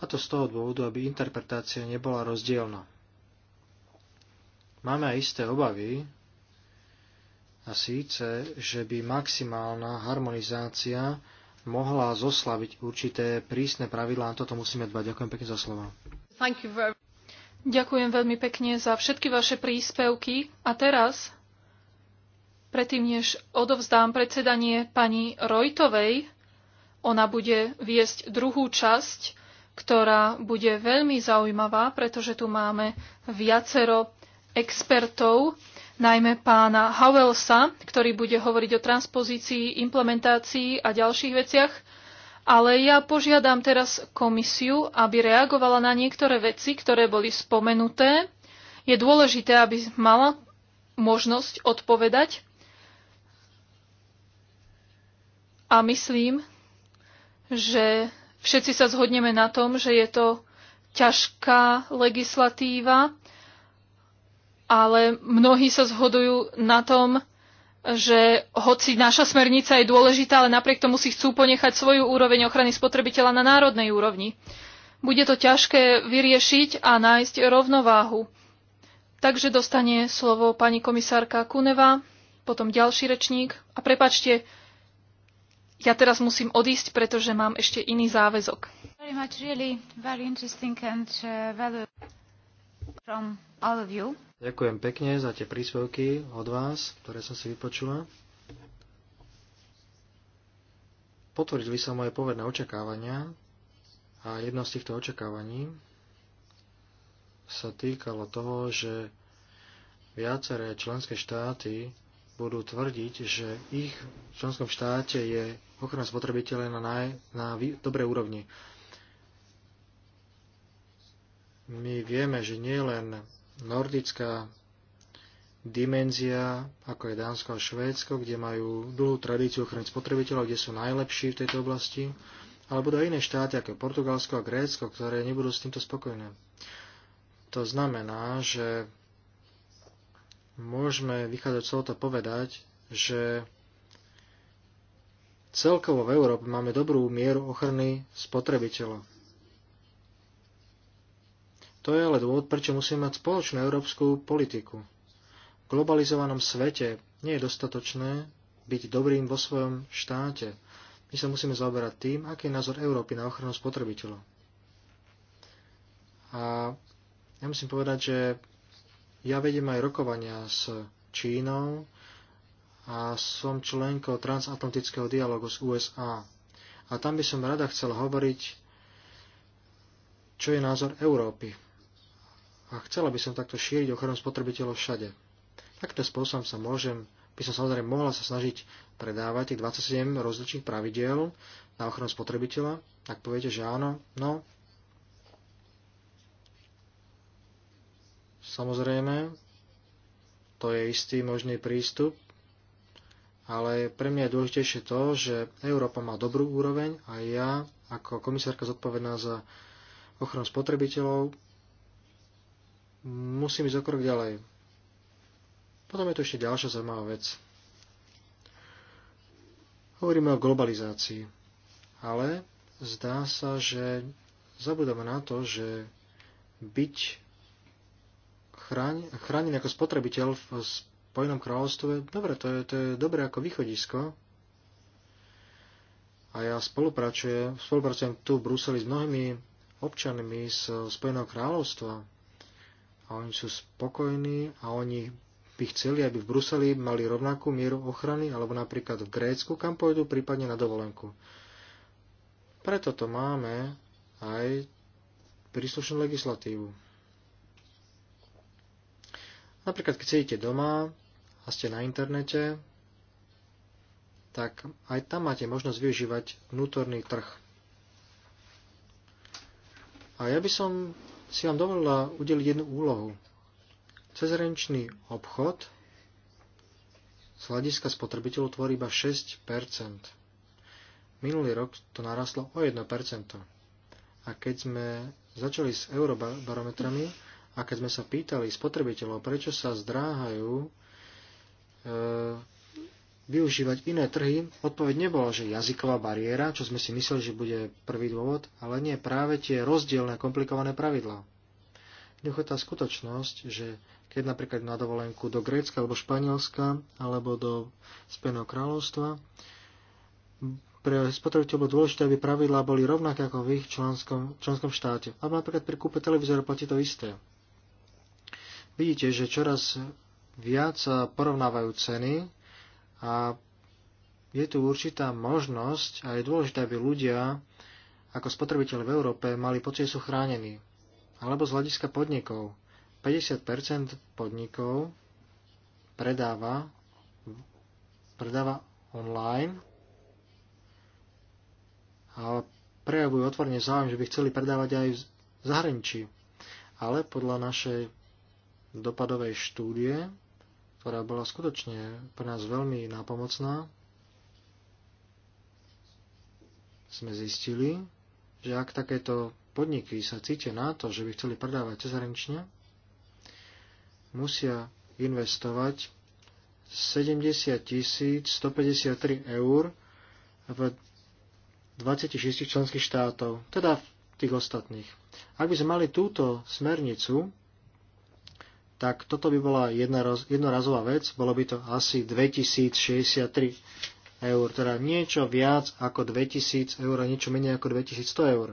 A to z toho dôvodu, aby interpretácia nebola rozdielna. Máme aj isté obavy, a síce, že by maximálna harmonizácia mohla zoslaviť určité prísne pravidlá. Na toto musíme dbať. Ďakujem pekne za slovo. Ďakujem veľmi pekne za všetky vaše príspevky. A teraz Predtým, než odovzdám predsedanie pani Rojtovej, ona bude viesť druhú časť, ktorá bude veľmi zaujímavá, pretože tu máme viacero expertov, najmä pána Howellsa, ktorý bude hovoriť o transpozícii, implementácii a ďalších veciach. Ale ja požiadam teraz komisiu, aby reagovala na niektoré veci, ktoré boli spomenuté. Je dôležité, aby mala možnosť odpovedať A myslím, že všetci sa zhodneme na tom, že je to ťažká legislatíva, ale mnohí sa zhodujú na tom, že hoci naša smernica je dôležitá, ale napriek tomu si chcú ponechať svoju úroveň ochrany spotrebiteľa na národnej úrovni. Bude to ťažké vyriešiť a nájsť rovnováhu. Takže dostane slovo pani komisárka Kuneva, potom ďalší rečník. A prepačte, ja teraz musím odísť, pretože mám ešte iný záväzok. Uh, Ďakujem pekne za tie príspevky od vás, ktoré som si vypočula. Potvrdili sa moje povedné očakávania a jedno z týchto očakávaní sa týkalo toho, že viaceré členské štáty budú tvrdiť, že ich v členskom štáte je ochrana spotrebiteľa na, naj, na vý, dobrej úrovni. My vieme, že nie len nordická dimenzia, ako je Dánsko a Švédsko, kde majú dlhú tradíciu ochrany spotrebiteľov, kde sú najlepší v tejto oblasti, ale budú aj iné štáty, ako Portugalsko a Grécko, ktoré nebudú s týmto spokojné. To znamená, že môžeme vychádzať z tohoto povedať, že celkovo v Európe máme dobrú mieru ochrany spotrebiteľa. To je ale dôvod, prečo musíme mať spoločnú európsku politiku. V globalizovanom svete nie je dostatočné byť dobrým vo svojom štáte. My sa musíme zaoberať tým, aký je názor Európy na ochranu spotrebiteľa. A ja musím povedať, že ja vedem aj rokovania s Čínou a som členkou transatlantického dialogu s USA. A tam by som rada chcel hovoriť, čo je názor Európy. A chcela by som takto šíriť ochranu spotrebiteľov všade. Takto spôsobom sa môžem, by som samozrejme mohla sa snažiť predávať tých 27 rozličných pravidel na ochranu spotrebiteľa. Ak poviete, že áno, no, Samozrejme, to je istý možný prístup, ale pre mňa je dôležitejšie to, že Európa má dobrú úroveň a ja, ako komisárka zodpovedná za ochranu spotrebiteľov, musím ísť o krok ďalej. Potom je tu ešte ďalšia zaujímavá vec. Hovoríme o globalizácii, ale zdá sa, že zabudáme na to, že byť chráň, chránený ako spotrebiteľ v Spojenom kráľovstve, dobre, to je, to je dobré ako východisko. A ja spolupracujem, spolupracujem tu v Bruseli s mnohými občanmi z Spojeného kráľovstva. A oni sú spokojní a oni by chceli, aby v Bruseli mali rovnakú mieru ochrany, alebo napríklad v Grécku, kam pôjdu prípadne na dovolenku. Preto to máme aj príslušnú legislatívu. Napríklad, keď sedíte doma a ste na internete, tak aj tam máte možnosť využívať vnútorný trh. A ja by som si vám dovolila udeliť jednu úlohu. Cezrenčný obchod z hľadiska spotrebiteľov tvorí iba 6 Minulý rok to narastlo o 1 A keď sme začali s eurobarometrami, a keď sme sa pýtali spotrebiteľov, prečo sa zdráhajú e, využívať iné trhy, odpoveď nebola, že jazyková bariéra, čo sme si mysleli, že bude prvý dôvod, ale nie práve tie rozdielne komplikované pravidlá. Jednoducho tá skutočnosť, že keď napríklad na dovolenku do Grécka alebo Španielska alebo do Spojeného kráľovstva, pre spotrebiteľov bolo dôležité, aby pravidlá boli rovnaké ako v ich členskom, členskom štáte. Alebo napríklad pri kúpe televízora platí to isté. Vidíte, že čoraz viac sa porovnávajú ceny a je tu určitá možnosť a je dôležité, aby ľudia ako spotrebiteľ v Európe mali pocit, že sú chránení. Alebo z hľadiska podnikov. 50% podnikov predáva, predáva online a prejavujú otvorene záujem, že by chceli predávať aj v zahraničí. Ale podľa našej z dopadovej štúdie, ktorá bola skutočne pre nás veľmi nápomocná, sme zistili, že ak takéto podniky sa cítia na to, že by chceli predávať cezhranične, musia investovať 70 153 eur v 26 členských štátov, teda v tých ostatných. Ak by sme mali túto smernicu, tak toto by bola jednorazová vec, bolo by to asi 2063 eur, teda niečo viac ako 2000 eur a niečo menej ako 2100 eur.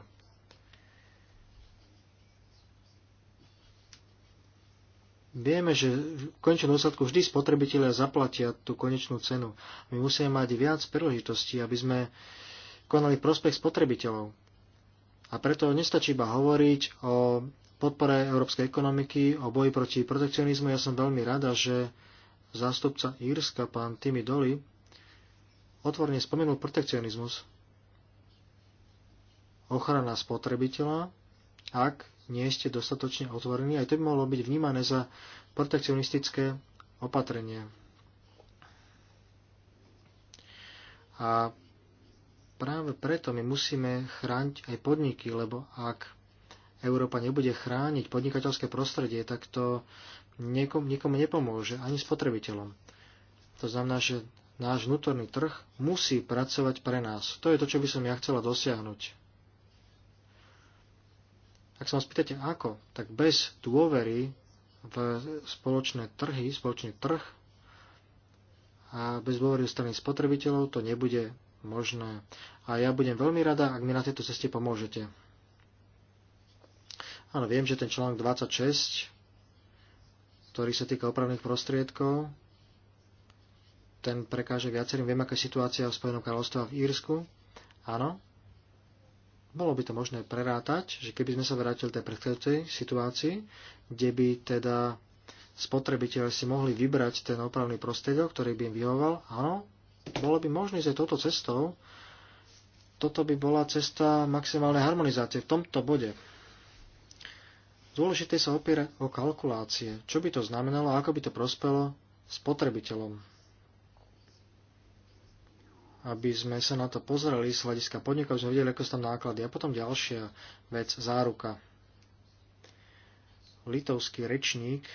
Vieme, že v končnom dôsledku vždy spotrebitelia zaplatia tú konečnú cenu. My musíme mať viac príležitostí, aby sme konali prospech spotrebiteľov. A preto nestačí iba hovoriť o podpore európskej ekonomiky, o boji proti protekcionizmu. Ja som veľmi rada, že zástupca Írska, pán Timmy Doli, otvorene spomenul protekcionizmus. Ochrana spotrebiteľa, ak nie ste dostatočne otvorení, aj to by mohlo byť vnímané za protekcionistické opatrenie. A práve preto my musíme chrániť aj podniky, lebo ak Európa nebude chrániť podnikateľské prostredie, tak to niekom, nikomu nepomôže, ani spotrebiteľom. To znamená, že náš vnútorný trh musí pracovať pre nás. To je to, čo by som ja chcela dosiahnuť. Ak sa vás spýtate ako, tak bez dôvery v spoločné trhy, spoločný trh a bez dôvery strany spotrebiteľov to nebude možné. A ja budem veľmi rada, ak mi na tejto ceste pomôžete. Áno, viem, že ten článok 26, ktorý sa týka opravných prostriedkov, ten prekáže viacerým. Viem, aká je situácia v Spojenom kráľovstve v Írsku. Áno, bolo by to možné prerátať, že keby sme sa vrátili tej predchádzajúcej situácii, kde by teda spotrebitelia si mohli vybrať ten opravný prostriedok, ktorý by im vyhoval, áno, bolo by možné ísť aj touto cestou. Toto by bola cesta maximálnej harmonizácie v tomto bode. Dôležité sa opierať o kalkulácie, čo by to znamenalo a ako by to prospelo spotrebiteľom. Aby sme sa na to pozreli z hľadiska podnikov, sme videli, ako sú tam náklady. A potom ďalšia vec, záruka. Litovský rečník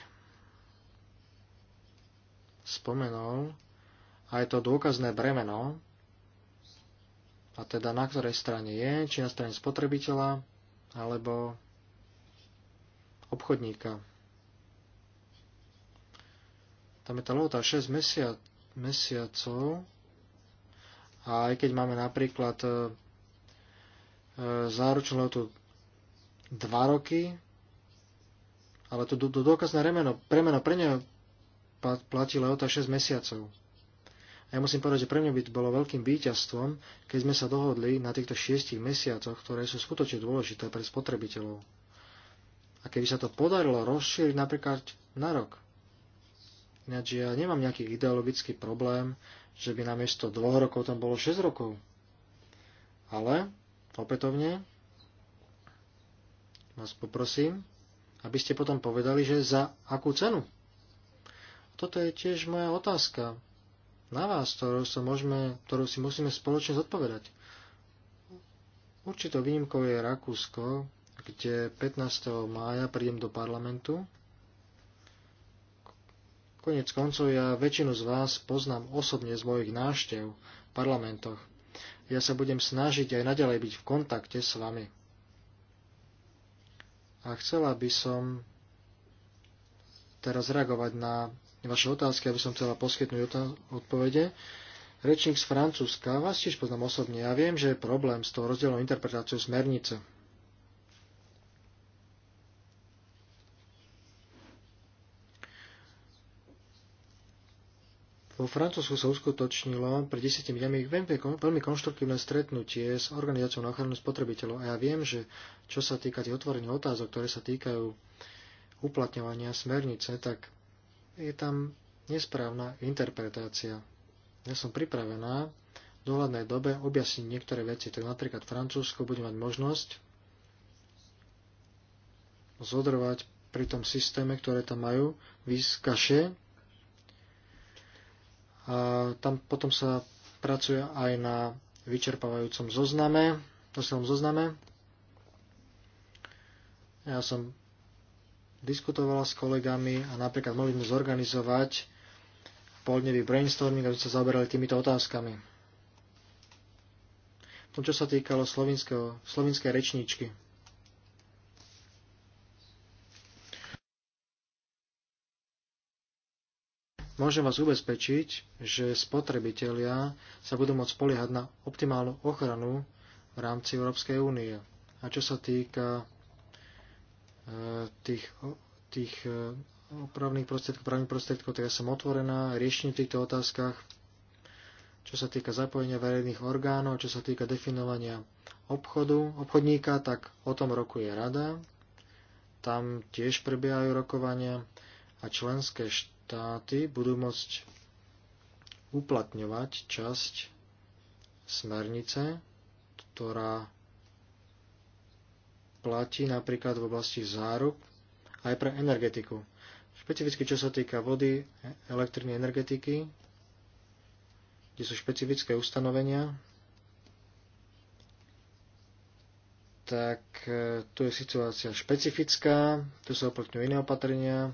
spomenul, a je to dôkazné bremeno, a teda na ktorej strane je, či na strane spotrebiteľa, alebo obchodníka. Tam je tá lota 6 mesiac, mesiacov a aj keď máme napríklad e, e záručnú lotu 2 roky, ale to, do, dôkazné remeno, premeno pre neho platí lota 6 mesiacov. A ja musím povedať, že pre mňa by bolo veľkým víťazstvom, keď sme sa dohodli na týchto šiestich mesiacoch, ktoré sú skutočne dôležité pre spotrebiteľov. A keby sa to podarilo rozšíriť napríklad na rok. Ináč ja nemám nejaký ideologický problém, že by namiesto dvoch rokov tam bolo 6 rokov. Ale opätovne vás poprosím, aby ste potom povedali, že za akú cenu. Toto je tiež moja otázka na vás, ktorú, sa môžeme, ktorú si musíme spoločne zodpovedať. Určitou výnimkou je Rakúsko, kde 15. mája prídem do parlamentu. Konec koncov ja väčšinu z vás poznám osobne z mojich náštev v parlamentoch. Ja sa budem snažiť aj naďalej byť v kontakte s vami. A chcela by som teraz reagovať na vaše otázky, aby som chcela poskytnúť odpovede. Rečník z Francúzska, vás tiež poznám osobne. Ja viem, že je problém s tou rozdielnou interpretáciou smernice. Vo Francúzsku sa uskutočnilo pred desiatimi dňami veľmi, konštruktívne stretnutie s Organizáciou na ochranu spotrebiteľov a ja viem, že čo sa týka tých otvorených otázok, ktoré sa týkajú uplatňovania smernice, tak je tam nesprávna interpretácia. Ja som pripravená v dohľadnej dobe objasniť niektoré veci, tak napríklad Francúzsko bude mať možnosť zodrovať pri tom systéme, ktoré tam majú, výskaše a tam potom sa pracuje aj na vyčerpávajúcom zozname, dosielom zozname. Ja som diskutovala s kolegami a napríklad mohli sme zorganizovať poldnevý brainstorming, aby sme sa zaoberali týmito otázkami. To, čo sa týkalo slovinskej rečníčky. Môžem vás ubezpečiť, že spotrebitelia sa budú môcť spoliehať na optimálnu ochranu v rámci Európskej únie. A čo sa týka e, tých, tých e, opravných prostriedkov, právnych prostriedkov, tak ja som otvorená riešeniu v týchto otázkach, čo sa týka zapojenia verejných orgánov, čo sa týka definovania obchodu, obchodníka, tak o tom roku je rada. Tam tiež prebiehajú rokovania a členské štáty štáty budú môcť uplatňovať časť smernice, ktorá platí napríklad v oblasti záruk aj pre energetiku. Špecificky čo sa týka vody, elektriny, energetiky, kde sú špecifické ustanovenia, tak eh, tu je situácia špecifická, tu sa uplatňujú iné opatrenia,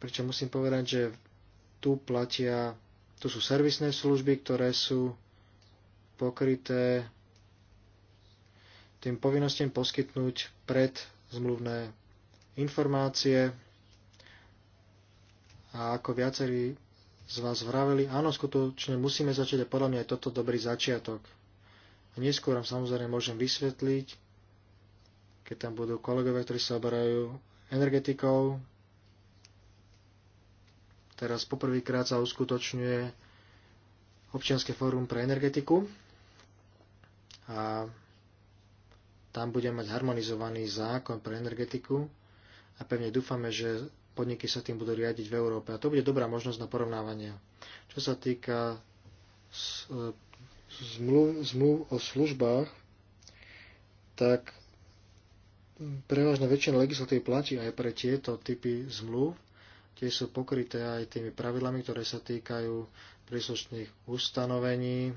pričom musím povedať, že tu platia, tu sú servisné služby, ktoré sú pokryté tým povinnostiam poskytnúť pred zmluvné informácie. A ako viacerí z vás vraveli, áno, skutočne musíme začať a podľa mňa je toto dobrý začiatok. A neskôr vám samozrejme môžem vysvetliť, keď tam budú kolegovia, ktorí sa oberajú energetikou, Teraz poprvýkrát sa uskutočňuje občianske fórum pre energetiku a tam budeme mať harmonizovaný zákon pre energetiku a pevne dúfame, že podniky sa tým budú riadiť v Európe. A to bude dobrá možnosť na porovnávanie. Čo sa týka e, zmluv, zmluv o službách, tak prevažná väčšina legislatívy platí aj pre tieto typy zmluv tie sú pokryté aj tými pravidlami, ktoré sa týkajú príslušných ustanovení.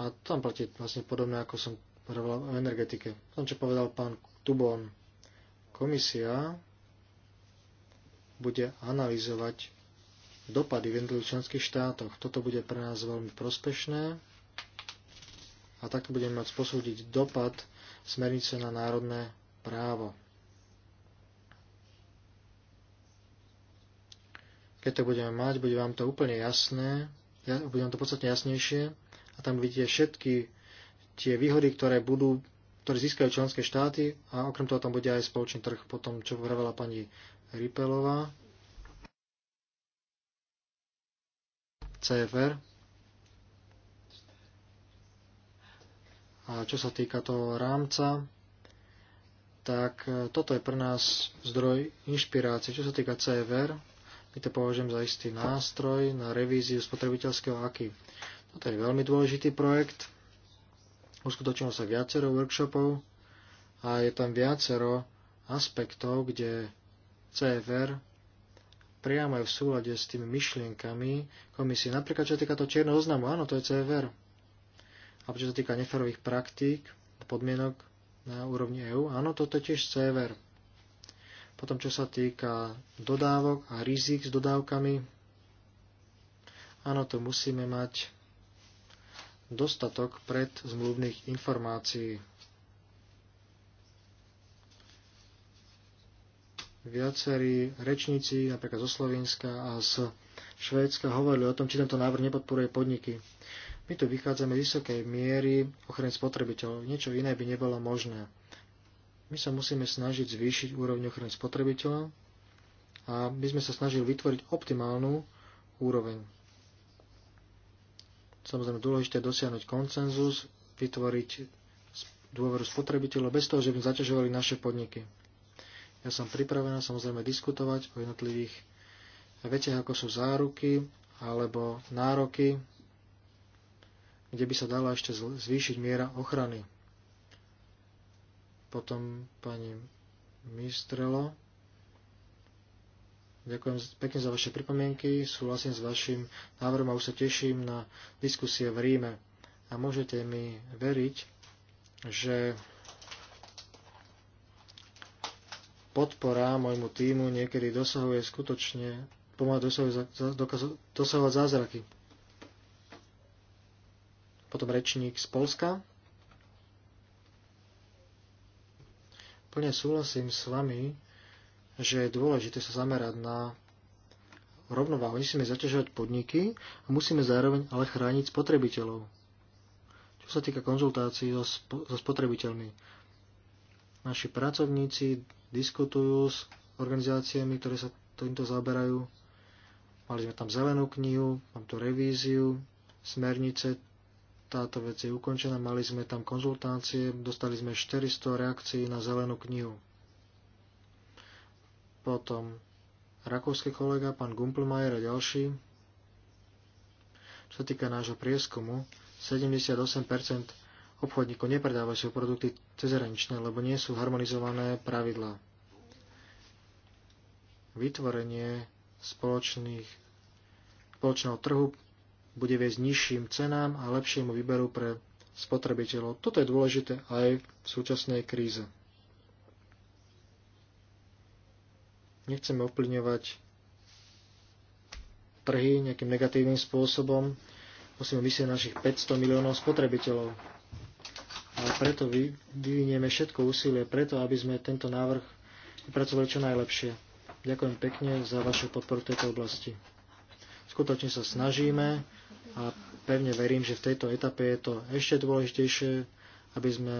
A tam platí vlastne podobné, ako som hovoril o energetike. Tom, čo povedal pán Tubon, komisia bude analyzovať dopady v jednotlivých členských štátoch. Toto bude pre nás veľmi prospešné a tak budeme mať posúdiť dopad smernice na národné právo. Keď to budeme mať, bude vám to úplne jasné, bude vám to podstatne jasnejšie a tam vidíte všetky tie výhody, ktoré budú ktoré získajú členské štáty a okrem toho tam bude aj spoločný trh po tom, čo vravela pani Ripelová. CFR. A čo sa týka toho rámca, tak eh, toto je pre nás zdroj inšpirácie. Čo sa týka CFR, my to považujem za istý nástroj na revíziu spotrebiteľského aky. Toto je veľmi dôležitý projekt. Uskutočilo sa viacero workshopov a je tam viacero aspektov, kde CFR priamo je v súlade s tými myšlienkami komisie. Napríklad, čo sa týka toho čierneho oznamu, áno, to je CFR. A čo sa týka neferových praktík, podmienok na úrovni EÚ, áno, toto je tiež CFR. Potom, čo sa týka dodávok a rizik s dodávkami, áno, to musíme mať dostatok pred zmluvných informácií. Viacerí rečníci, napríklad zo Slovenska a z Švédska, hovorili o tom, či tento návrh nepodporuje podniky. My tu vychádzame z vysokej miery ochrany spotrebiteľov. Niečo iné by nebolo možné. My sa musíme snažiť zvýšiť úroveň ochrany spotrebiteľa a my sme sa snažili vytvoriť optimálnu úroveň. Samozrejme, dôležité je dosiahnuť koncenzus, vytvoriť dôveru spotrebiteľov bez toho, že by zaťažovali naše podniky. Ja som pripravená samozrejme diskutovať o jednotlivých veciach, ako sú záruky alebo nároky, kde by sa dala ešte zvýšiť miera ochrany potom pani Mistrelo. Ďakujem pekne za vaše pripomienky, súhlasím s vašim návrhom a už sa teším na diskusie v Ríme. A môžete mi veriť, že podpora môjmu týmu niekedy dosahuje skutočne, pomáha dosahovať, dosahovať zázraky. Potom rečník z Polska. Plne súhlasím s vami, že je dôležité sa zamerať na rovnováhu. Musíme zaťažovať podniky a musíme zároveň ale chrániť spotrebiteľov. Čo sa týka konzultácií so, so spotrebiteľmi. Naši pracovníci diskutujú s organizáciami, ktoré sa týmto zaberajú. Mali sme tam zelenú knihu, mám tu revíziu, smernice, táto vec je ukončená. Mali sme tam konzultácie, dostali sme 400 reakcií na zelenú knihu. Potom rakúsky kolega, pán Gumplmajer a ďalší. Čo sa týka nášho prieskumu, 78% obchodníkov nepredávajú svoje produkty cezhraničné, lebo nie sú harmonizované pravidlá. Vytvorenie spoločných, spoločného trhu bude viesť nižším cenám a lepšiemu výberu pre spotrebiteľov. Toto je dôležité aj v súčasnej kríze. Nechceme ovplyvňovať trhy nejakým negatívnym spôsobom. Musíme myslieť našich 500 miliónov spotrebiteľov. A preto vyvinieme všetko úsilie, preto aby sme tento návrh vypracovali čo najlepšie. Ďakujem pekne za vašu podporu v tejto oblasti. Skutočne sa snažíme a pevne verím, že v tejto etape je to ešte dôležitejšie, aby sme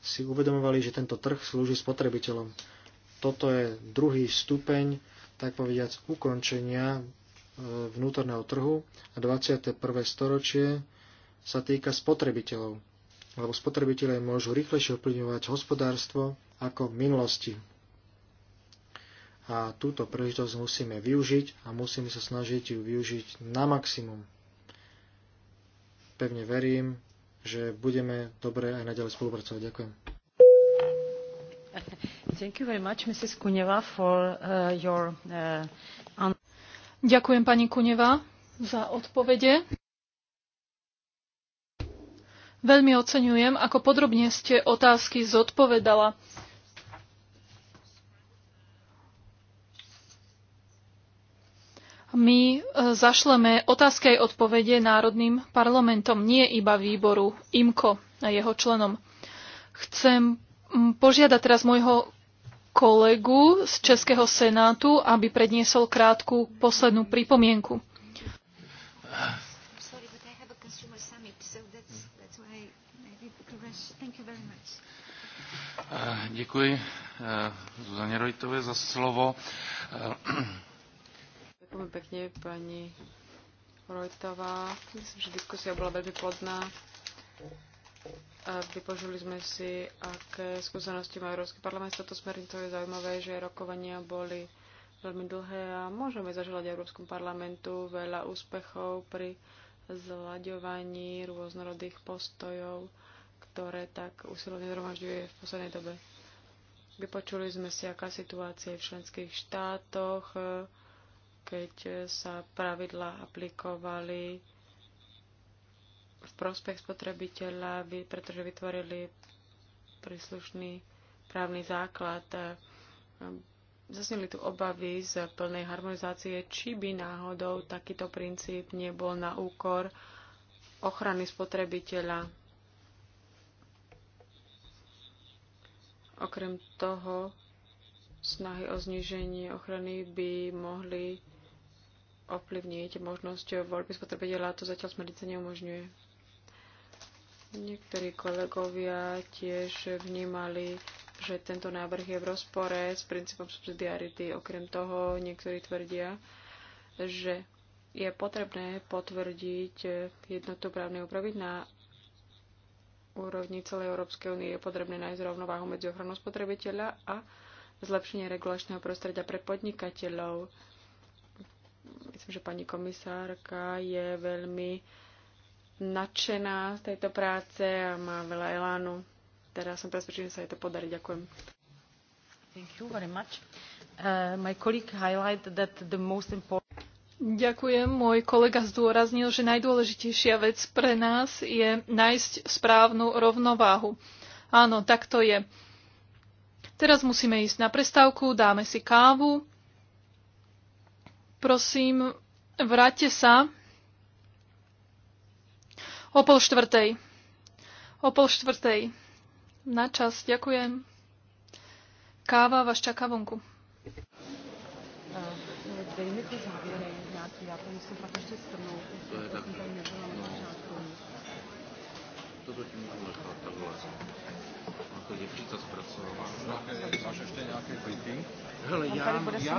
si uvedomovali, že tento trh slúži spotrebiteľom. Toto je druhý stupeň, tak povediac, ukončenia e, vnútorného trhu a 21. storočie sa týka spotrebiteľov, lebo spotrebiteľe môžu rýchlejšie ovplyvňovať hospodárstvo ako v minulosti. A túto príležitosť musíme využiť a musíme sa snažiť ju využiť na maximum pevne verím, že budeme dobre aj naďalej spolupracovať. Ďakujem. Thank you very much, Mrs. Kuneva, for uh, your, uh, Ďakujem pani Kuneva za odpovede. Veľmi oceňujem, ako podrobne ste otázky zodpovedala. my e, zašleme otázky aj odpovede národným parlamentom, nie iba výboru IMKO a jeho členom. Chcem požiadať teraz môjho kolegu z Českého senátu, aby predniesol krátku poslednú pripomienku. Eh, děkuji eh, Zuzaně Rojtové za slovo. Eh, Veľmi pekne, pani Rojtová. Myslím, že diskusia bola veľmi plodná. Vypožili sme si, aké skúsenosti má Európsky parlament s touto smernicou. Je zaujímavé, že rokovania boli veľmi dlhé a môžeme zaželať Európskom parlamentu veľa úspechov pri zlaďovaní rôznorodých postojov, ktoré tak usilovne zhromažďuje v poslednej dobe. Vypočuli sme si, aká situácia je v členských štátoch, keď sa pravidla aplikovali v prospech spotrebiteľa, pretože vytvorili príslušný právny základ. Zasnili tu obavy z plnej harmonizácie, či by náhodou takýto princíp nebol na úkor ochrany spotrebiteľa. Okrem toho, snahy o zniženie ochrany by mohli ovplyvniť možnosť voľby spotrebiteľa, to zatiaľ smernica neumožňuje. Niektorí kolegovia tiež vnímali, že tento návrh je v rozpore s princípom subsidiarity. Okrem toho, niektorí tvrdia, že je potrebné potvrdiť jednotu právnej úpravy na úrovni celej Európskej únie. Je potrebné nájsť rovnováhu medzi ochranou spotrebiteľa a zlepšenie regulačného prostredia pre podnikateľov Myslím, že pani komisárka je veľmi nadšená z tejto práce a má veľa elánu. Teraz som presvedčená, že sa jej to podarí. Ďakujem. Thank you very much. Uh, my colleague highlighted that the most important Ďakujem. Môj kolega zdôraznil, že najdôležitejšia vec pre nás je nájsť správnu rovnováhu. Áno, tak to je. Teraz musíme ísť na prestávku, dáme si kávu Prosím, vráťte sa o pol štvrtej. O pol štvrtej. Na čas, ďakujem. Káva vás čaká vonku. Toto ja, ja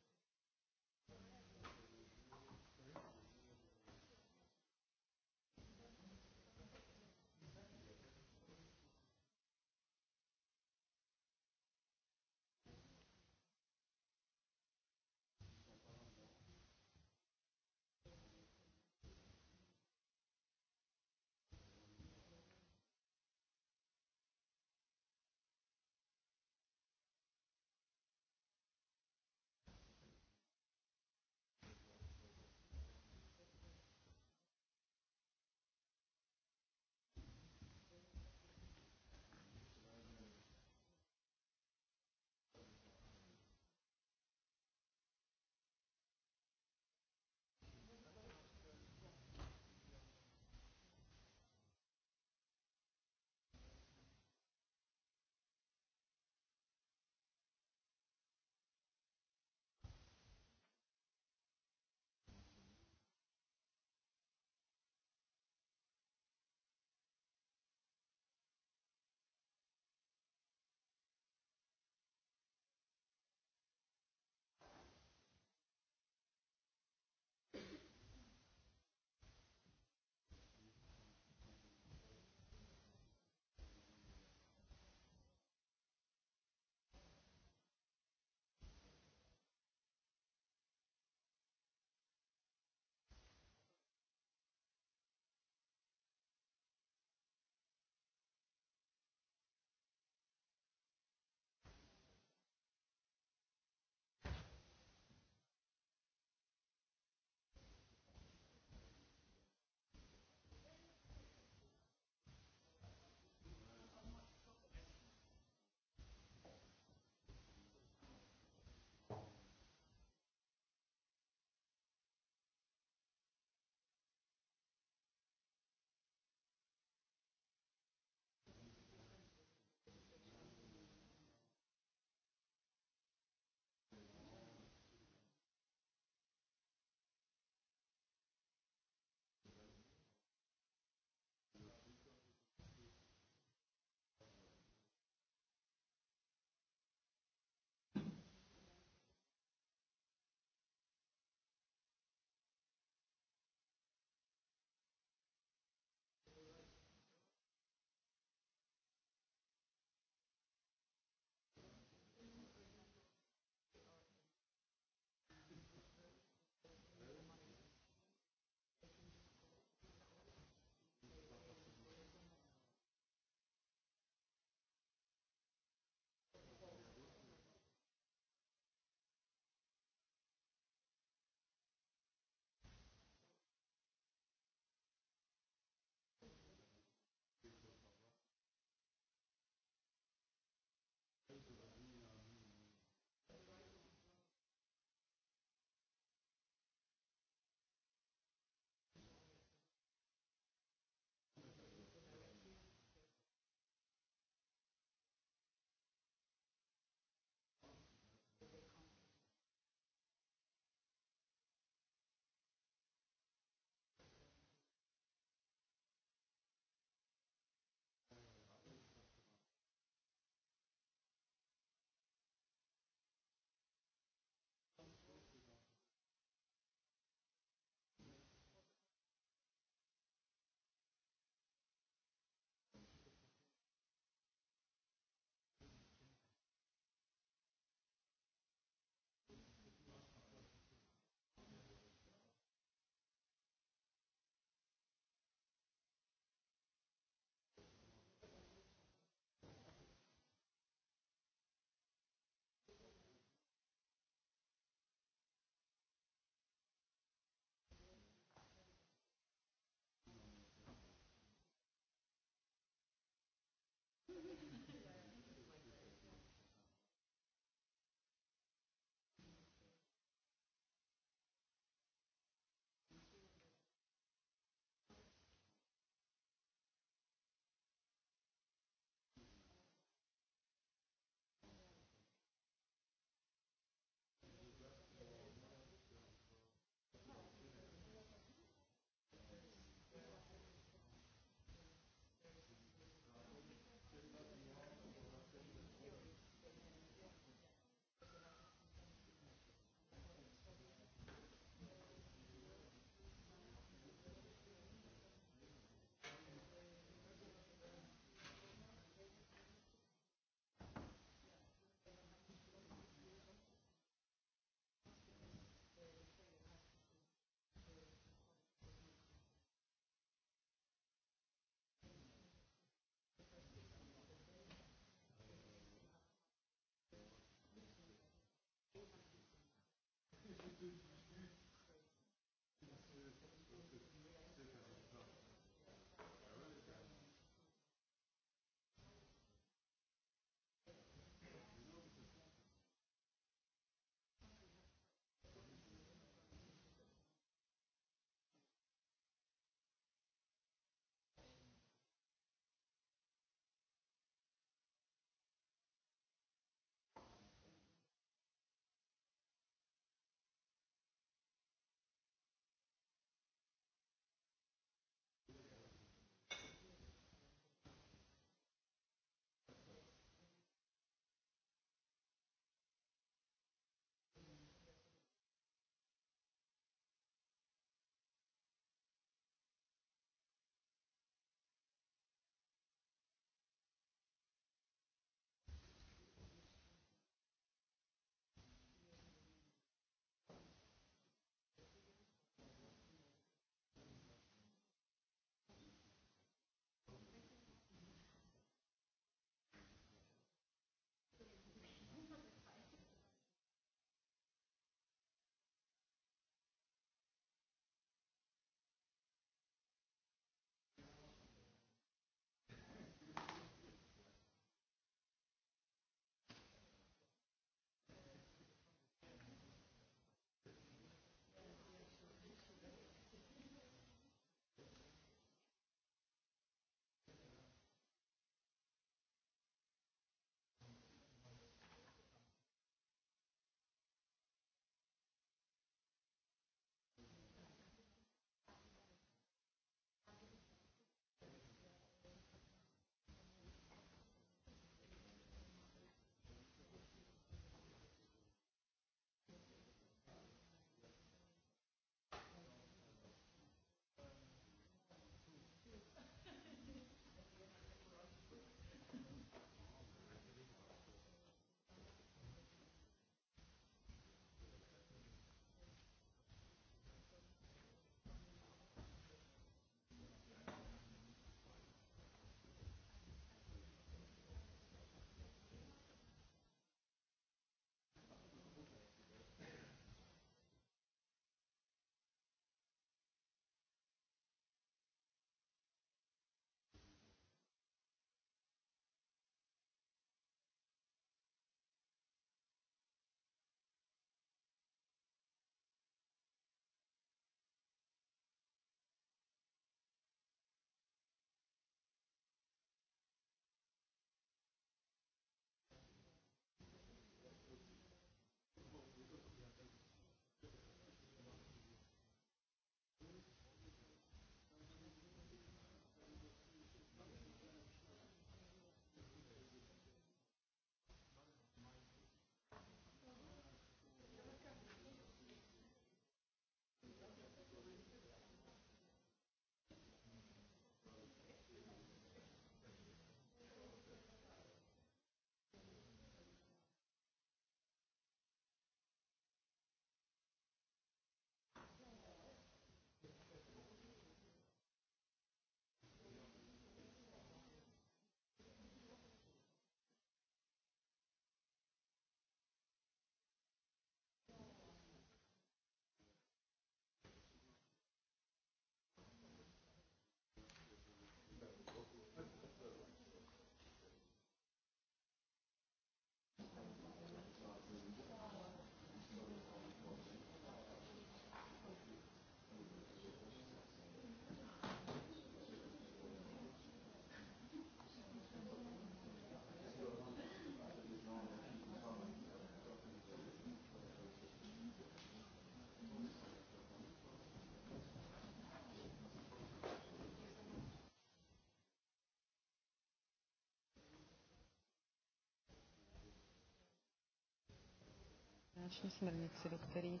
finanční směrnici, do který,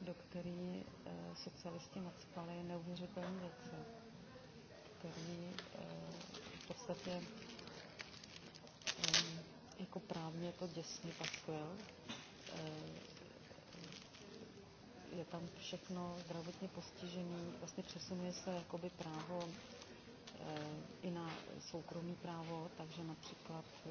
do který e, socialisti nadspali neuvěřitelné věci, který e, eh, v podstatě e, jako právně to děsně paskvěl. E, je tam všechno zdravotně postižený, vlastně přesunuje se jakoby právo e, i na soukromý právo, takže například e,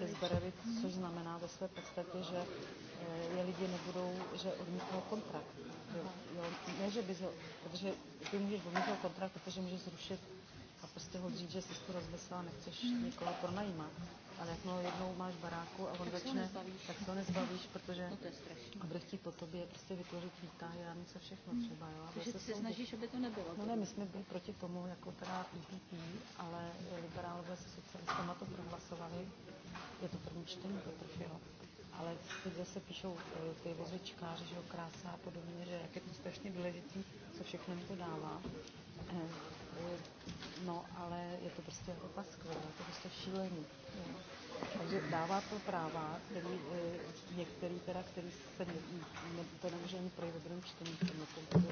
Bezberevic, což znamená ve své podstatě, že eh, je lidi nebudou, že odmítnou kontrakt. Jo, jo, ne, že bys ho, protože ty můžeš odmítnout kontrakt, protože můžeš zrušit a prostě ho říct, že jsi to rozmyslela, nechceš nikoho pronajímat ale mnoho jednou máš baráku a on tak začne, se tak se ho nezbavíš, protože a bude chtít po tobě prostě vytvořit výtahy a něco všechno hmm. třeba. Jo? Takže se, snažíš, aby to nebylo. No ne, my jsme byli proti tomu, jako teda EPP, ale liberálové se socialistama to prohlasovali. Je to první čtení, Petr jo. ale teď zase píšou e, ty vozečkáři, že jo, krása a podobně, že jak je to strašně důležitý, co všechno mi to dává. E, No, ale je to prostě opaskové, je to prostě šílený. Takže dává to práva, který, e, některý teda, který se ne, ne, to nemůže ani projít ve druhém čtení, jsem na tom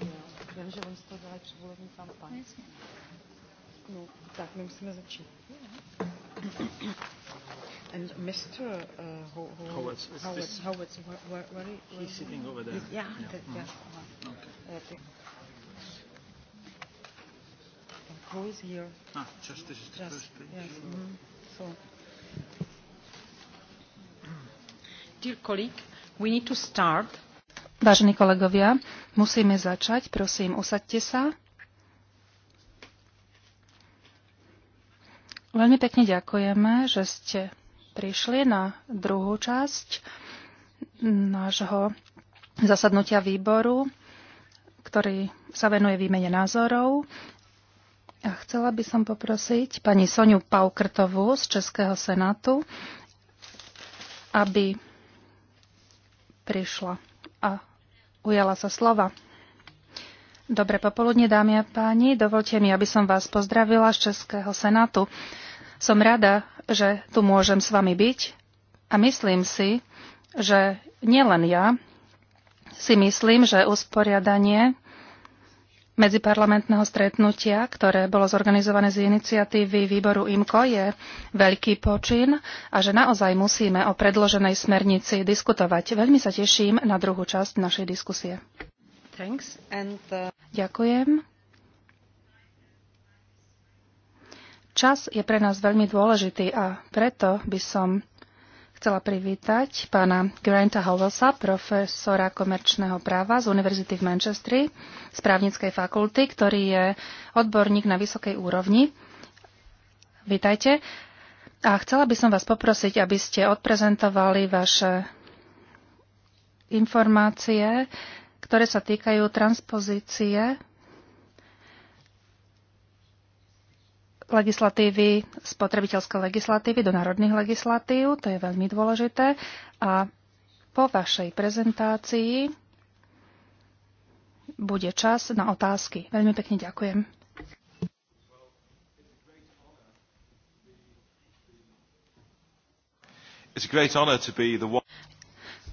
Vím, že oni z toho dělají předvolební kampaň. No, tak my musíme začít. And Mr. Uh, Ho Ho Howitz, Howitz, Howitz, where, where, where, where he's sitting over there. Yeah, yeah. yeah. Mm. Okay. Uh, Who is here? Ah, just this is the just, first page. Yes, mm -hmm. so. Dear colleague, we need to start. Vážení kolegovia, musíme začať. Prosím, usaďte sa. Veľmi pekne ďakujeme, že ste prišli na druhú časť nášho zasadnutia výboru, ktorý sa venuje výmene názorov. A chcela by som poprosiť pani Soniu Paukrtovú z Českého senátu, aby prišla a ujala sa slova. Dobre popoludne, dámy a páni. Dovolte mi, aby som vás pozdravila z Českého senátu. Som rada, že tu môžem s vami byť a myslím si, že nielen ja si myslím, že usporiadanie medziparlamentného stretnutia, ktoré bolo zorganizované z iniciatívy výboru IMKO, je veľký počin a že naozaj musíme o predloženej smernici diskutovať. Veľmi sa teším na druhú časť našej diskusie. And, uh... Ďakujem. Čas je pre nás veľmi dôležitý a preto by som chcela privítať pána Granta Howellsa, profesora komerčného práva z Univerzity v Manchestri, z právnickej fakulty, ktorý je odborník na vysokej úrovni. Vítajte. A chcela by som vás poprosiť, aby ste odprezentovali vaše informácie, ktoré sa týkajú transpozície legislatívy, spotrebiteľské legislatívy do národných legislatív, to je veľmi dôležité. A po vašej prezentácii bude čas na otázky. Veľmi pekne ďakujem.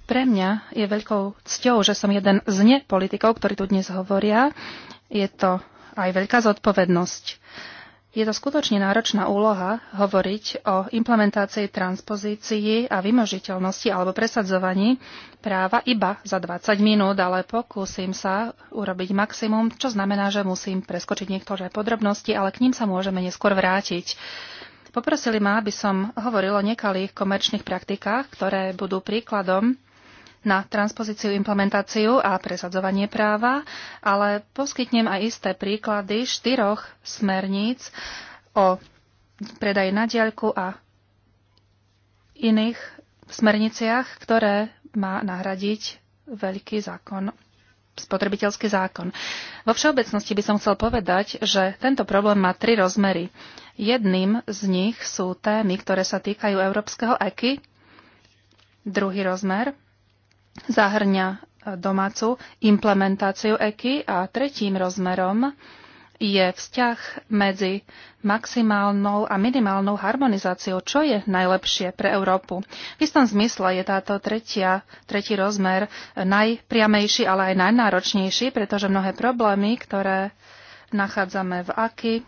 Pre mňa je veľkou cťou, že som jeden z nepolitikov, ktorí tu dnes hovoria. Je to aj veľká zodpovednosť. Je to skutočne náročná úloha hovoriť o implementácii, transpozícii a vymožiteľnosti alebo presadzovaní práva iba za 20 minút, ale pokúsim sa urobiť maximum, čo znamená, že musím preskočiť niektoré podrobnosti, ale k ním sa môžeme neskôr vrátiť. Poprosili ma, aby som hovoril o nekalých komerčných praktikách, ktoré budú príkladom na transpozíciu, implementáciu a presadzovanie práva, ale poskytnem aj isté príklady štyroch smerníc o predaji na diaľku a iných smerniciach, ktoré má nahradiť veľký zákon spotrebiteľský zákon. Vo všeobecnosti by som chcel povedať, že tento problém má tri rozmery. Jedným z nich sú témy, ktoré sa týkajú európskeho EKI. Druhý rozmer zahrňa e, domácu implementáciu EKI a tretím rozmerom je vzťah medzi maximálnou a minimálnou harmonizáciou, čo je najlepšie pre Európu. V istom zmysle je táto tretia, tretí rozmer e, najpriamejší, ale aj najnáročnejší, pretože mnohé problémy, ktoré nachádzame v AKI e,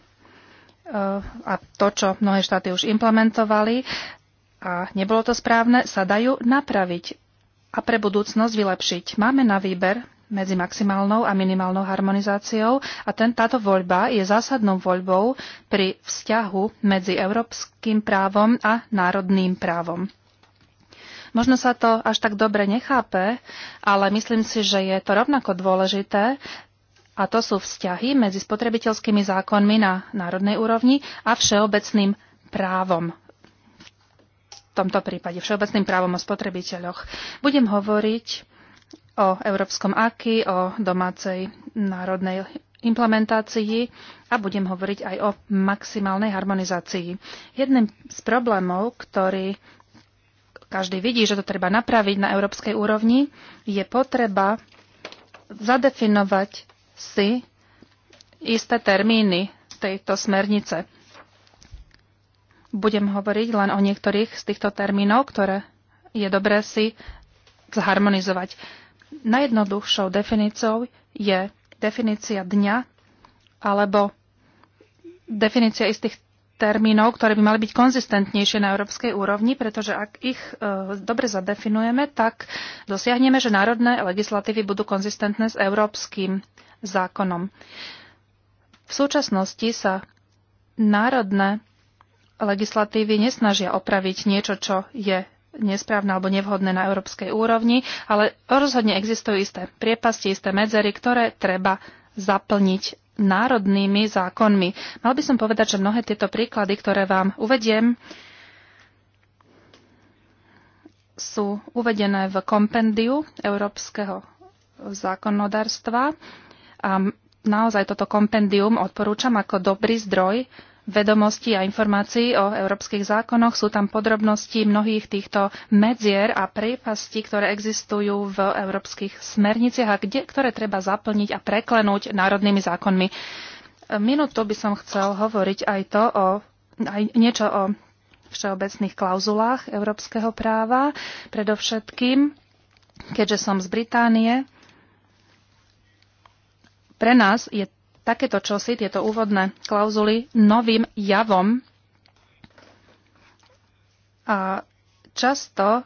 a to, čo mnohé štáty už implementovali a nebolo to správne, sa dajú napraviť a pre budúcnosť vylepšiť. Máme na výber medzi maximálnou a minimálnou harmonizáciou a ten, táto voľba je zásadnou voľbou pri vzťahu medzi európskym právom a národným právom. Možno sa to až tak dobre nechápe, ale myslím si, že je to rovnako dôležité a to sú vzťahy medzi spotrebiteľskými zákonmi na národnej úrovni a všeobecným právom tomto prípade všeobecným právom o spotrebiteľoch. Budem hovoriť o Európskom AKI, o domácej národnej implementácii a budem hovoriť aj o maximálnej harmonizácii. Jedným z problémov, ktorý každý vidí, že to treba napraviť na európskej úrovni, je potreba zadefinovať si isté termíny tejto smernice. Budem hovoriť len o niektorých z týchto termínov, ktoré je dobré si zharmonizovať. Najjednoduchšou definíciou je definícia dňa alebo definícia istých termínov, ktoré by mali byť konzistentnejšie na európskej úrovni, pretože ak ich e, dobre zadefinujeme, tak dosiahneme, že národné legislatívy budú konzistentné s európskym zákonom. V súčasnosti sa národné legislatívy nesnažia opraviť niečo, čo je nesprávne alebo nevhodné na európskej úrovni, ale rozhodne existujú isté priepasti, isté medzery, ktoré treba zaplniť národnými zákonmi. Mal by som povedať, že mnohé tieto príklady, ktoré vám uvediem, sú uvedené v kompendiu európskeho zákonodárstva a naozaj toto kompendium odporúčam ako dobrý zdroj vedomostí a informácií o európskych zákonoch. Sú tam podrobnosti mnohých týchto medzier a priepasti, ktoré existujú v európskych smerniciach a kde, ktoré treba zaplniť a preklenúť národnými zákonmi. Minútu by som chcel hovoriť aj to o, aj niečo o všeobecných klauzulách európskeho práva. Predovšetkým, keďže som z Británie, pre nás je takéto čosi, tieto úvodné klauzuly, novým javom. A často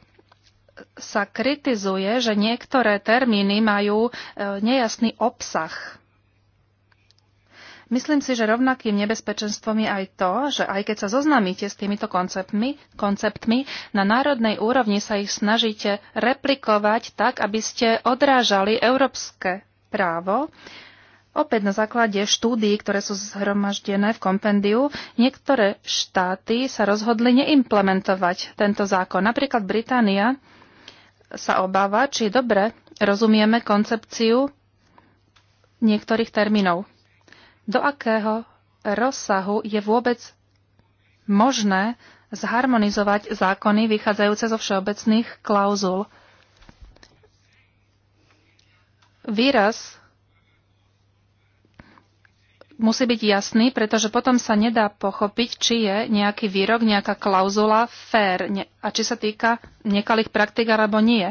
sa kritizuje, že niektoré termíny majú e, nejasný obsah. Myslím si, že rovnakým nebezpečenstvom je aj to, že aj keď sa zoznamíte s týmito konceptmi, konceptmi, na národnej úrovni sa ich snažíte replikovať tak, aby ste odrážali európske právo, Opäť na základe štúdií, ktoré sú zhromaždené v kompendiu, niektoré štáty sa rozhodli neimplementovať tento zákon. Napríklad Británia sa obáva, či dobre rozumieme koncepciu niektorých termínov. Do akého rozsahu je vôbec možné zharmonizovať zákony vychádzajúce zo všeobecných klauzul? Výraz musí byť jasný, pretože potom sa nedá pochopiť, či je nejaký výrok, nejaká klauzula fair ne, a či sa týka nekalých praktik alebo nie.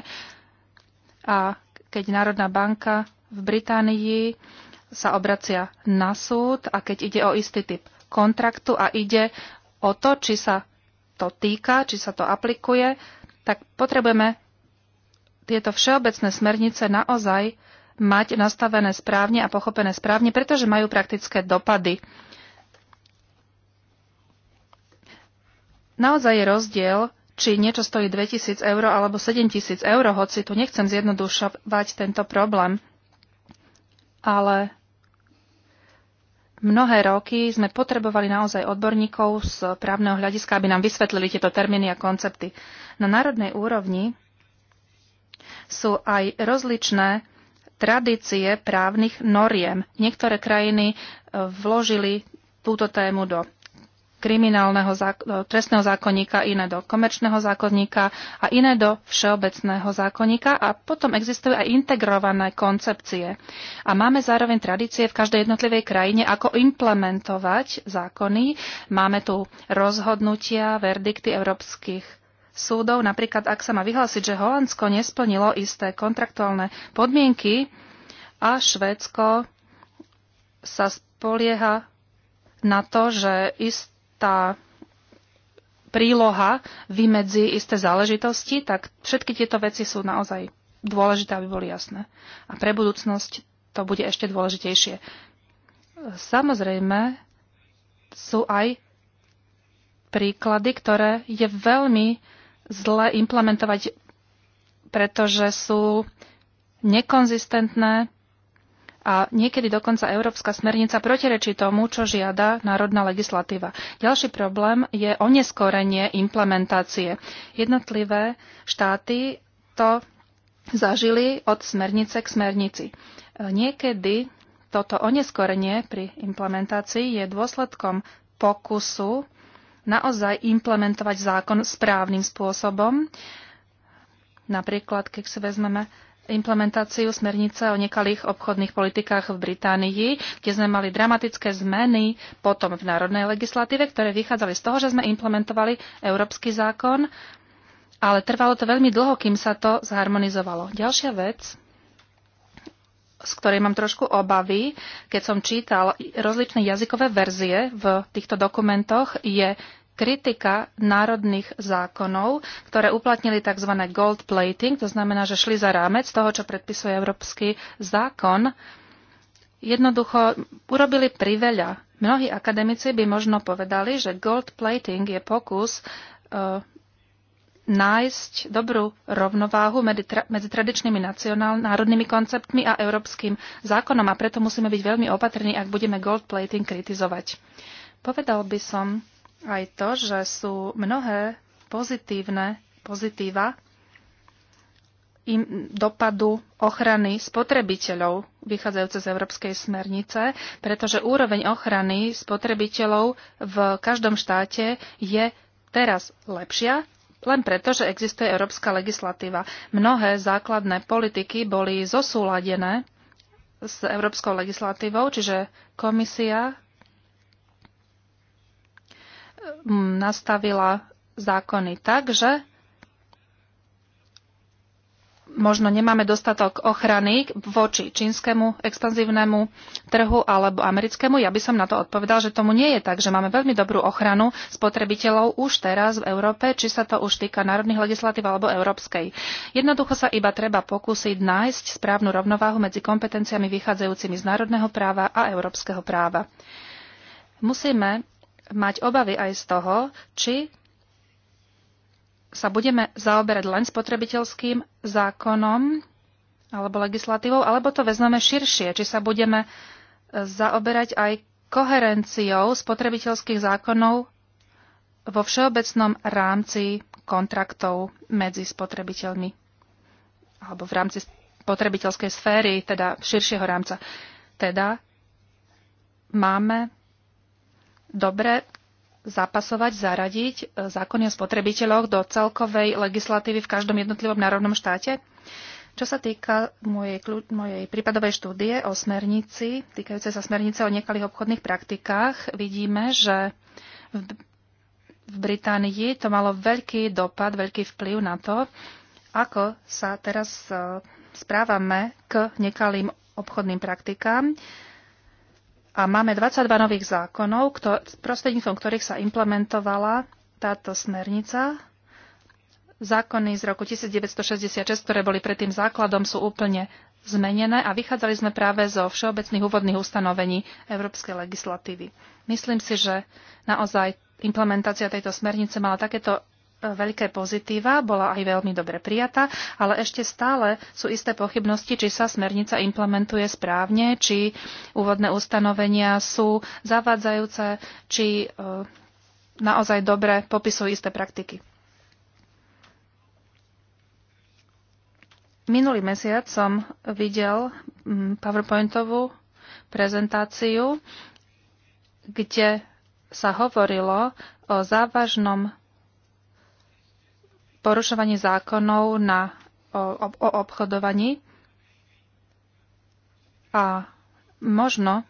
A keď Národná banka v Británii sa obracia na súd a keď ide o istý typ kontraktu a ide o to, či sa to týka, či sa to aplikuje, tak potrebujeme tieto všeobecné smernice naozaj mať nastavené správne a pochopené správne, pretože majú praktické dopady. Naozaj je rozdiel, či niečo stojí 2000 eur alebo 7000 eur, hoci tu nechcem zjednodušovať tento problém. Ale mnohé roky sme potrebovali naozaj odborníkov z právneho hľadiska, aby nám vysvetlili tieto termíny a koncepty. Na národnej úrovni sú aj rozličné tradície právnych noriem. Niektoré krajiny e, vložili túto tému do kriminálneho do trestného zákonníka, iné do komerčného zákonníka a iné do všeobecného zákonníka a potom existujú aj integrované koncepcie. A máme zároveň tradície v každej jednotlivej krajine, ako implementovať zákony. Máme tu rozhodnutia, verdikty európskych súdov, napríklad ak sa má vyhlásiť, že Holandsko nesplnilo isté kontraktuálne podmienky a Švédsko sa spolieha na to, že istá príloha vymedzi isté záležitosti, tak všetky tieto veci sú naozaj dôležité, aby boli jasné. A pre budúcnosť to bude ešte dôležitejšie. Samozrejme sú aj príklady, ktoré je veľmi zle implementovať, pretože sú nekonzistentné a niekedy dokonca Európska smernica protirečí tomu, čo žiada národná legislatíva. Ďalší problém je oneskorenie implementácie. Jednotlivé štáty to zažili od smernice k smernici. Niekedy toto oneskorenie pri implementácii je dôsledkom pokusu naozaj implementovať zákon správnym spôsobom. Napríklad, keď si vezmeme implementáciu smernice o nekalých obchodných politikách v Británii, kde sme mali dramatické zmeny potom v národnej legislatíve, ktoré vychádzali z toho, že sme implementovali európsky zákon, ale trvalo to veľmi dlho, kým sa to zharmonizovalo. Ďalšia vec, z ktorej mám trošku obavy, keď som čítal rozličné jazykové verzie v týchto dokumentoch, je kritika národných zákonov, ktoré uplatnili tzv. gold plating, to znamená, že šli za rámec toho, čo predpisuje európsky zákon. Jednoducho urobili priveľa. Mnohí akademici by možno povedali, že gold plating je pokus eh, nájsť dobrú rovnováhu medzi, tra- medzi tradičnými nacionál- národnými konceptmi a európskym zákonom a preto musíme byť veľmi opatrní, ak budeme gold plating kritizovať. Povedal by som aj to, že sú mnohé pozitívne pozitíva im dopadu ochrany spotrebiteľov vychádzajúce z Európskej smernice, pretože úroveň ochrany spotrebiteľov v každom štáte je teraz lepšia len preto, že existuje európska legislatíva. Mnohé základné politiky boli zosúladené s európskou legislatívou, čiže komisia mm, nastavila zákony tak, že možno nemáme dostatok ochrany voči čínskemu expanzívnemu trhu alebo americkému? Ja by som na to odpovedal, že tomu nie je tak, že máme veľmi dobrú ochranu spotrebiteľov už teraz v Európe, či sa to už týka národných legislatív alebo európskej. Jednoducho sa iba treba pokúsiť nájsť správnu rovnováhu medzi kompetenciami vychádzajúcimi z národného práva a európskeho práva. Musíme mať obavy aj z toho, či sa budeme zaoberať len spotrebiteľským zákonom alebo legislatívou, alebo to vezmeme širšie, či sa budeme e, zaoberať aj koherenciou spotrebiteľských zákonov vo všeobecnom rámci kontraktov medzi spotrebiteľmi alebo v rámci spotrebiteľskej sféry, teda širšieho rámca. Teda máme dobre zapasovať, zaradiť e, zákony o spotrebiteľoch do celkovej legislatívy v každom jednotlivom národnom štáte? Čo sa týka mojej, mojej prípadovej štúdie o smernici, týkajúcej sa smernice o nekalých obchodných praktikách, vidíme, že v, v Británii to malo veľký dopad, veľký vplyv na to, ako sa teraz e, správame k nekalým obchodným praktikám. A máme 22 nových zákonov, prostredníctvom ktorých sa implementovala táto smernica. Zákony z roku 1966, ktoré boli predtým základom, sú úplne zmenené a vychádzali sme práve zo všeobecných úvodných ustanovení európskej legislatívy. Myslím si, že naozaj implementácia tejto smernice mala takéto veľké pozitíva, bola aj veľmi dobre prijatá, ale ešte stále sú isté pochybnosti, či sa smernica implementuje správne, či úvodné ustanovenia sú zavádzajúce, či e, naozaj dobre popisujú isté praktiky. Minulý mesiac som videl mm, PowerPointovú prezentáciu, kde sa hovorilo o závažnom porušovanie zákonov na, o, o obchodovaní a možno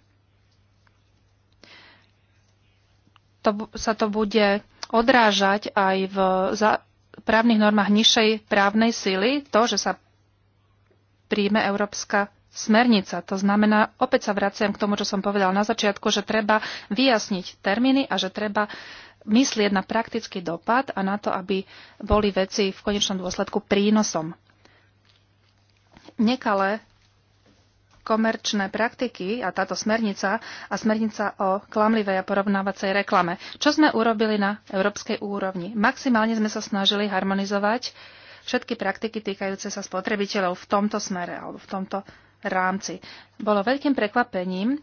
to, sa to bude odrážať aj v za, právnych normách nižšej právnej síly, to, že sa príjme európska smernica. To znamená, opäť sa vraciam k tomu, čo som povedal na začiatku, že treba vyjasniť termíny a že treba myslieť na praktický dopad a na to, aby boli veci v konečnom dôsledku prínosom. Nekalé komerčné praktiky a táto smernica a smernica o klamlivej a porovnávacej reklame. Čo sme urobili na európskej úrovni? Maximálne sme sa snažili harmonizovať všetky praktiky týkajúce sa spotrebiteľov v tomto smere alebo v tomto rámci. Bolo veľkým prekvapením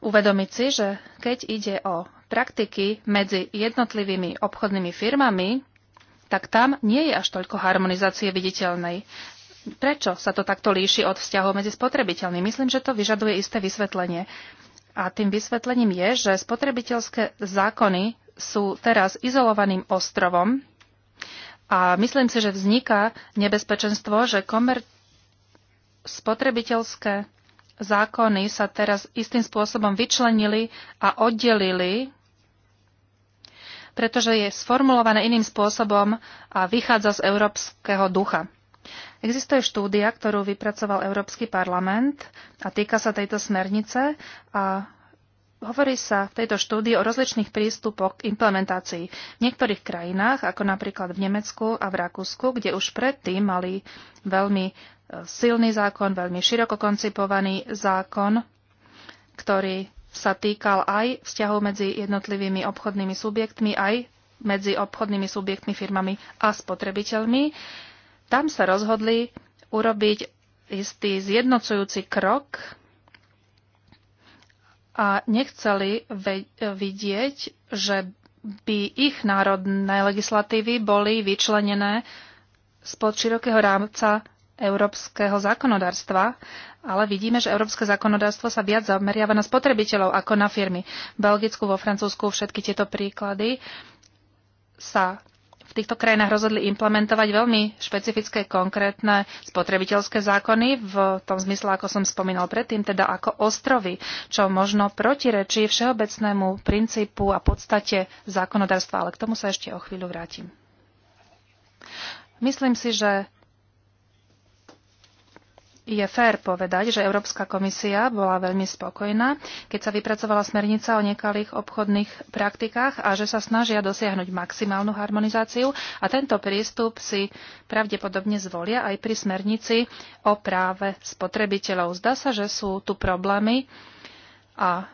uvedomiť si, že keď ide o praktiky medzi jednotlivými obchodnými firmami, tak tam nie je až toľko harmonizácie viditeľnej. Prečo sa to takto líši od vzťahov medzi spotrebiteľmi? Myslím, že to vyžaduje isté vysvetlenie. A tým vysvetlením je, že spotrebiteľské zákony sú teraz izolovaným ostrovom a myslím si, že vzniká nebezpečenstvo, že komer... spotrebiteľské zákony sa teraz istým spôsobom vyčlenili a oddelili pretože je sformulované iným spôsobom a vychádza z európskeho ducha. Existuje štúdia, ktorú vypracoval Európsky parlament a týka sa tejto smernice a hovorí sa v tejto štúdii o rozličných prístupoch k implementácii. V niektorých krajinách, ako napríklad v Nemecku a v Rakúsku, kde už predtým mali veľmi e, silný zákon, veľmi široko koncipovaný zákon, ktorý sa týkal aj vzťahov medzi jednotlivými obchodnými subjektmi, aj medzi obchodnými subjektmi, firmami a spotrebiteľmi. Tam sa rozhodli urobiť istý zjednocujúci krok a nechceli vidieť, že by ich národné legislatívy boli vyčlenené spod širokého rámca európskeho zákonodárstva, ale vidíme, že európske zákonodárstvo sa viac zameriava na spotrebiteľov ako na firmy. V Belgicku, vo Francúzsku všetky tieto príklady sa v týchto krajinách rozhodli implementovať veľmi špecifické, konkrétne spotrebiteľské zákony v tom zmysle, ako som spomínal predtým, teda ako ostrovy, čo možno protirečí všeobecnému princípu a podstate zákonodárstva, ale k tomu sa ešte o chvíľu vrátim. Myslím si, že je fér povedať, že Európska komisia bola veľmi spokojná, keď sa vypracovala smernica o nekalých obchodných praktikách a že sa snažia dosiahnuť maximálnu harmonizáciu a tento prístup si pravdepodobne zvolia aj pri smernici o práve spotrebiteľov. Zdá sa, že sú tu problémy a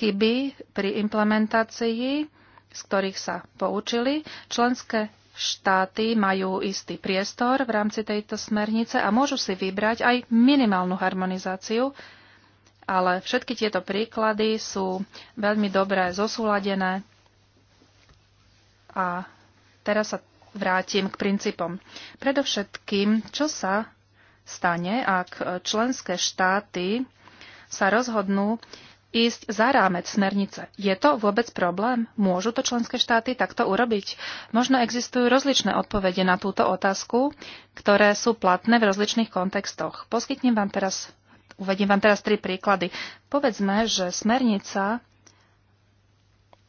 chyby pri implementácii, z ktorých sa poučili. Členské štáty majú istý priestor v rámci tejto smernice a môžu si vybrať aj minimálnu harmonizáciu, ale všetky tieto príklady sú veľmi dobre zosúladené a teraz sa vrátim k princípom. Predovšetkým, čo sa stane, ak členské štáty sa rozhodnú ísť za rámec smernice. Je to vôbec problém? Môžu to členské štáty takto urobiť? Možno existujú rozličné odpovede na túto otázku, ktoré sú platné v rozličných kontextoch. Poskytnem vám teraz, uvedím vám teraz tri príklady. Povedzme, že smernica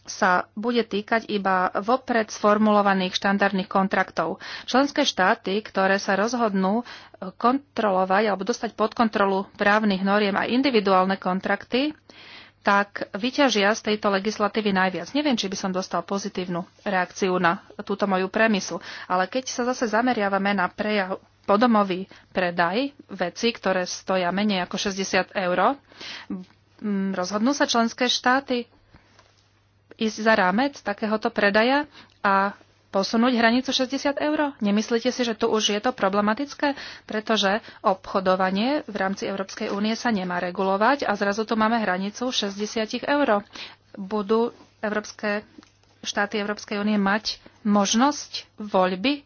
sa bude týkať iba vopred sformulovaných štandardných kontraktov. Členské štáty, ktoré sa rozhodnú e, kontrolovať alebo dostať pod kontrolu právnych noriem a individuálne kontrakty, tak vyťažia z tejto legislatívy najviac. Neviem, či by som dostal pozitívnu reakciu na túto moju premisu, ale keď sa zase zameriavame na prejav podomový predaj veci, ktoré stoja menej ako 60 eur, rozhodnú sa členské štáty ísť za rámec takéhoto predaja a posunúť hranicu 60 eur? Nemyslíte si, že tu už je to problematické? Pretože obchodovanie v rámci Európskej únie sa nemá regulovať a zrazu tu máme hranicu 60 eur. Budú európske, štáty Európskej únie mať možnosť voľby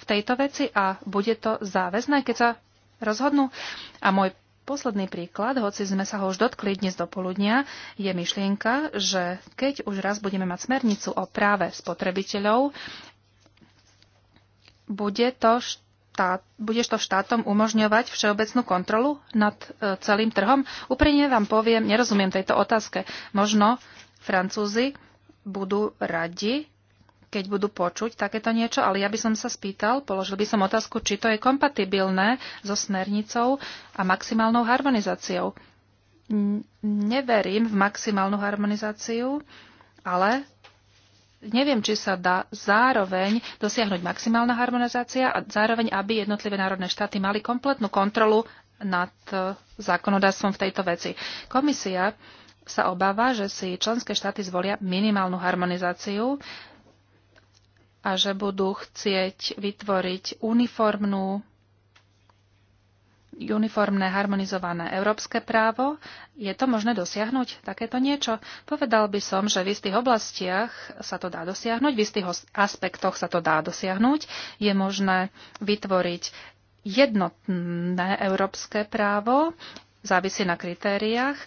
v tejto veci a bude to záväzné, keď sa rozhodnú? A môj Posledný príklad, hoci sme sa ho už dotkli dnes do poludnia, je myšlienka, že keď už raz budeme mať smernicu o práve spotrebiteľov, bude to štát, budeš to štátom umožňovať všeobecnú kontrolu nad e, celým trhom? Úprimne vám poviem, nerozumiem tejto otázke. Možno Francúzi budú radi, keď budú počuť takéto niečo, ale ja by som sa spýtal, položil by som otázku, či to je kompatibilné so smernicou a maximálnou harmonizáciou. Neverím v maximálnu harmonizáciu, ale neviem, či sa dá zároveň dosiahnuť maximálna harmonizácia a zároveň, aby jednotlivé národné štáty mali kompletnú kontrolu nad eh, zákonodárstvom v tejto veci. Komisia sa obáva, že si členské štáty zvolia minimálnu harmonizáciu a že budú chcieť vytvoriť uniformnú uniformné harmonizované európske právo. Je to možné dosiahnuť takéto niečo? Povedal by som, že v istých oblastiach sa to dá dosiahnuť, v istých aspektoch sa to dá dosiahnuť. Je možné vytvoriť jednotné európske právo, závisí na kritériách.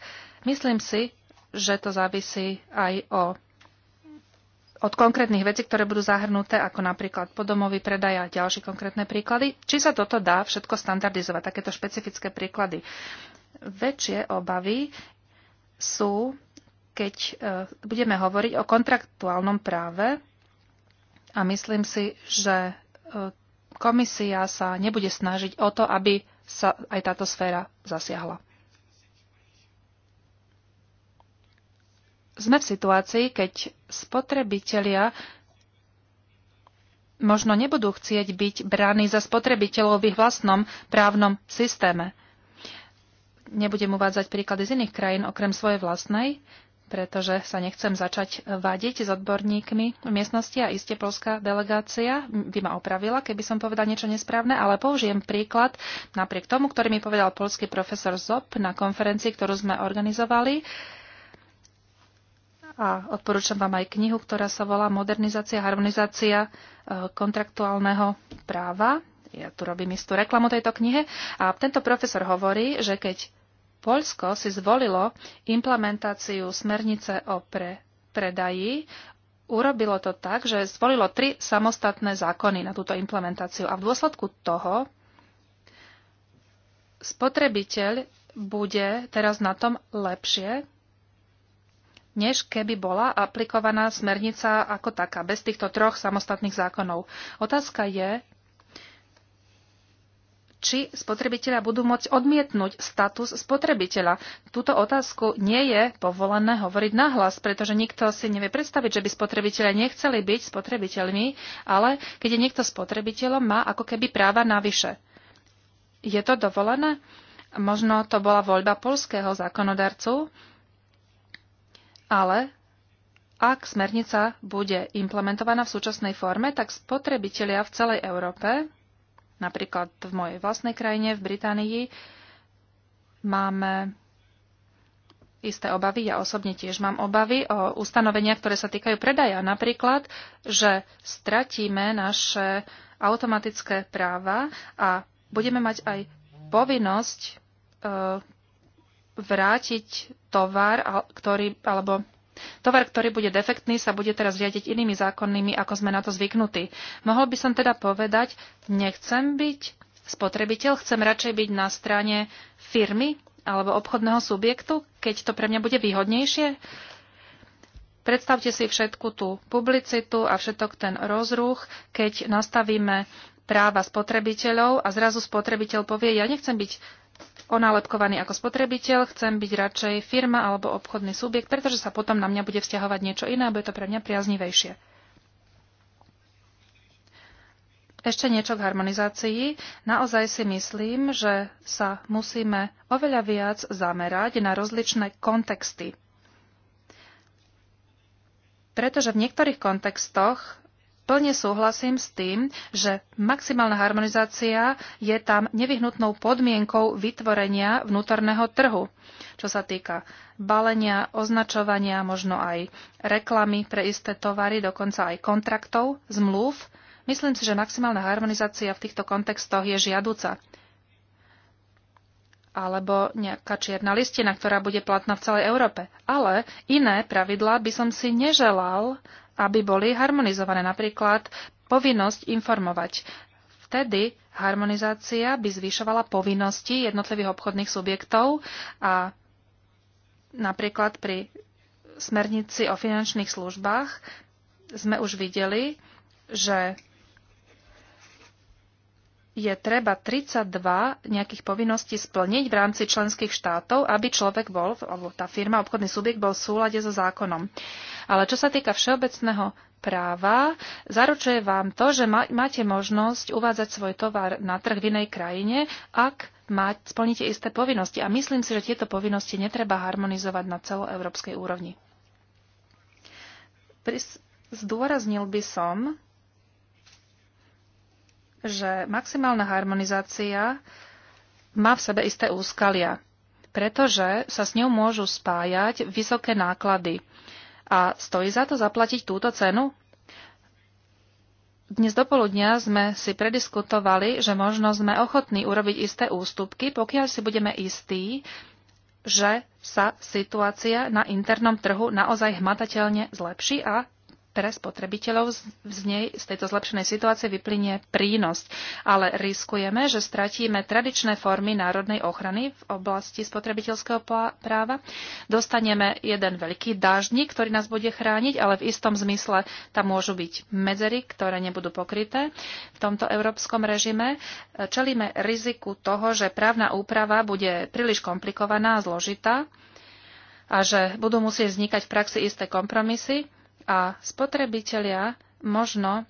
Myslím si, že to závisí aj o od konkrétnych vecí, ktoré budú zahrnuté, ako napríklad podomový predaj a ďalšie konkrétne príklady. Či sa toto dá všetko standardizovať, takéto špecifické príklady. Väčšie obavy sú, keď e, budeme hovoriť o kontraktuálnom práve a myslím si, že e, komisia sa nebude snažiť o to, aby sa aj táto sféra zasiahla. sme v situácii, keď spotrebitelia možno nebudú chcieť byť bráni za spotrebiteľov v ich vlastnom právnom systéme. Nebudem uvádzať príklady z iných krajín okrem svojej vlastnej, pretože sa nechcem začať vadiť s odborníkmi v miestnosti a iste polská delegácia by ma opravila, keby som povedal niečo nesprávne, ale použijem príklad napriek tomu, ktorý mi povedal polský profesor Zop na konferencii, ktorú sme organizovali a odporúčam vám aj knihu, ktorá sa volá Modernizácia, a harmonizácia e, kontraktuálneho práva. Ja tu robím istú reklamu tejto knihe. A tento profesor hovorí, že keď Poľsko si zvolilo implementáciu smernice o pre, predaji, urobilo to tak, že zvolilo tri samostatné zákony na túto implementáciu a v dôsledku toho spotrebiteľ bude teraz na tom lepšie, než keby bola aplikovaná smernica ako taká, bez týchto troch samostatných zákonov. Otázka je, či spotrebiteľa budú môcť odmietnúť status spotrebiteľa. Túto otázku nie je povolené hovoriť nahlas, pretože nikto si nevie predstaviť, že by spotrebiteľa nechceli byť spotrebiteľmi, ale keď je niekto spotrebiteľom, má ako keby práva navyše. Je to dovolené? Možno to bola voľba polského zákonodarcu, ale ak smernica bude implementovaná v súčasnej forme, tak spotrebitelia v celej Európe, napríklad v mojej vlastnej krajine, v Británii, máme isté obavy. Ja osobne tiež mám obavy o ustanovenia, ktoré sa týkajú predaja. Napríklad, že stratíme naše automatické práva a budeme mať aj povinnosť e, vrátiť tovar, ktorý, alebo Tovar, ktorý bude defektný, sa bude teraz riadiť inými zákonnými, ako sme na to zvyknutí. Mohol by som teda povedať, nechcem byť spotrebiteľ, chcem radšej byť na strane firmy alebo obchodného subjektu, keď to pre mňa bude výhodnejšie. Predstavte si všetku tú publicitu a všetok ten rozruch, keď nastavíme práva spotrebiteľov a zrazu spotrebiteľ povie, ja nechcem byť onálepkovaný ako spotrebiteľ, chcem byť radšej firma alebo obchodný subjekt, pretože sa potom na mňa bude vzťahovať niečo iné a bude to pre mňa priaznivejšie. Ešte niečo k harmonizácii. Naozaj si myslím, že sa musíme oveľa viac zamerať na rozličné kontexty. Pretože v niektorých kontextoch plne súhlasím s tým, že maximálna harmonizácia je tam nevyhnutnou podmienkou vytvorenia vnútorného trhu, čo sa týka balenia, označovania, možno aj reklamy pre isté tovary, dokonca aj kontraktov, zmluv. Myslím si, že maximálna harmonizácia v týchto kontextoch je žiaduca alebo nejaká čierna listina, ktorá bude platná v celej Európe. Ale iné pravidlá by som si neželal aby boli harmonizované. Napríklad povinnosť informovať. Vtedy harmonizácia by zvyšovala povinnosti jednotlivých obchodných subjektov a napríklad pri smernici o finančných službách sme už videli, že je treba 32 nejakých povinností splniť v rámci členských štátov, aby človek bol, alebo tá firma, obchodný subjekt bol v súlade so zákonom. Ale čo sa týka všeobecného práva, zaručuje vám to, že máte možnosť uvádzať svoj tovar na trh v inej krajine, ak mať, splníte isté povinnosti. A myslím si, že tieto povinnosti netreba harmonizovať na celoeurópskej úrovni. Zdôraznil by som, že maximálna harmonizácia má v sebe isté úskalia, pretože sa s ňou môžu spájať vysoké náklady. A stojí za to zaplatiť túto cenu? Dnes dopoludnia sme si prediskutovali, že možno sme ochotní urobiť isté ústupky, pokiaľ si budeme istí, že sa situácia na internom trhu naozaj hmatateľne zlepší a pre spotrebiteľov z, nej, z tejto zlepšenej situácie vyplynie prínos, ale riskujeme, že stratíme tradičné formy národnej ochrany v oblasti spotrebiteľského práva. Dostaneme jeden veľký dáždnik, ktorý nás bude chrániť, ale v istom zmysle tam môžu byť medzery, ktoré nebudú pokryté v tomto európskom režime. Čelíme riziku toho, že právna úprava bude príliš komplikovaná a zložitá a že budú musieť vznikať v praxi isté kompromisy a spotrebitelia možno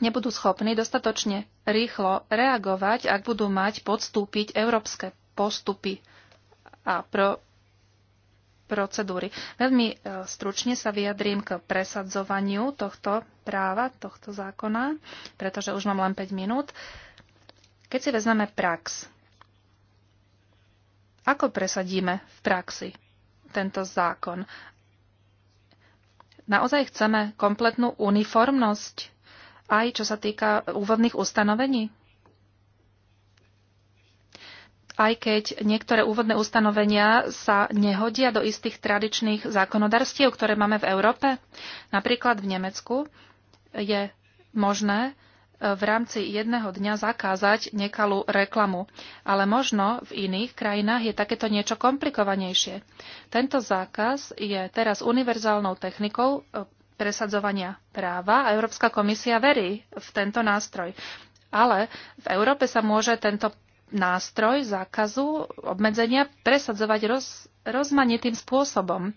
nebudú schopní dostatočne rýchlo reagovať, ak budú mať podstúpiť európske postupy a pro procedúry. Veľmi e, stručne sa vyjadrím k presadzovaniu tohto práva, tohto zákona, pretože už mám len 5 minút. Keď si vezmeme prax, ako presadíme v praxi tento zákon? Naozaj chceme kompletnú uniformnosť, aj čo sa týka úvodných ustanovení? Aj keď niektoré úvodné ustanovenia sa nehodia do istých tradičných zákonodarstiev, ktoré máme v Európe, napríklad v Nemecku, je možné v rámci jedného dňa zakázať nekalú reklamu, ale možno v iných krajinách je takéto niečo komplikovanejšie. Tento zákaz je teraz univerzálnou technikou e, presadzovania práva a Európska komisia verí v tento nástroj. Ale v Európe sa môže tento nástroj zákazu obmedzenia presadzovať roz, rozmanitým spôsobom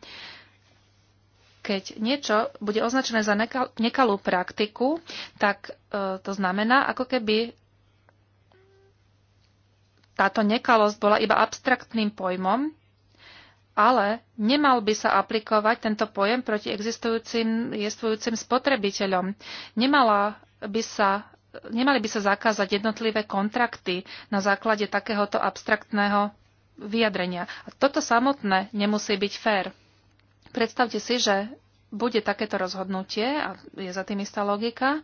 keď niečo bude označené za nekal, nekalú praktiku, tak e, to znamená, ako keby táto nekalosť bola iba abstraktným pojmom, ale nemal by sa aplikovať tento pojem proti existujúcim jestvujúcim spotrebiteľom. Nemala by sa, nemali by sa zakázať jednotlivé kontrakty na základe takéhoto abstraktného vyjadrenia. A toto samotné nemusí byť fér. Predstavte si, že bude takéto rozhodnutie a je za tým istá logika.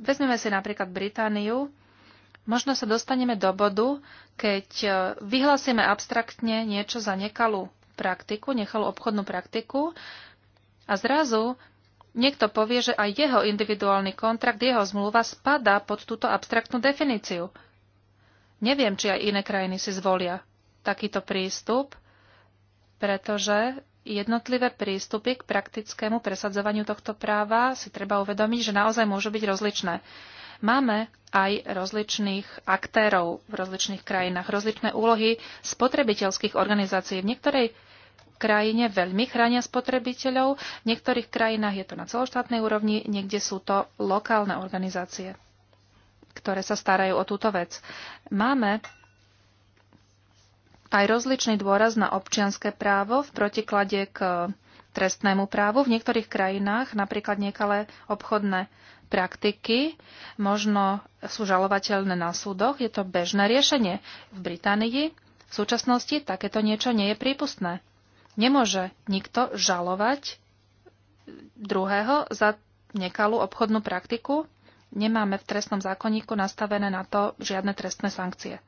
Vezmeme si napríklad Britániu. Možno sa dostaneme do bodu, keď e, vyhlasíme abstraktne niečo za nekalú praktiku, nechalú obchodnú praktiku a zrazu niekto povie, že aj jeho individuálny kontrakt, jeho zmluva spadá pod túto abstraktnú definíciu. Neviem, či aj iné krajiny si zvolia takýto prístup, pretože jednotlivé prístupy k praktickému presadzovaniu tohto práva si treba uvedomiť, že naozaj môžu byť rozličné. Máme aj rozličných aktérov v rozličných krajinách, rozličné úlohy spotrebiteľských organizácií. V niektorej krajine veľmi chránia spotrebiteľov, v niektorých krajinách je to na celoštátnej úrovni, niekde sú to lokálne organizácie, ktoré sa starajú o túto vec. Máme aj rozličný dôraz na občianské právo v protiklade k trestnému právu. V niektorých krajinách, napríklad niekalé obchodné praktiky, možno sú žalovateľné na súdoch. Je to bežné riešenie. V Británii v súčasnosti takéto niečo nie je prípustné. Nemôže nikto žalovať druhého za nekalú obchodnú praktiku. Nemáme v trestnom zákonníku nastavené na to žiadne trestné sankcie.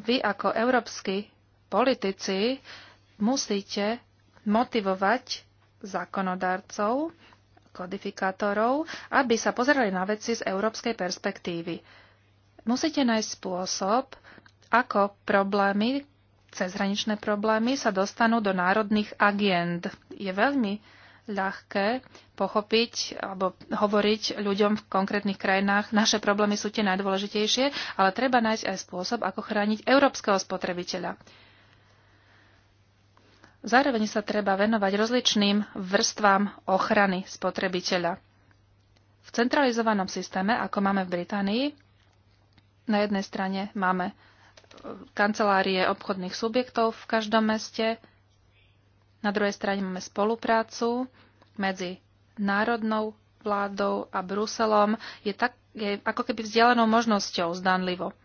vy ako európsky politici musíte motivovať zákonodarcov, kodifikátorov, aby sa pozerali na veci z európskej perspektívy. Musíte nájsť spôsob, ako problémy, cezhraničné problémy sa dostanú do národných agend. Je veľmi ľahké pochopiť alebo hovoriť ľuďom v konkrétnych krajinách, naše problémy sú tie najdôležitejšie, ale treba nájsť aj spôsob, ako chrániť európskeho spotrebiteľa. Zároveň sa treba venovať rozličným vrstvám ochrany spotrebiteľa. V centralizovanom systéme, ako máme v Británii, na jednej strane máme kancelárie obchodných subjektov v každom meste, na druhej strane máme spoluprácu medzi národnou vládou a Bruselom. Je, tak, je ako keby vzdialenou možnosťou zdanlivo.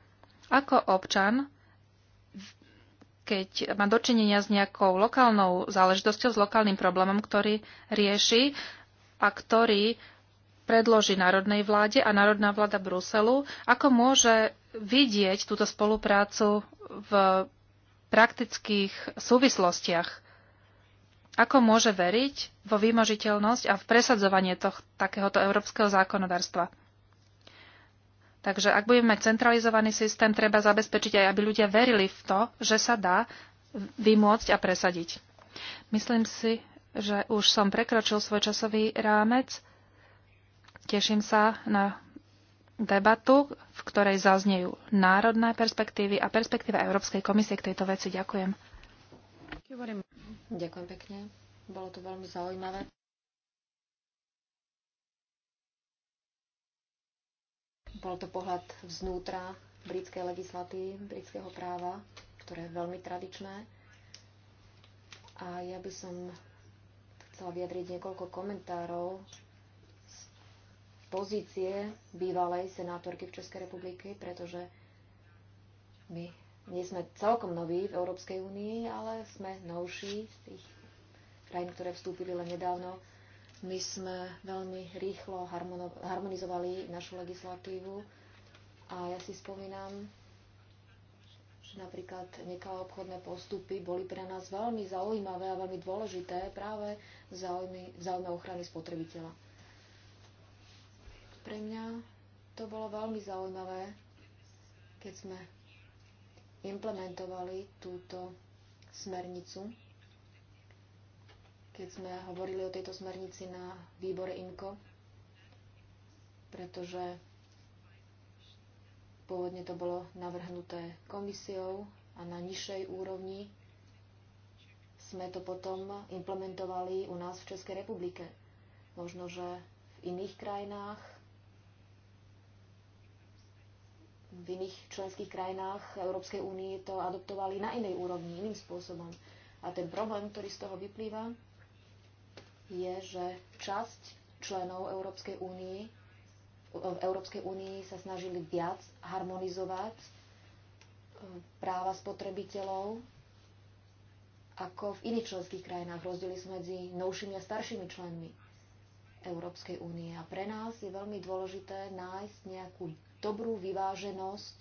Ako občan, keď má dočinenia s nejakou lokálnou záležitosťou, s lokálnym problémom, ktorý rieši a ktorý predloží národnej vláde a národná vláda Bruselu, ako môže vidieť túto spoluprácu v praktických súvislostiach. Ako môže veriť vo výmožiteľnosť a v presadzovanie toh, takéhoto európskeho zákonodárstva? Takže ak budeme mať centralizovaný systém, treba zabezpečiť aj, aby ľudia verili v to, že sa dá vymôcť a presadiť. Myslím si, že už som prekročil svoj časový rámec. Teším sa na debatu, v ktorej zaznejú národné perspektívy a perspektíva Európskej komisie k tejto veci. Ďakujem. Ďakujem pekne. Bolo to veľmi zaujímavé. Bol to pohľad vznútra britskej legislatívy, britského práva, ktoré je veľmi tradičné. A ja by som chcela vyjadriť niekoľko komentárov z pozície bývalej senátorky v Českej republiky, pretože my nie sme celkom noví v Európskej únii, ale sme novší z tých krajín, ktoré vstúpili len nedávno. My sme veľmi rýchlo harmonizovali našu legislatívu a ja si spomínam, že napríklad nekalé obchodné postupy boli pre nás veľmi zaujímavé a veľmi dôležité práve v záujme ochrany spotrebiteľa. Pre mňa to bolo veľmi zaujímavé, keď sme implementovali túto smernicu. Keď sme hovorili o tejto smernici na výbore INKO, pretože pôvodne to bolo navrhnuté komisiou a na nižšej úrovni sme to potom implementovali u nás v Českej republike. Možno, že v iných krajinách v iných členských krajinách Európskej únie to adoptovali na inej úrovni, iným spôsobom. A ten problém, ktorý z toho vyplýva, je, že časť členov Európskej únie v Európskej únii sa snažili viac harmonizovať e, práva spotrebiteľov ako v iných členských krajinách. Rozdiely sú medzi novšími a staršími členmi Európskej únie. A pre nás je veľmi dôležité nájsť nejakú dobrú vyváženosť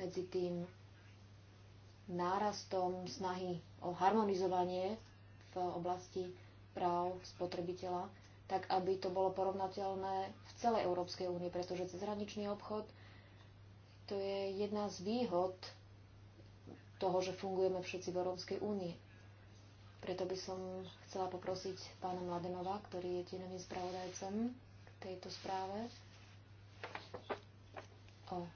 medzi tým nárastom snahy o harmonizovanie v oblasti práv spotrebiteľa, tak aby to bolo porovnateľné v celej Európskej únie, pretože cezhraničný obchod to je jedna z výhod toho, že fungujeme všetci v Európskej únie. Preto by som chcela poprosiť pána Mladenova, ktorý je tieňovým spravodajcom k tejto správe, o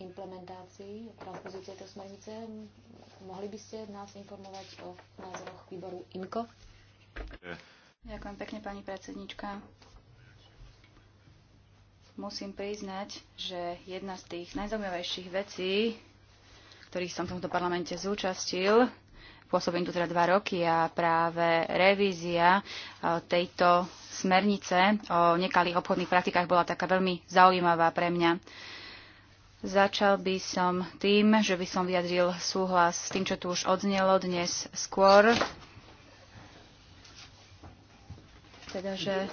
implementácii transpozície tejto smernice. Mohli by ste nás informovať o názoroch výboru IMCO? Ďakujem pekne, pani predsednička. Musím priznať, že jedna z tých najzaujímavejších vecí, ktorých som v tomto parlamente zúčastil, pôsobím tu teda dva roky a práve revízia e, tejto smernice o nekalých obchodných praktikách bola taká veľmi zaujímavá pre mňa. Začal by som tým, že by som vyjadril súhlas s tým, čo tu už odznelo dnes skôr. Teda, že...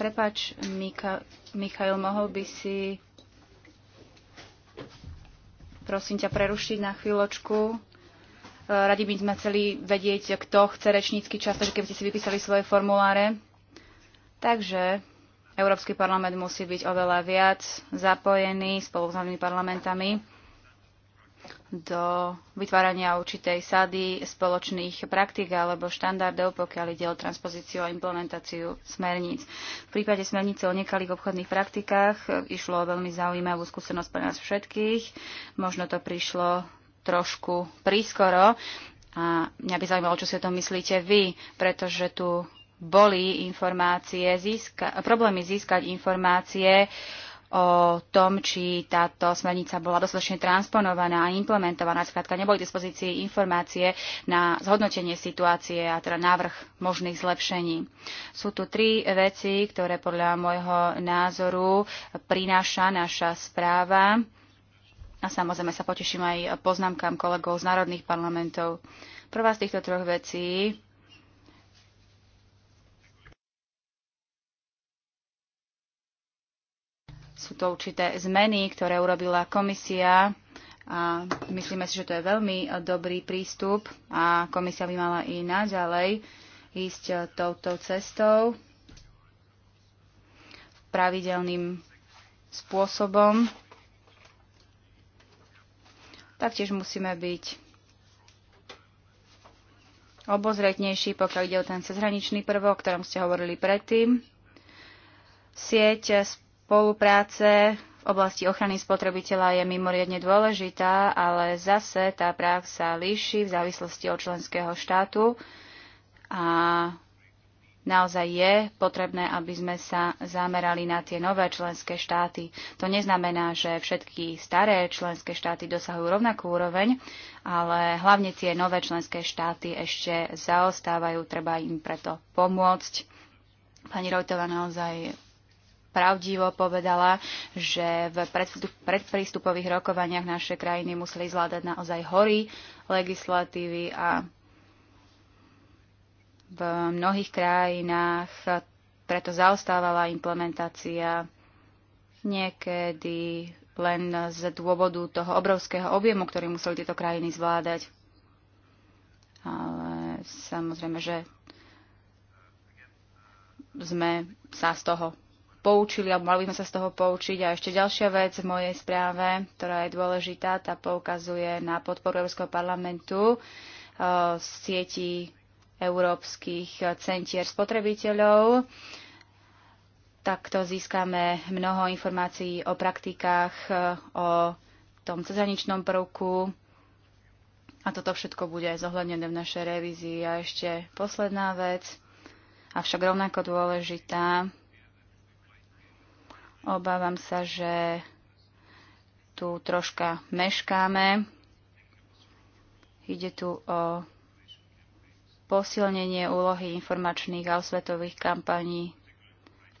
Prepač, Mika... Michail, mohol by si prosím ťa prerušiť na chvíľočku. E, radi by sme chceli vedieť, kto chce rečnícky čas, takže keby ste si vypísali svoje formuláre. Takže Európsky parlament musí byť oveľa viac zapojený spolu s hlavnými parlamentami do vytvárania určitej sady spoločných praktik alebo štandardov, pokiaľ ide o transpozíciu a implementáciu smerníc. V prípade smernice o nekalých obchodných praktikách išlo o veľmi zaujímavú skúsenosť pre nás všetkých. Možno to prišlo trošku prískoro. A mňa by zaujímalo, čo si o tom myslíte vy, pretože tu boli informácie, získa- problémy získať informácie o tom, či táto smernica bola dostatočne transponovaná a implementovaná. Skrátka, neboli k dispozícii informácie na zhodnotenie situácie a teda návrh možných zlepšení. Sú tu tri veci, ktoré podľa môjho názoru prináša naša správa. A samozrejme sa poteším aj poznámkam kolegov z národných parlamentov. Prvá z týchto troch vecí Sú to určité zmeny, ktoré urobila komisia a myslíme si, že to je veľmi dobrý prístup a komisia by mala i naďalej ísť touto cestou pravidelným spôsobom. Taktiež musíme byť obozretnejší, pokiaľ ide o ten cezhraničný prvok, o ktorom ste hovorili predtým. Sieť spolupráce v oblasti ochrany spotrebiteľa je mimoriadne dôležitá, ale zase tá práv sa líši v závislosti od členského štátu a naozaj je potrebné, aby sme sa zamerali na tie nové členské štáty. To neznamená, že všetky staré členské štáty dosahujú rovnakú úroveň, ale hlavne tie nové členské štáty ešte zaostávajú, treba im preto pomôcť. Pani Rojtová naozaj pravdivo povedala, že v predprístupových rokovaniach naše krajiny museli zvládať naozaj hory legislatívy a v mnohých krajinách preto zaostávala implementácia niekedy len z dôvodu toho obrovského objemu, ktorý museli tieto krajiny zvládať. Ale samozrejme, že sme sa z toho poučili, alebo mali by sme sa z toho poučiť. A ešte ďalšia vec v mojej správe, ktorá je dôležitá, tá poukazuje na podporu Európskeho parlamentu eh, z sieti európskych centier spotrebiteľov. Takto získame mnoho informácií o praktikách, eh, o tom cezhraničnom prvku a toto všetko bude zohľadnené v našej revízii. A ešte posledná vec, avšak rovnako dôležitá, Obávam sa, že tu troška meškáme. Ide tu o posilnenie úlohy informačných a osvetových kampaní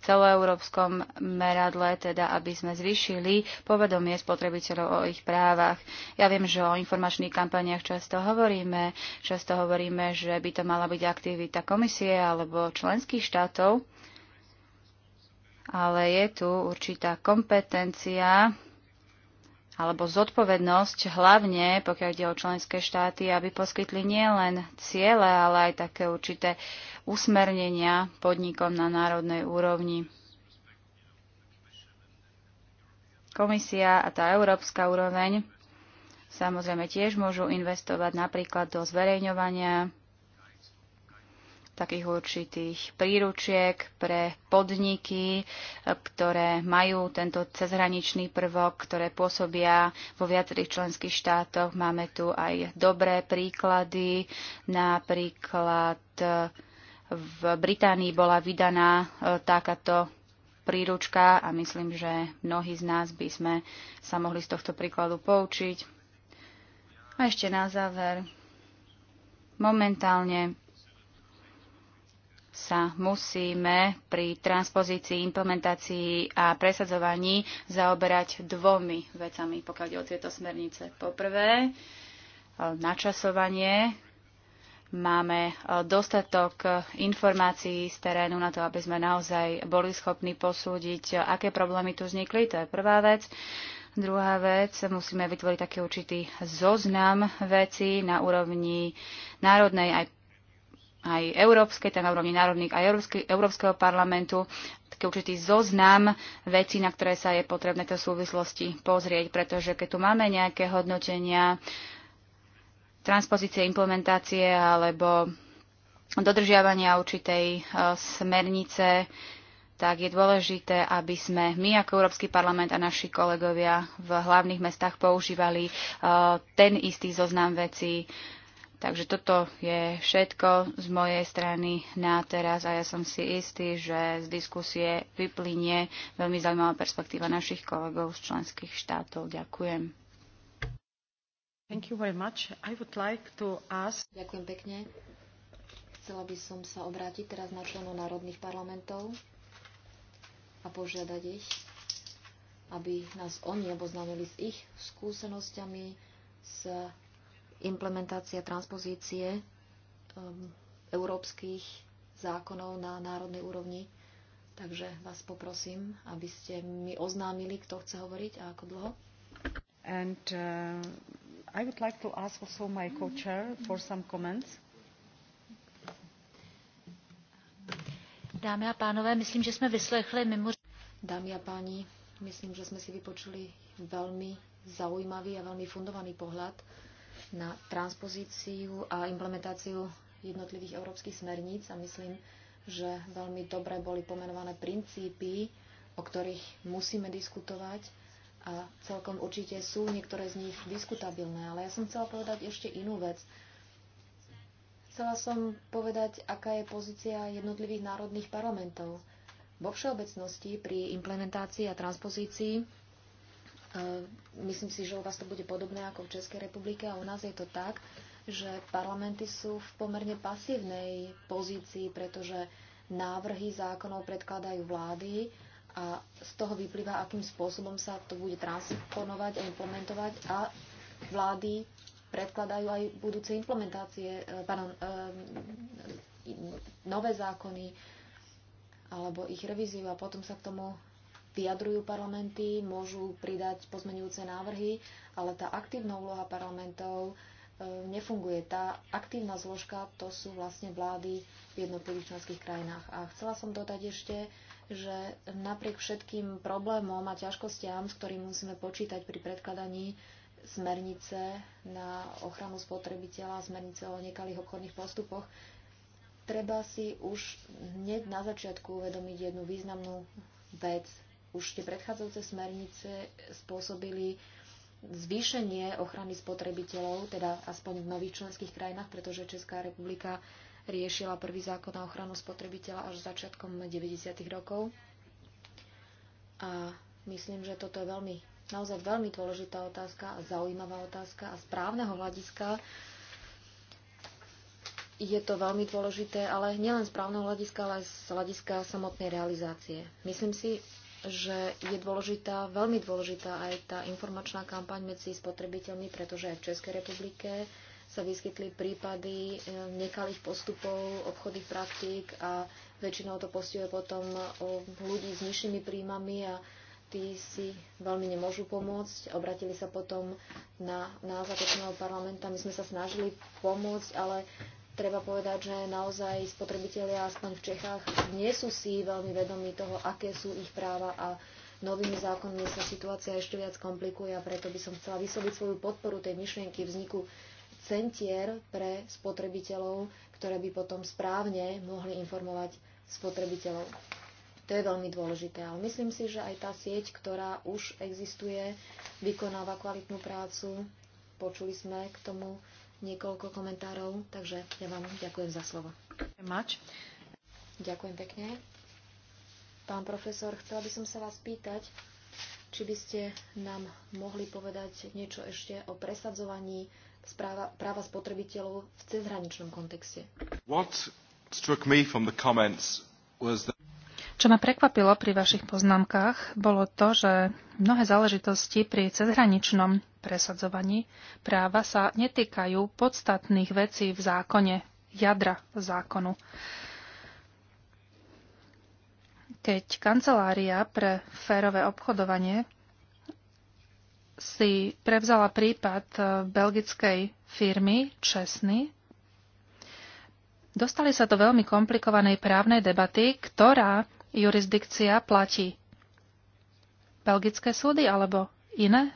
v celoeurópskom meradle, teda aby sme zvýšili povedomie spotrebiteľov o ich právach. Ja viem, že o informačných kampaniach často hovoríme, často hovoríme, že by to mala byť aktivita komisie alebo členských štátov, ale je tu určitá kompetencia alebo zodpovednosť, hlavne pokiaľ ide o členské štáty, aby poskytli nielen ciele, ale aj také určité usmernenia podnikom na národnej úrovni. Komisia a tá európska úroveň samozrejme tiež môžu investovať napríklad do zverejňovania takých určitých príručiek pre podniky, e, ktoré majú tento cezhraničný prvok, ktoré pôsobia vo viacerých členských štátoch. Máme tu aj dobré príklady, napríklad e, v Británii bola vydaná e, takáto príručka a myslím, že mnohí z nás by sme sa mohli z tohto príkladu poučiť. A ešte na záver. Momentálne sa musíme pri transpozícii, implementácii a presadzovaní zaoberať dvomi vecami, pokiaľ o tieto smernice. Poprvé, e, načasovanie. Máme e, dostatok informácií z terénu na to, aby sme naozaj boli schopní posúdiť, e, aké problémy tu vznikli. To je prvá vec. Druhá vec, musíme vytvoriť taký určitý zoznam vecí na úrovni národnej aj aj európskej, tak na úrovni národných aj Európsky, Európskeho parlamentu, taký určitý zoznam vecí, na ktoré sa je potrebné to súvislosti pozrieť, pretože keď tu máme nejaké hodnotenia, transpozície, implementácie alebo dodržiavania určitej e, smernice, tak je dôležité, aby sme my ako Európsky parlament a naši kolegovia v hlavných mestách používali e, ten istý zoznam vecí, Takže toto je všetko z mojej strany na teraz a ja som si istý, že z diskusie vyplynie veľmi zaujímavá perspektíva našich kolegov z členských štátov. Ďakujem. Thank you very much. I would like to ask... Ďakujem pekne. Chcela by som sa obrátiť teraz na členov národných parlamentov a požiadať ich, aby nás oni oboznámili s ich skúsenosťami s implementácia transpozície um, európskych zákonov na národnej úrovni. Takže vás poprosím, aby ste mi oznámili, kto chce hovoriť a ako dlho. And uh, I would like to ask also my mhm. co-chair for some comments. Dámy a pánové, myslím, že sme vyslechli mimo... Dámy a páni, myslím, že sme si vypočuli veľmi zaujímavý a veľmi fundovaný pohľad na transpozíciu a implementáciu jednotlivých európskych smerníc a myslím, že veľmi dobre boli pomenované princípy, o ktorých musíme diskutovať a celkom určite sú niektoré z nich diskutabilné, ale ja som chcela povedať ešte inú vec. Chcela som povedať, aká je pozícia jednotlivých národných parlamentov. Vo všeobecnosti pri implementácii a transpozícii E, myslím si, že u vás to bude podobné ako v Českej republike a u nás je to tak, že parlamenty sú v pomerne pasívnej pozícii, pretože návrhy zákonov predkladajú vlády a z toho vyplýva, akým spôsobom sa to bude transponovať a implementovať a vlády predkladajú aj budúce implementácie, e, pardon, e, nové zákony alebo ich revíziu a potom sa k tomu vyjadrujú parlamenty, môžu pridať pozmenujúce návrhy, ale tá aktívna úloha parlamentov e, nefunguje. Tá aktívna zložka to sú vlastne vlády v jednotlivých členských krajinách. A chcela som dodať ešte, že napriek všetkým problémom a ťažkostiam, s ktorými musíme počítať pri predkladaní smernice na ochranu spotrebiteľa, smernice o nekalých obchodných postupoch, treba si už hneď na začiatku uvedomiť jednu významnú vec, už tie predchádzajúce smernice spôsobili zvýšenie ochrany spotrebiteľov, teda aspoň v nových členských krajinách, pretože Česká republika riešila prvý zákon na ochranu spotrebiteľa až začiatkom 90. rokov. A myslím, že toto je veľmi, naozaj veľmi dôležitá otázka a zaujímavá otázka a správneho hľadiska je to veľmi dôležité, ale nielen z právneho hľadiska, ale aj z hľadiska samotnej realizácie. Myslím si, že je dôležitá, veľmi dôležitá aj tá informačná kampaň medzi spotrebiteľmi, pretože aj v Českej republike sa vyskytli prípady e, nekalých postupov, obchodných praktík a väčšinou to postihuje potom e, ľudí s nižšími príjmami a tí si veľmi nemôžu pomôcť. Obratili sa potom na nás ako parlamenta. My sme sa snažili pomôcť, ale treba povedať, že naozaj spotrebitelia, aspoň v Čechách, nie sú si veľmi vedomí toho, aké sú ich práva a novými zákonmi sa situácia ešte viac komplikuje a preto by som chcela vysloviť svoju podporu tej myšlienky vzniku centier pre spotrebiteľov, ktoré by potom správne mohli informovať spotrebiteľov. To je veľmi dôležité, ale myslím si, že aj tá sieť, ktorá už existuje, vykonáva kvalitnú prácu. Počuli sme k tomu niekoľko komentárov, takže ja vám ďakujem za slovo. Mač. Ďakujem pekne. Pán profesor, chcela by som sa vás pýtať, či by ste nám mohli povedať niečo ešte o presadzovaní správa, práva spotrebiteľov v cezhraničnom kontexte. Čo ma prekvapilo pri vašich poznámkach, bolo to, že mnohé záležitosti pri cezhraničnom presadzovaní práva sa netýkajú podstatných vecí v zákone, jadra zákonu. Keď kancelária pre férové obchodovanie si prevzala prípad e, belgickej firmy Česny, dostali sa do veľmi komplikovanej právnej debaty, ktorá jurisdikcia platí. Belgické súdy alebo iné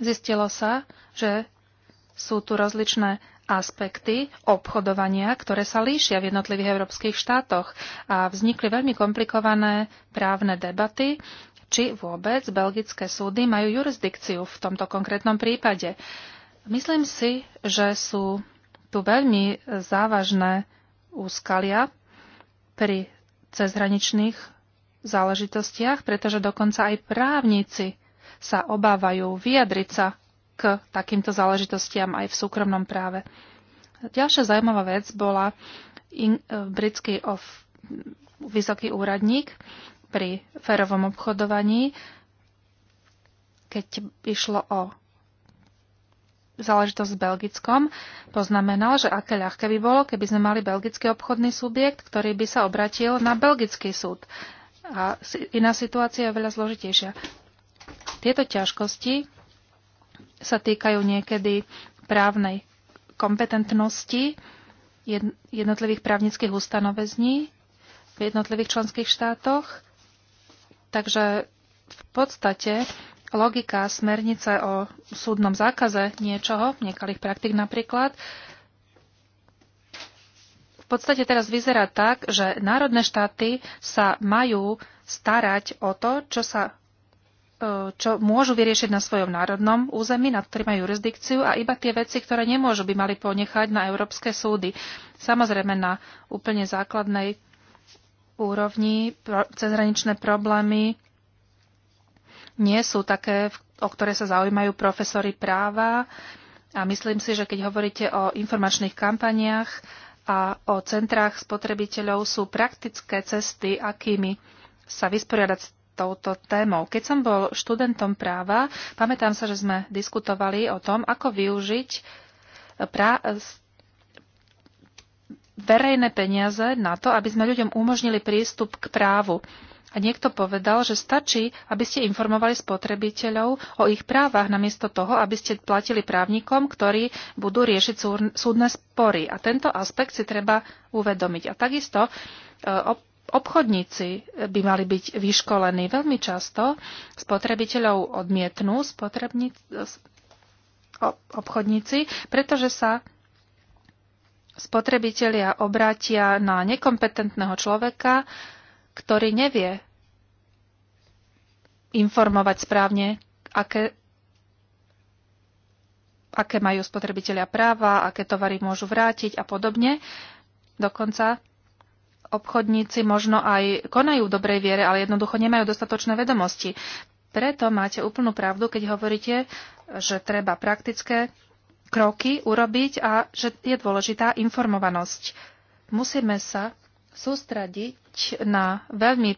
Zistilo sa, že sú tu rozličné aspekty obchodovania, ktoré sa líšia v jednotlivých európskych štátoch a vznikli veľmi komplikované právne debaty, či vôbec belgické súdy majú jurisdikciu v tomto konkrétnom prípade. Myslím si, že sú tu veľmi závažné úskalia pri cezhraničných záležitostiach, pretože dokonca aj právnici sa obávajú vyjadriť sa k takýmto záležitostiam aj v súkromnom práve. Ďalšia zaujímavá vec bola in, e, britský of, vysoký úradník pri férovom obchodovaní, keď išlo o záležitosť s Belgickom, poznamenal, že aké ľahké by bolo, keby sme mali belgický obchodný subjekt, ktorý by sa obratil na belgický súd. A iná situácia je veľa zložitejšia. Tieto ťažkosti sa týkajú niekedy právnej kompetentnosti jednotlivých právnických ustanovezní v jednotlivých členských štátoch. Takže v podstate logika smernice o súdnom zákaze niečoho, nekalých praktik napríklad, v podstate teraz vyzerá tak, že národné štáty sa majú starať o to, čo sa E, čo môžu vyriešiť na svojom národnom území, nad ktorým majú jurisdikciu a iba tie veci, ktoré nemôžu, by mali ponechať na európske súdy. Samozrejme na úplne základnej úrovni cezhraničné problémy nie sú také, o ktoré sa zaujímajú profesory práva a myslím si, že keď hovoríte o informačných kampaniách a o centrách spotrebiteľov, sú praktické cesty, akými sa vysporiadať s touto témou. Keď som bol študentom práva, pamätám sa, že sme diskutovali o tom, ako využiť pra- verejné peniaze na to, aby sme ľuďom umožnili prístup k právu. A niekto povedal, že stačí, aby ste informovali spotrebiteľov o ich právach, namiesto toho, aby ste platili právnikom, ktorí budú riešiť súdne spory. A tento aspekt si treba uvedomiť. A takisto e, obchodníci by mali byť vyškolení. Veľmi často spotrebiteľov odmietnú spotrební, obchodníci, pretože sa spotrebitelia obrátia na nekompetentného človeka, ktorý nevie informovať správne, aké, aké majú spotrebitelia práva, aké tovary môžu vrátiť a podobne. Dokonca obchodníci možno aj konajú v dobrej viere, ale jednoducho nemajú dostatočné vedomosti. Preto máte úplnú pravdu, keď hovoríte, že treba praktické kroky urobiť a že je dôležitá informovanosť. Musíme sa sústrediť na veľmi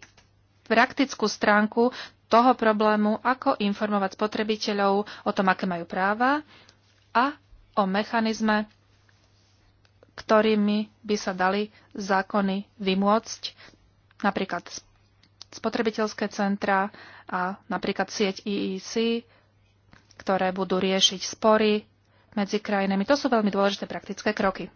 praktickú stránku toho problému, ako informovať spotrebiteľov o tom, aké majú práva a o mechanizme ktorými by sa dali zákony vymôcť, napríklad spotrebiteľské centra a napríklad sieť IEC, e ktoré budú riešiť spory medzi krajinami. To sú veľmi dôležité praktické kroky.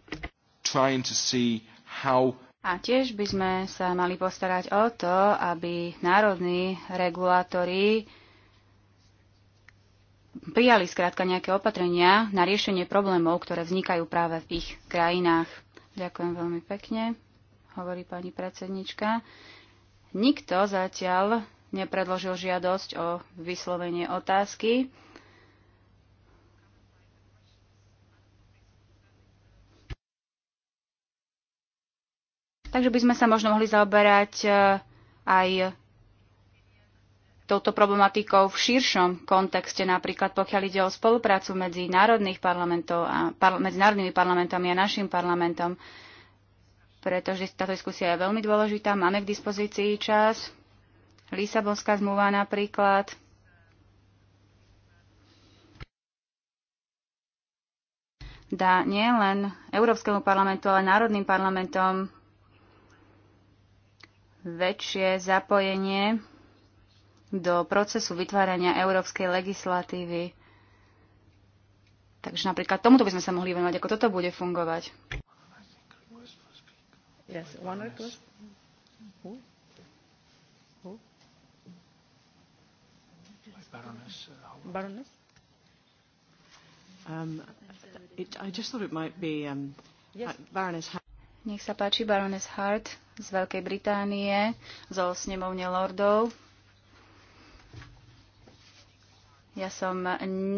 A tiež by sme sa mali postarať o to, aby národní regulátori prijali skrátka nejaké opatrenia na riešenie problémov, ktoré vznikajú práve v ich krajinách. Ďakujem veľmi pekne, hovorí pani predsednička. Nikto zatiaľ nepredložil žiadosť o vyslovenie otázky. Takže by sme sa možno mohli zaoberať eh, aj touto problematikou v širšom kontexte, napríklad pokiaľ ide o spoluprácu medzi, národných parlamentov a, par, medzi národnými parlamentami a našim parlamentom, pretože táto diskusia je veľmi dôležitá. Máme k dispozícii čas. Lisabonská zmluva napríklad. dá nielen Európskemu parlamentu, ale národným parlamentom väčšie zapojenie do procesu vytvárania európskej legislatívy. Takže napríklad tomuto by sme sa mohli venovať, ako toto bude fungovať. Yes, one request. Who? Who? Baroness. Baroness? Um, it, I just thought it might be um, yes. Uh, Baroness Hart. Nech sa páči, Baroness Hart z Veľkej Británie, zo snemovne lordov. Ja som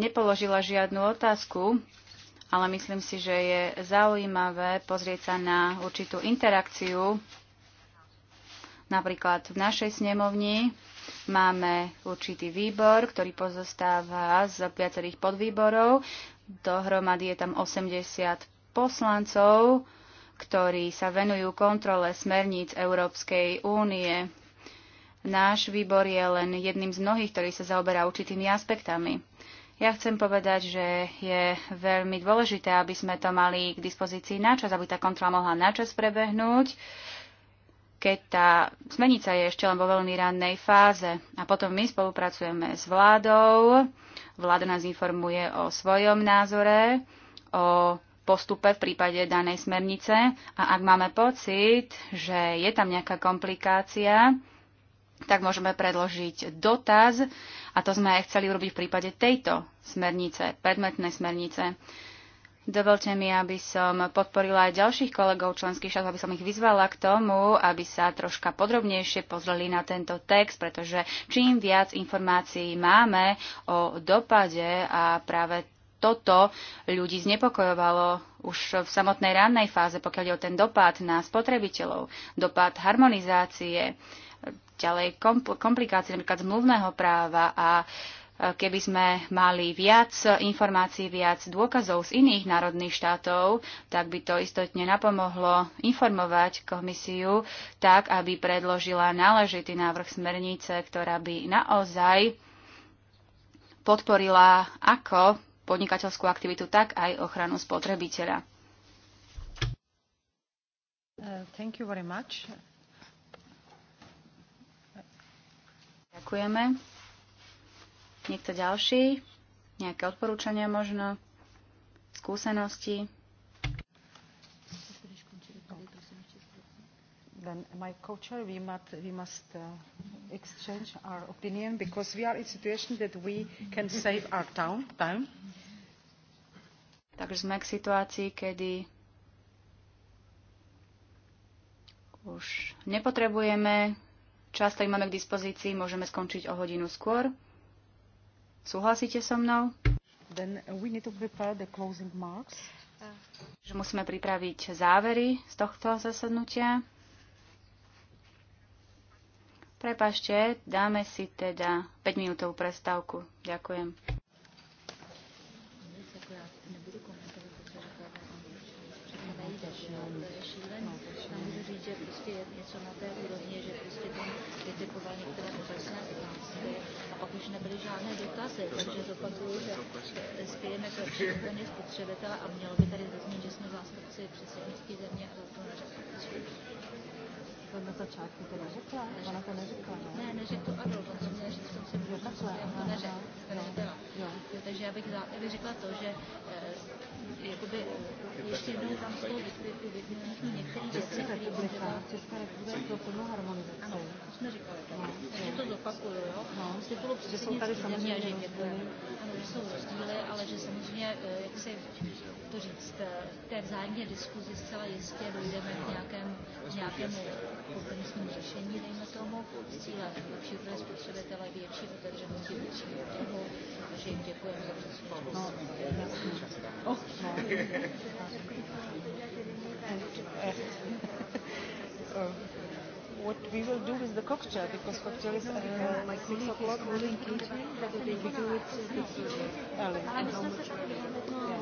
nepoložila žiadnu otázku, ale myslím si, že je zaujímavé pozrieť sa na určitú interakciu. Napríklad v našej snemovni máme určitý výbor, ktorý pozostáva z viacerých podvýborov. Dohromady je tam 80 poslancov, ktorí sa venujú kontrole smerníc Európskej únie. Náš výbor je len jedným z mnohých, ktorý sa zaoberá určitými aspektami. Ja chcem povedať, že je veľmi dôležité, aby sme to mali k dispozícii načas, aby tá kontrola mohla načas prebehnúť, keď tá smenica je ešte len vo veľmi rannej fáze. A potom my spolupracujeme s vládou, vláda nás informuje o svojom názore, o postupe v prípade danej smernice a ak máme pocit, že je tam nejaká komplikácia, tak môžeme predložiť dotaz a to sme aj chceli urobiť v prípade tejto smernice, predmetnej smernice. Dovolte mi, aby som podporila aj ďalších kolegov členských štátov, aby som ich vyzvala k tomu, aby sa troška podrobnejšie pozreli na tento text, pretože čím viac informácií máme o dopade a práve toto ľudí znepokojovalo už v samotnej rannej fáze, pokiaľ je o ten dopad na spotrebiteľov, dopad harmonizácie, ďalej komplikácie napríklad zmluvného práva a e, keby sme mali viac informácií, viac dôkazov z iných národných štátov, tak by to istotne napomohlo informovať komisiu tak, aby predložila náležitý návrh smernice, ktorá by naozaj podporila ako podnikateľskú aktivitu, tak aj ochranu spotrebiteľa. Uh, thank you very much. Ďakujeme. Niekto ďalší? Nejaké odporúčania možno? Skúsenosti? Then my culture, we must, we must uh, exchange our opinion because we are in a situation that we can save our town, time. Takže sme k situácii, kedy už nepotrebujeme Čas, ktorý máme k dispozícii, môžeme skončiť o hodinu skôr. Súhlasíte so mnou? Then we need to prepare the closing marks. Že musíme pripraviť závery z tohto zasadnutia. Prepašte, dáme si teda 5 minútovú prestávku. Ďakujem. Ďakujem chování, které otázky a pak už nebyly žádné dotazy, takže zopakuju, že spějeme ke vší spotřebitele a mělo by tady zaznít, že jsme zástupci předsednické země a za to to na začátku to neřekla, ona to neřekla, ne? No. Ne, neřekl to ano, vlastně, že jsem si jo, takhle, to neřekla, Jo. Jo, takže já bych, já bych řekla to, že eh, jakoby ještě jednou tam jsou vypíšení některé věci, Česká republika, Česká republika je pro plnou harmonizaci. Ano, to jsme říkali, takže no, to zopakuju, jo? No, z titulu že jsou tady samozřejmě že ano, že jsou rozdíly, ale že samozřejmě, eh, jak si to říct, eh, té vzájemné diskuzi zcela jistě dojdeme k nějakému, nějakému kompromisním řešení, dejme tomu, s cílem lepší pro spotřebitele, větší otevřenosti vnitřního trhu, takže jim děkujeme za tu what we will do with the cocktail because cocktail is uh, like six o'clock will engage me they will do it early Yeah. Oh.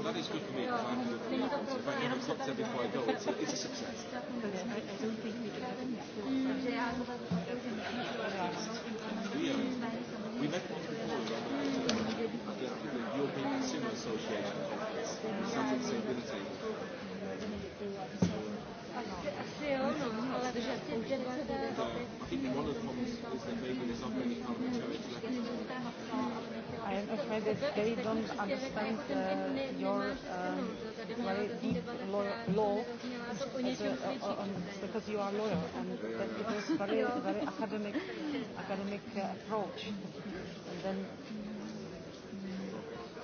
That is good for me because I'm, if I i am afraid that they don't understand uh, your um, very deep law, as a, uh, uh, uh, um, because you are a lawyer and that it was very very academic academic uh, approach and then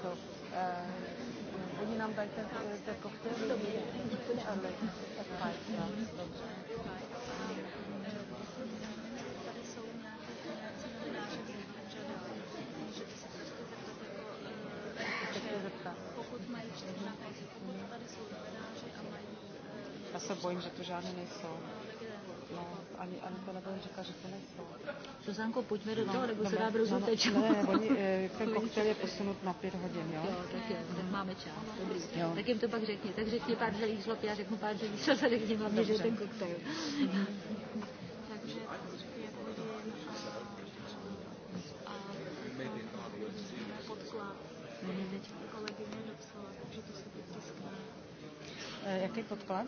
so. Uh, oni nám dají ten, e, ten koktejl, ale tak fajn. Tady jsou nějaké Já se bojím, že tu žádné nejsou ani, ani to říkat, že to nejsou. Zuzanko, pojďme do toho, nebo se dá brzo Ne, oni, e, ten koktel je posunut na pět hodin, jo? Jo, tak jo, tak máme čas, dobrý. Jo. Tak jim to pak řekni, tak řekni pár želých zlob, já řeknu pár želých zlob a řekni hlavně, že ten koktel. Takže, podklad, takže to se vytiskne. Jaký podklad?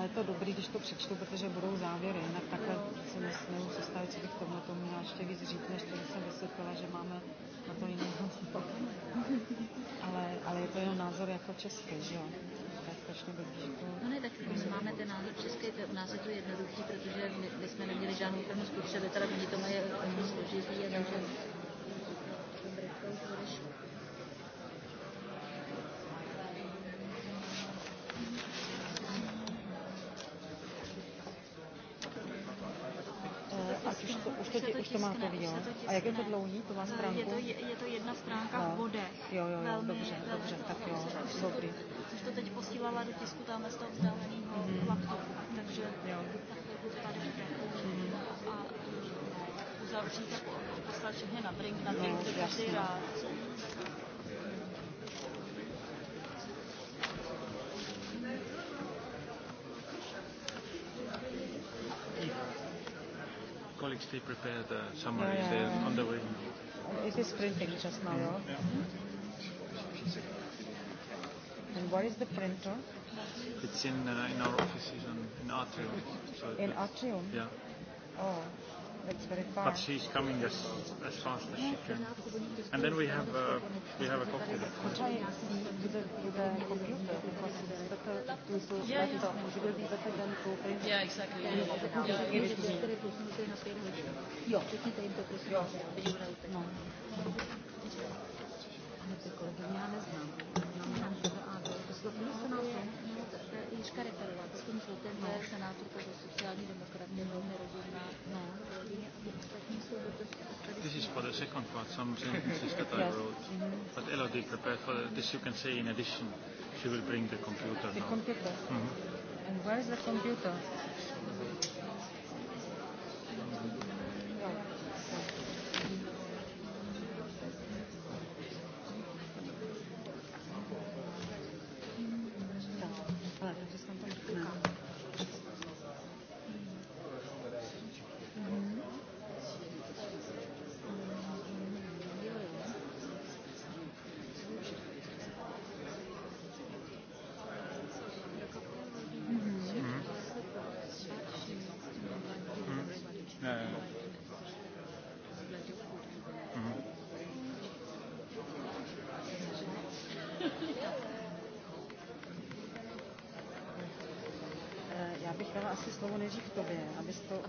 ale je to dobrý, když to přečtu, protože budou závěry, jinak takhle si nesmím představit, co bych tomu tomu měla ještě víc říct, než to, jsem vysvětlila, že máme na to jiný ale, ale je to jenom názor jako český, že jo? strašně blbý. No ne, tak my máme ten názor český, u nás je to jednoduchý, protože my, my jsme neměli žádnou první zkušenost, teda oni to mají složitý, takže to máte, jo? A jak je to dlouhý, eh, to má stránku? Je to, je, je to jedna stránka no. v bodech. Jo, jo, jo, velmi, dobře, velmi dobře, to, tak jo, dobrý. Už to teď posílala do tisku tamhle z toho vzdáleného mm. laptopu, takže jo. tak to tady mm. A uzavřít a poslat všechny na drink, na drink, no, to každý rád. nicely prepare the summary yeah, yeah, yeah. on the way. It is printing just now, mm. yeah. And what is the printer? It's in uh, in our offices on, in Atrium. So in Atrium? Yeah. Oh. That's very But she's coming as, as fast as she can. And then we have, uh, we have a cocktail. I'll try with the, yeah, Yeah. Yeah, exactly. Yeah, yeah. yeah. Reperová, potom no. senátorka za sociální velmi no. This is for the second part, some sentences that I yes. wrote. Mm -hmm. But Elodie prepared for this, you can say in addition, she will bring the computer The now. computer? Mm -hmm. And where is the computer? Mm -hmm.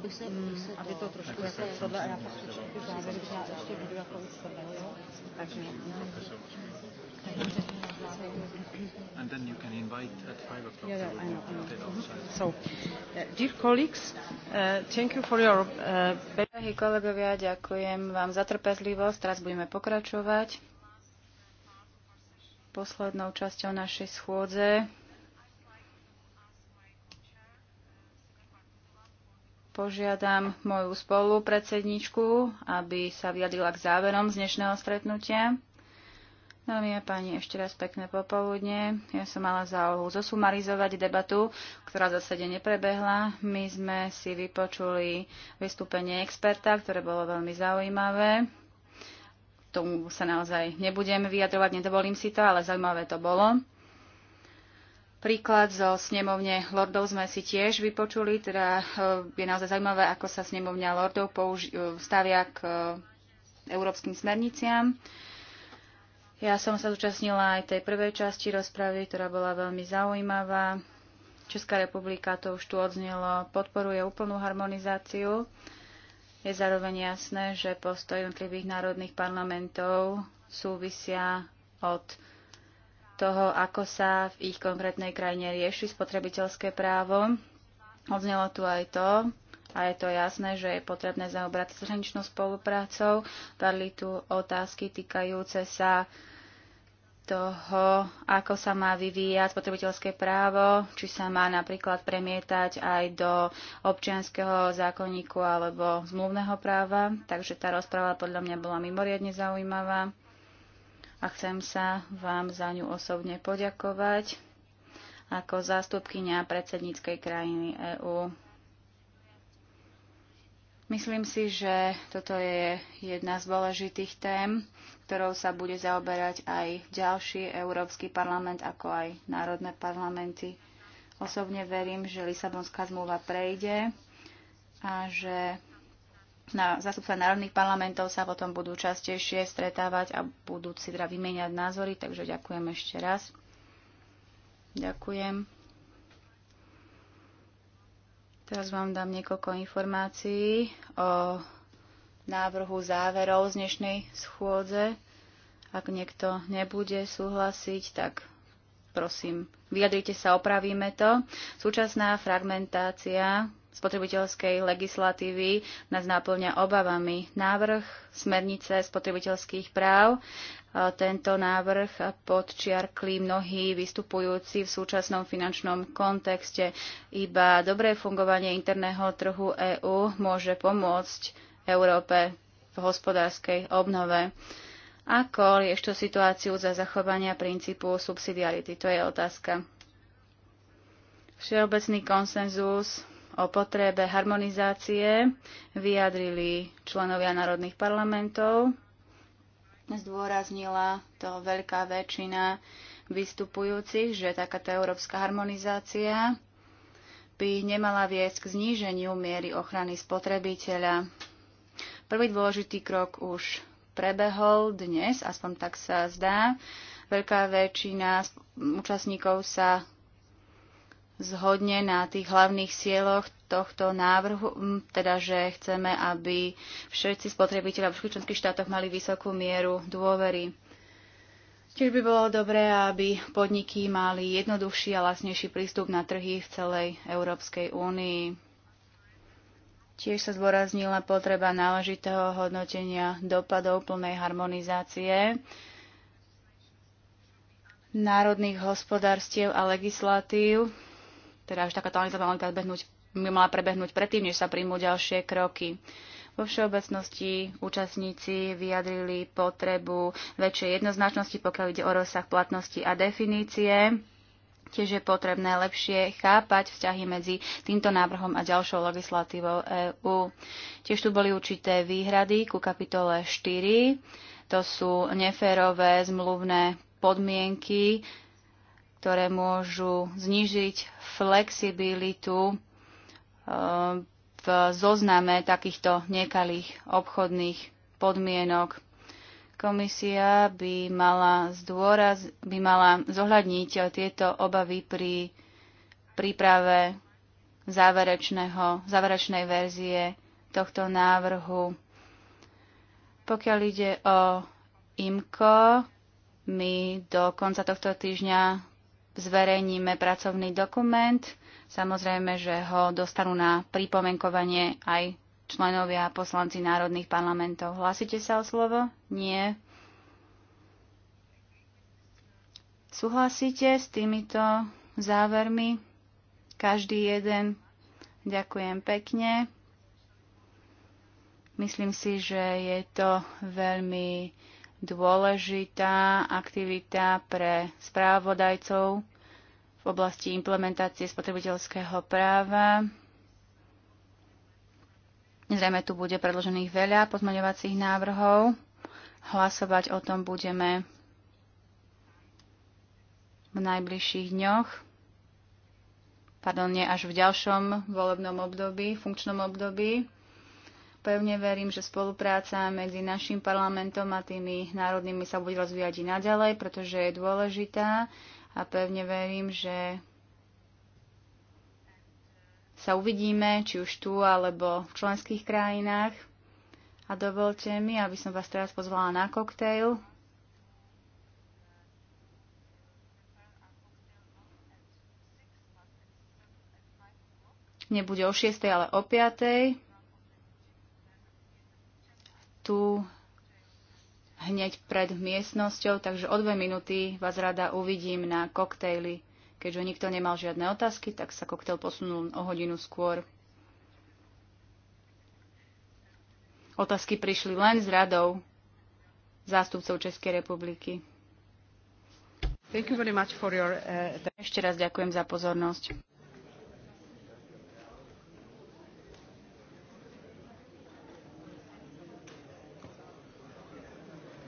aby, se, mm, se aby to trošku jako tohle, já závěr, že já ještě budu jako jo? Takže And then you can invite at five o'clock. Yeah, yeah, I know. I know. So, uh, dear colleagues, uh, thank you for your. Uh, kolegovia, ďakujem vám za trpezlivosť. Teraz budeme pokračovať poslednou časťou našej schôdze. Požiadam moju spolupredsedničku, aby sa vyjadrila k záverom z dnešného stretnutia. Dámy a páni, ešte raz pekné popoludne. Ja som mala za úlohu zosumarizovať debatu, ktorá zase zásade neprebehla. My sme si vypočuli vystúpenie experta, ktoré bolo veľmi zaujímavé. Tomu sa naozaj nebudem vyjadrovať, nedovolím si to, ale zaujímavé to bolo. Príklad zo snemovne lordov sme si tiež vypočuli, teda e, je naozaj zaujímavé, ako sa snemovňa lordov použi- e, stavia k e, európskym smerniciam. Ja som sa zúčastnila aj tej prvej časti rozpravy, ktorá bola veľmi zaujímavá. Česká republika, to už tu odznelo, podporuje úplnú harmonizáciu. Je zároveň jasné, že postoj jednotlivých národných parlamentov súvisia od toho, ako sa v ich konkrétnej krajine rieši spotrebiteľské právo. Odznelo tu aj to, a je to jasné, že je potrebné zaobrať zahraničnou spoluprácou. Padli tu otázky týkajúce sa toho, ako sa má vyvíjať spotrebiteľské právo, či sa má napríklad premietať aj do občianského zákonníku alebo zmluvného práva. Takže tá rozpráva podľa mňa bola mimoriadne zaujímavá a chcem sa vám za ňu osobne poďakovať ako zástupkynia predsedníckej krajiny EÚ. Myslím si, že toto je jedna z dôležitých tém, ktorou sa bude zaoberať aj ďalší Európsky parlament, ako aj národné parlamenty. Osobne verím, že Lisabonská zmluva prejde a že na zastupca národných parlamentov sa potom budú častejšie stretávať a budú si teda vymieňať názory, takže ďakujem ešte raz. Ďakujem. Teraz vám dám niekoľko informácií o návrhu záverov z dnešnej schôdze. Ak niekto nebude súhlasiť, tak prosím, vyjadrite sa, opravíme to. Súčasná fragmentácia spotrebiteľskej legislatívy nás náplňa obavami. Návrh smernice spotrebiteľských práv tento návrh podčiarkli mnohí vystupujúci v súčasnom finančnom kontexte. Iba dobré fungovanie interného trhu EÚ môže pomôcť Európe v hospodárskej obnove. Ako je tú situáciu za zachovania princípu subsidiarity? To je otázka. Všeobecný konsenzus o potrebe harmonizácie vyjadrili členovia národných parlamentov. Zdôraznila to veľká väčšina vystupujúcich, že takáto európska harmonizácia by nemala viesť k zníženiu miery ochrany spotrebiteľa. Prvý dôležitý krok už prebehol dnes, aspoň tak sa zdá. Veľká väčšina účastníkov sa zhodne na tých hlavných cieľoch tohto návrhu, teda že chceme, aby všetci spotrebitelia v členských štátoch mali vysokú mieru dôvery. Tiež by bolo dobré, aby podniky mali jednoduchší a vlastnejší prístup na trhy v celej Európskej únii. Tiež sa zdôraznila potreba náležitého hodnotenia dopadov plnej harmonizácie národných hospodárstiev a legislatív teda už takáto analýza mala prebehnúť, mala prebehnúť predtým, než sa príjmú ďalšie kroky. Vo všeobecnosti účastníci vyjadrili potrebu väčšej jednoznačnosti, pokiaľ ide o rozsah platnosti a definície. Tiež je potrebné lepšie chápať vzťahy medzi týmto návrhom a ďalšou legislatívou EÚ. Tiež tu boli určité výhrady ku kapitole 4. To sú neférové zmluvné podmienky, ktoré môžu znížiť flexibilitu eh, v zozname takýchto nekalých obchodných podmienok. Komisia by mala, zdôraz, by mala zohľadniť tieto obavy pri príprave záverečnej verzie tohto návrhu. Pokiaľ ide o IMCO, my do konca tohto týždňa zverejníme pracovný dokument. Samozrejme, že ho dostanú na pripomenkovanie aj členovia a poslanci národných parlamentov. Hlasíte sa o slovo? Nie. Súhlasíte s týmito závermi? Každý jeden. Ďakujem pekne. Myslím si, že je to veľmi dôležitá aktivita pre správodajcov v oblasti implementácie spotrebiteľského práva. Zrejme tu bude predložených veľa pozmaňovacích návrhov. Hlasovať o tom budeme v najbližších dňoch. Pardon, nie až v ďalšom volebnom období, funkčnom období. Pevne verím, že spolupráca medzi našim parlamentom a tými národnými sa bude rozvíjať i naďalej, pretože je dôležitá a pevne verím, že sa uvidíme, či už tu alebo v členských krajinách. A dovolte mi, aby som vás teraz pozvala na koktejl. Nebude o 6, ale o 5 tu hneď pred miestnosťou, takže o dve minúty vás rada uvidím na koktejly. Keďže nikto nemal žiadne otázky, tak sa koktejl posunul o hodinu skôr. Otázky prišli len z radou zástupcov Českej republiky. Your... Uh, Ešte raz ďakujem za pozornosť.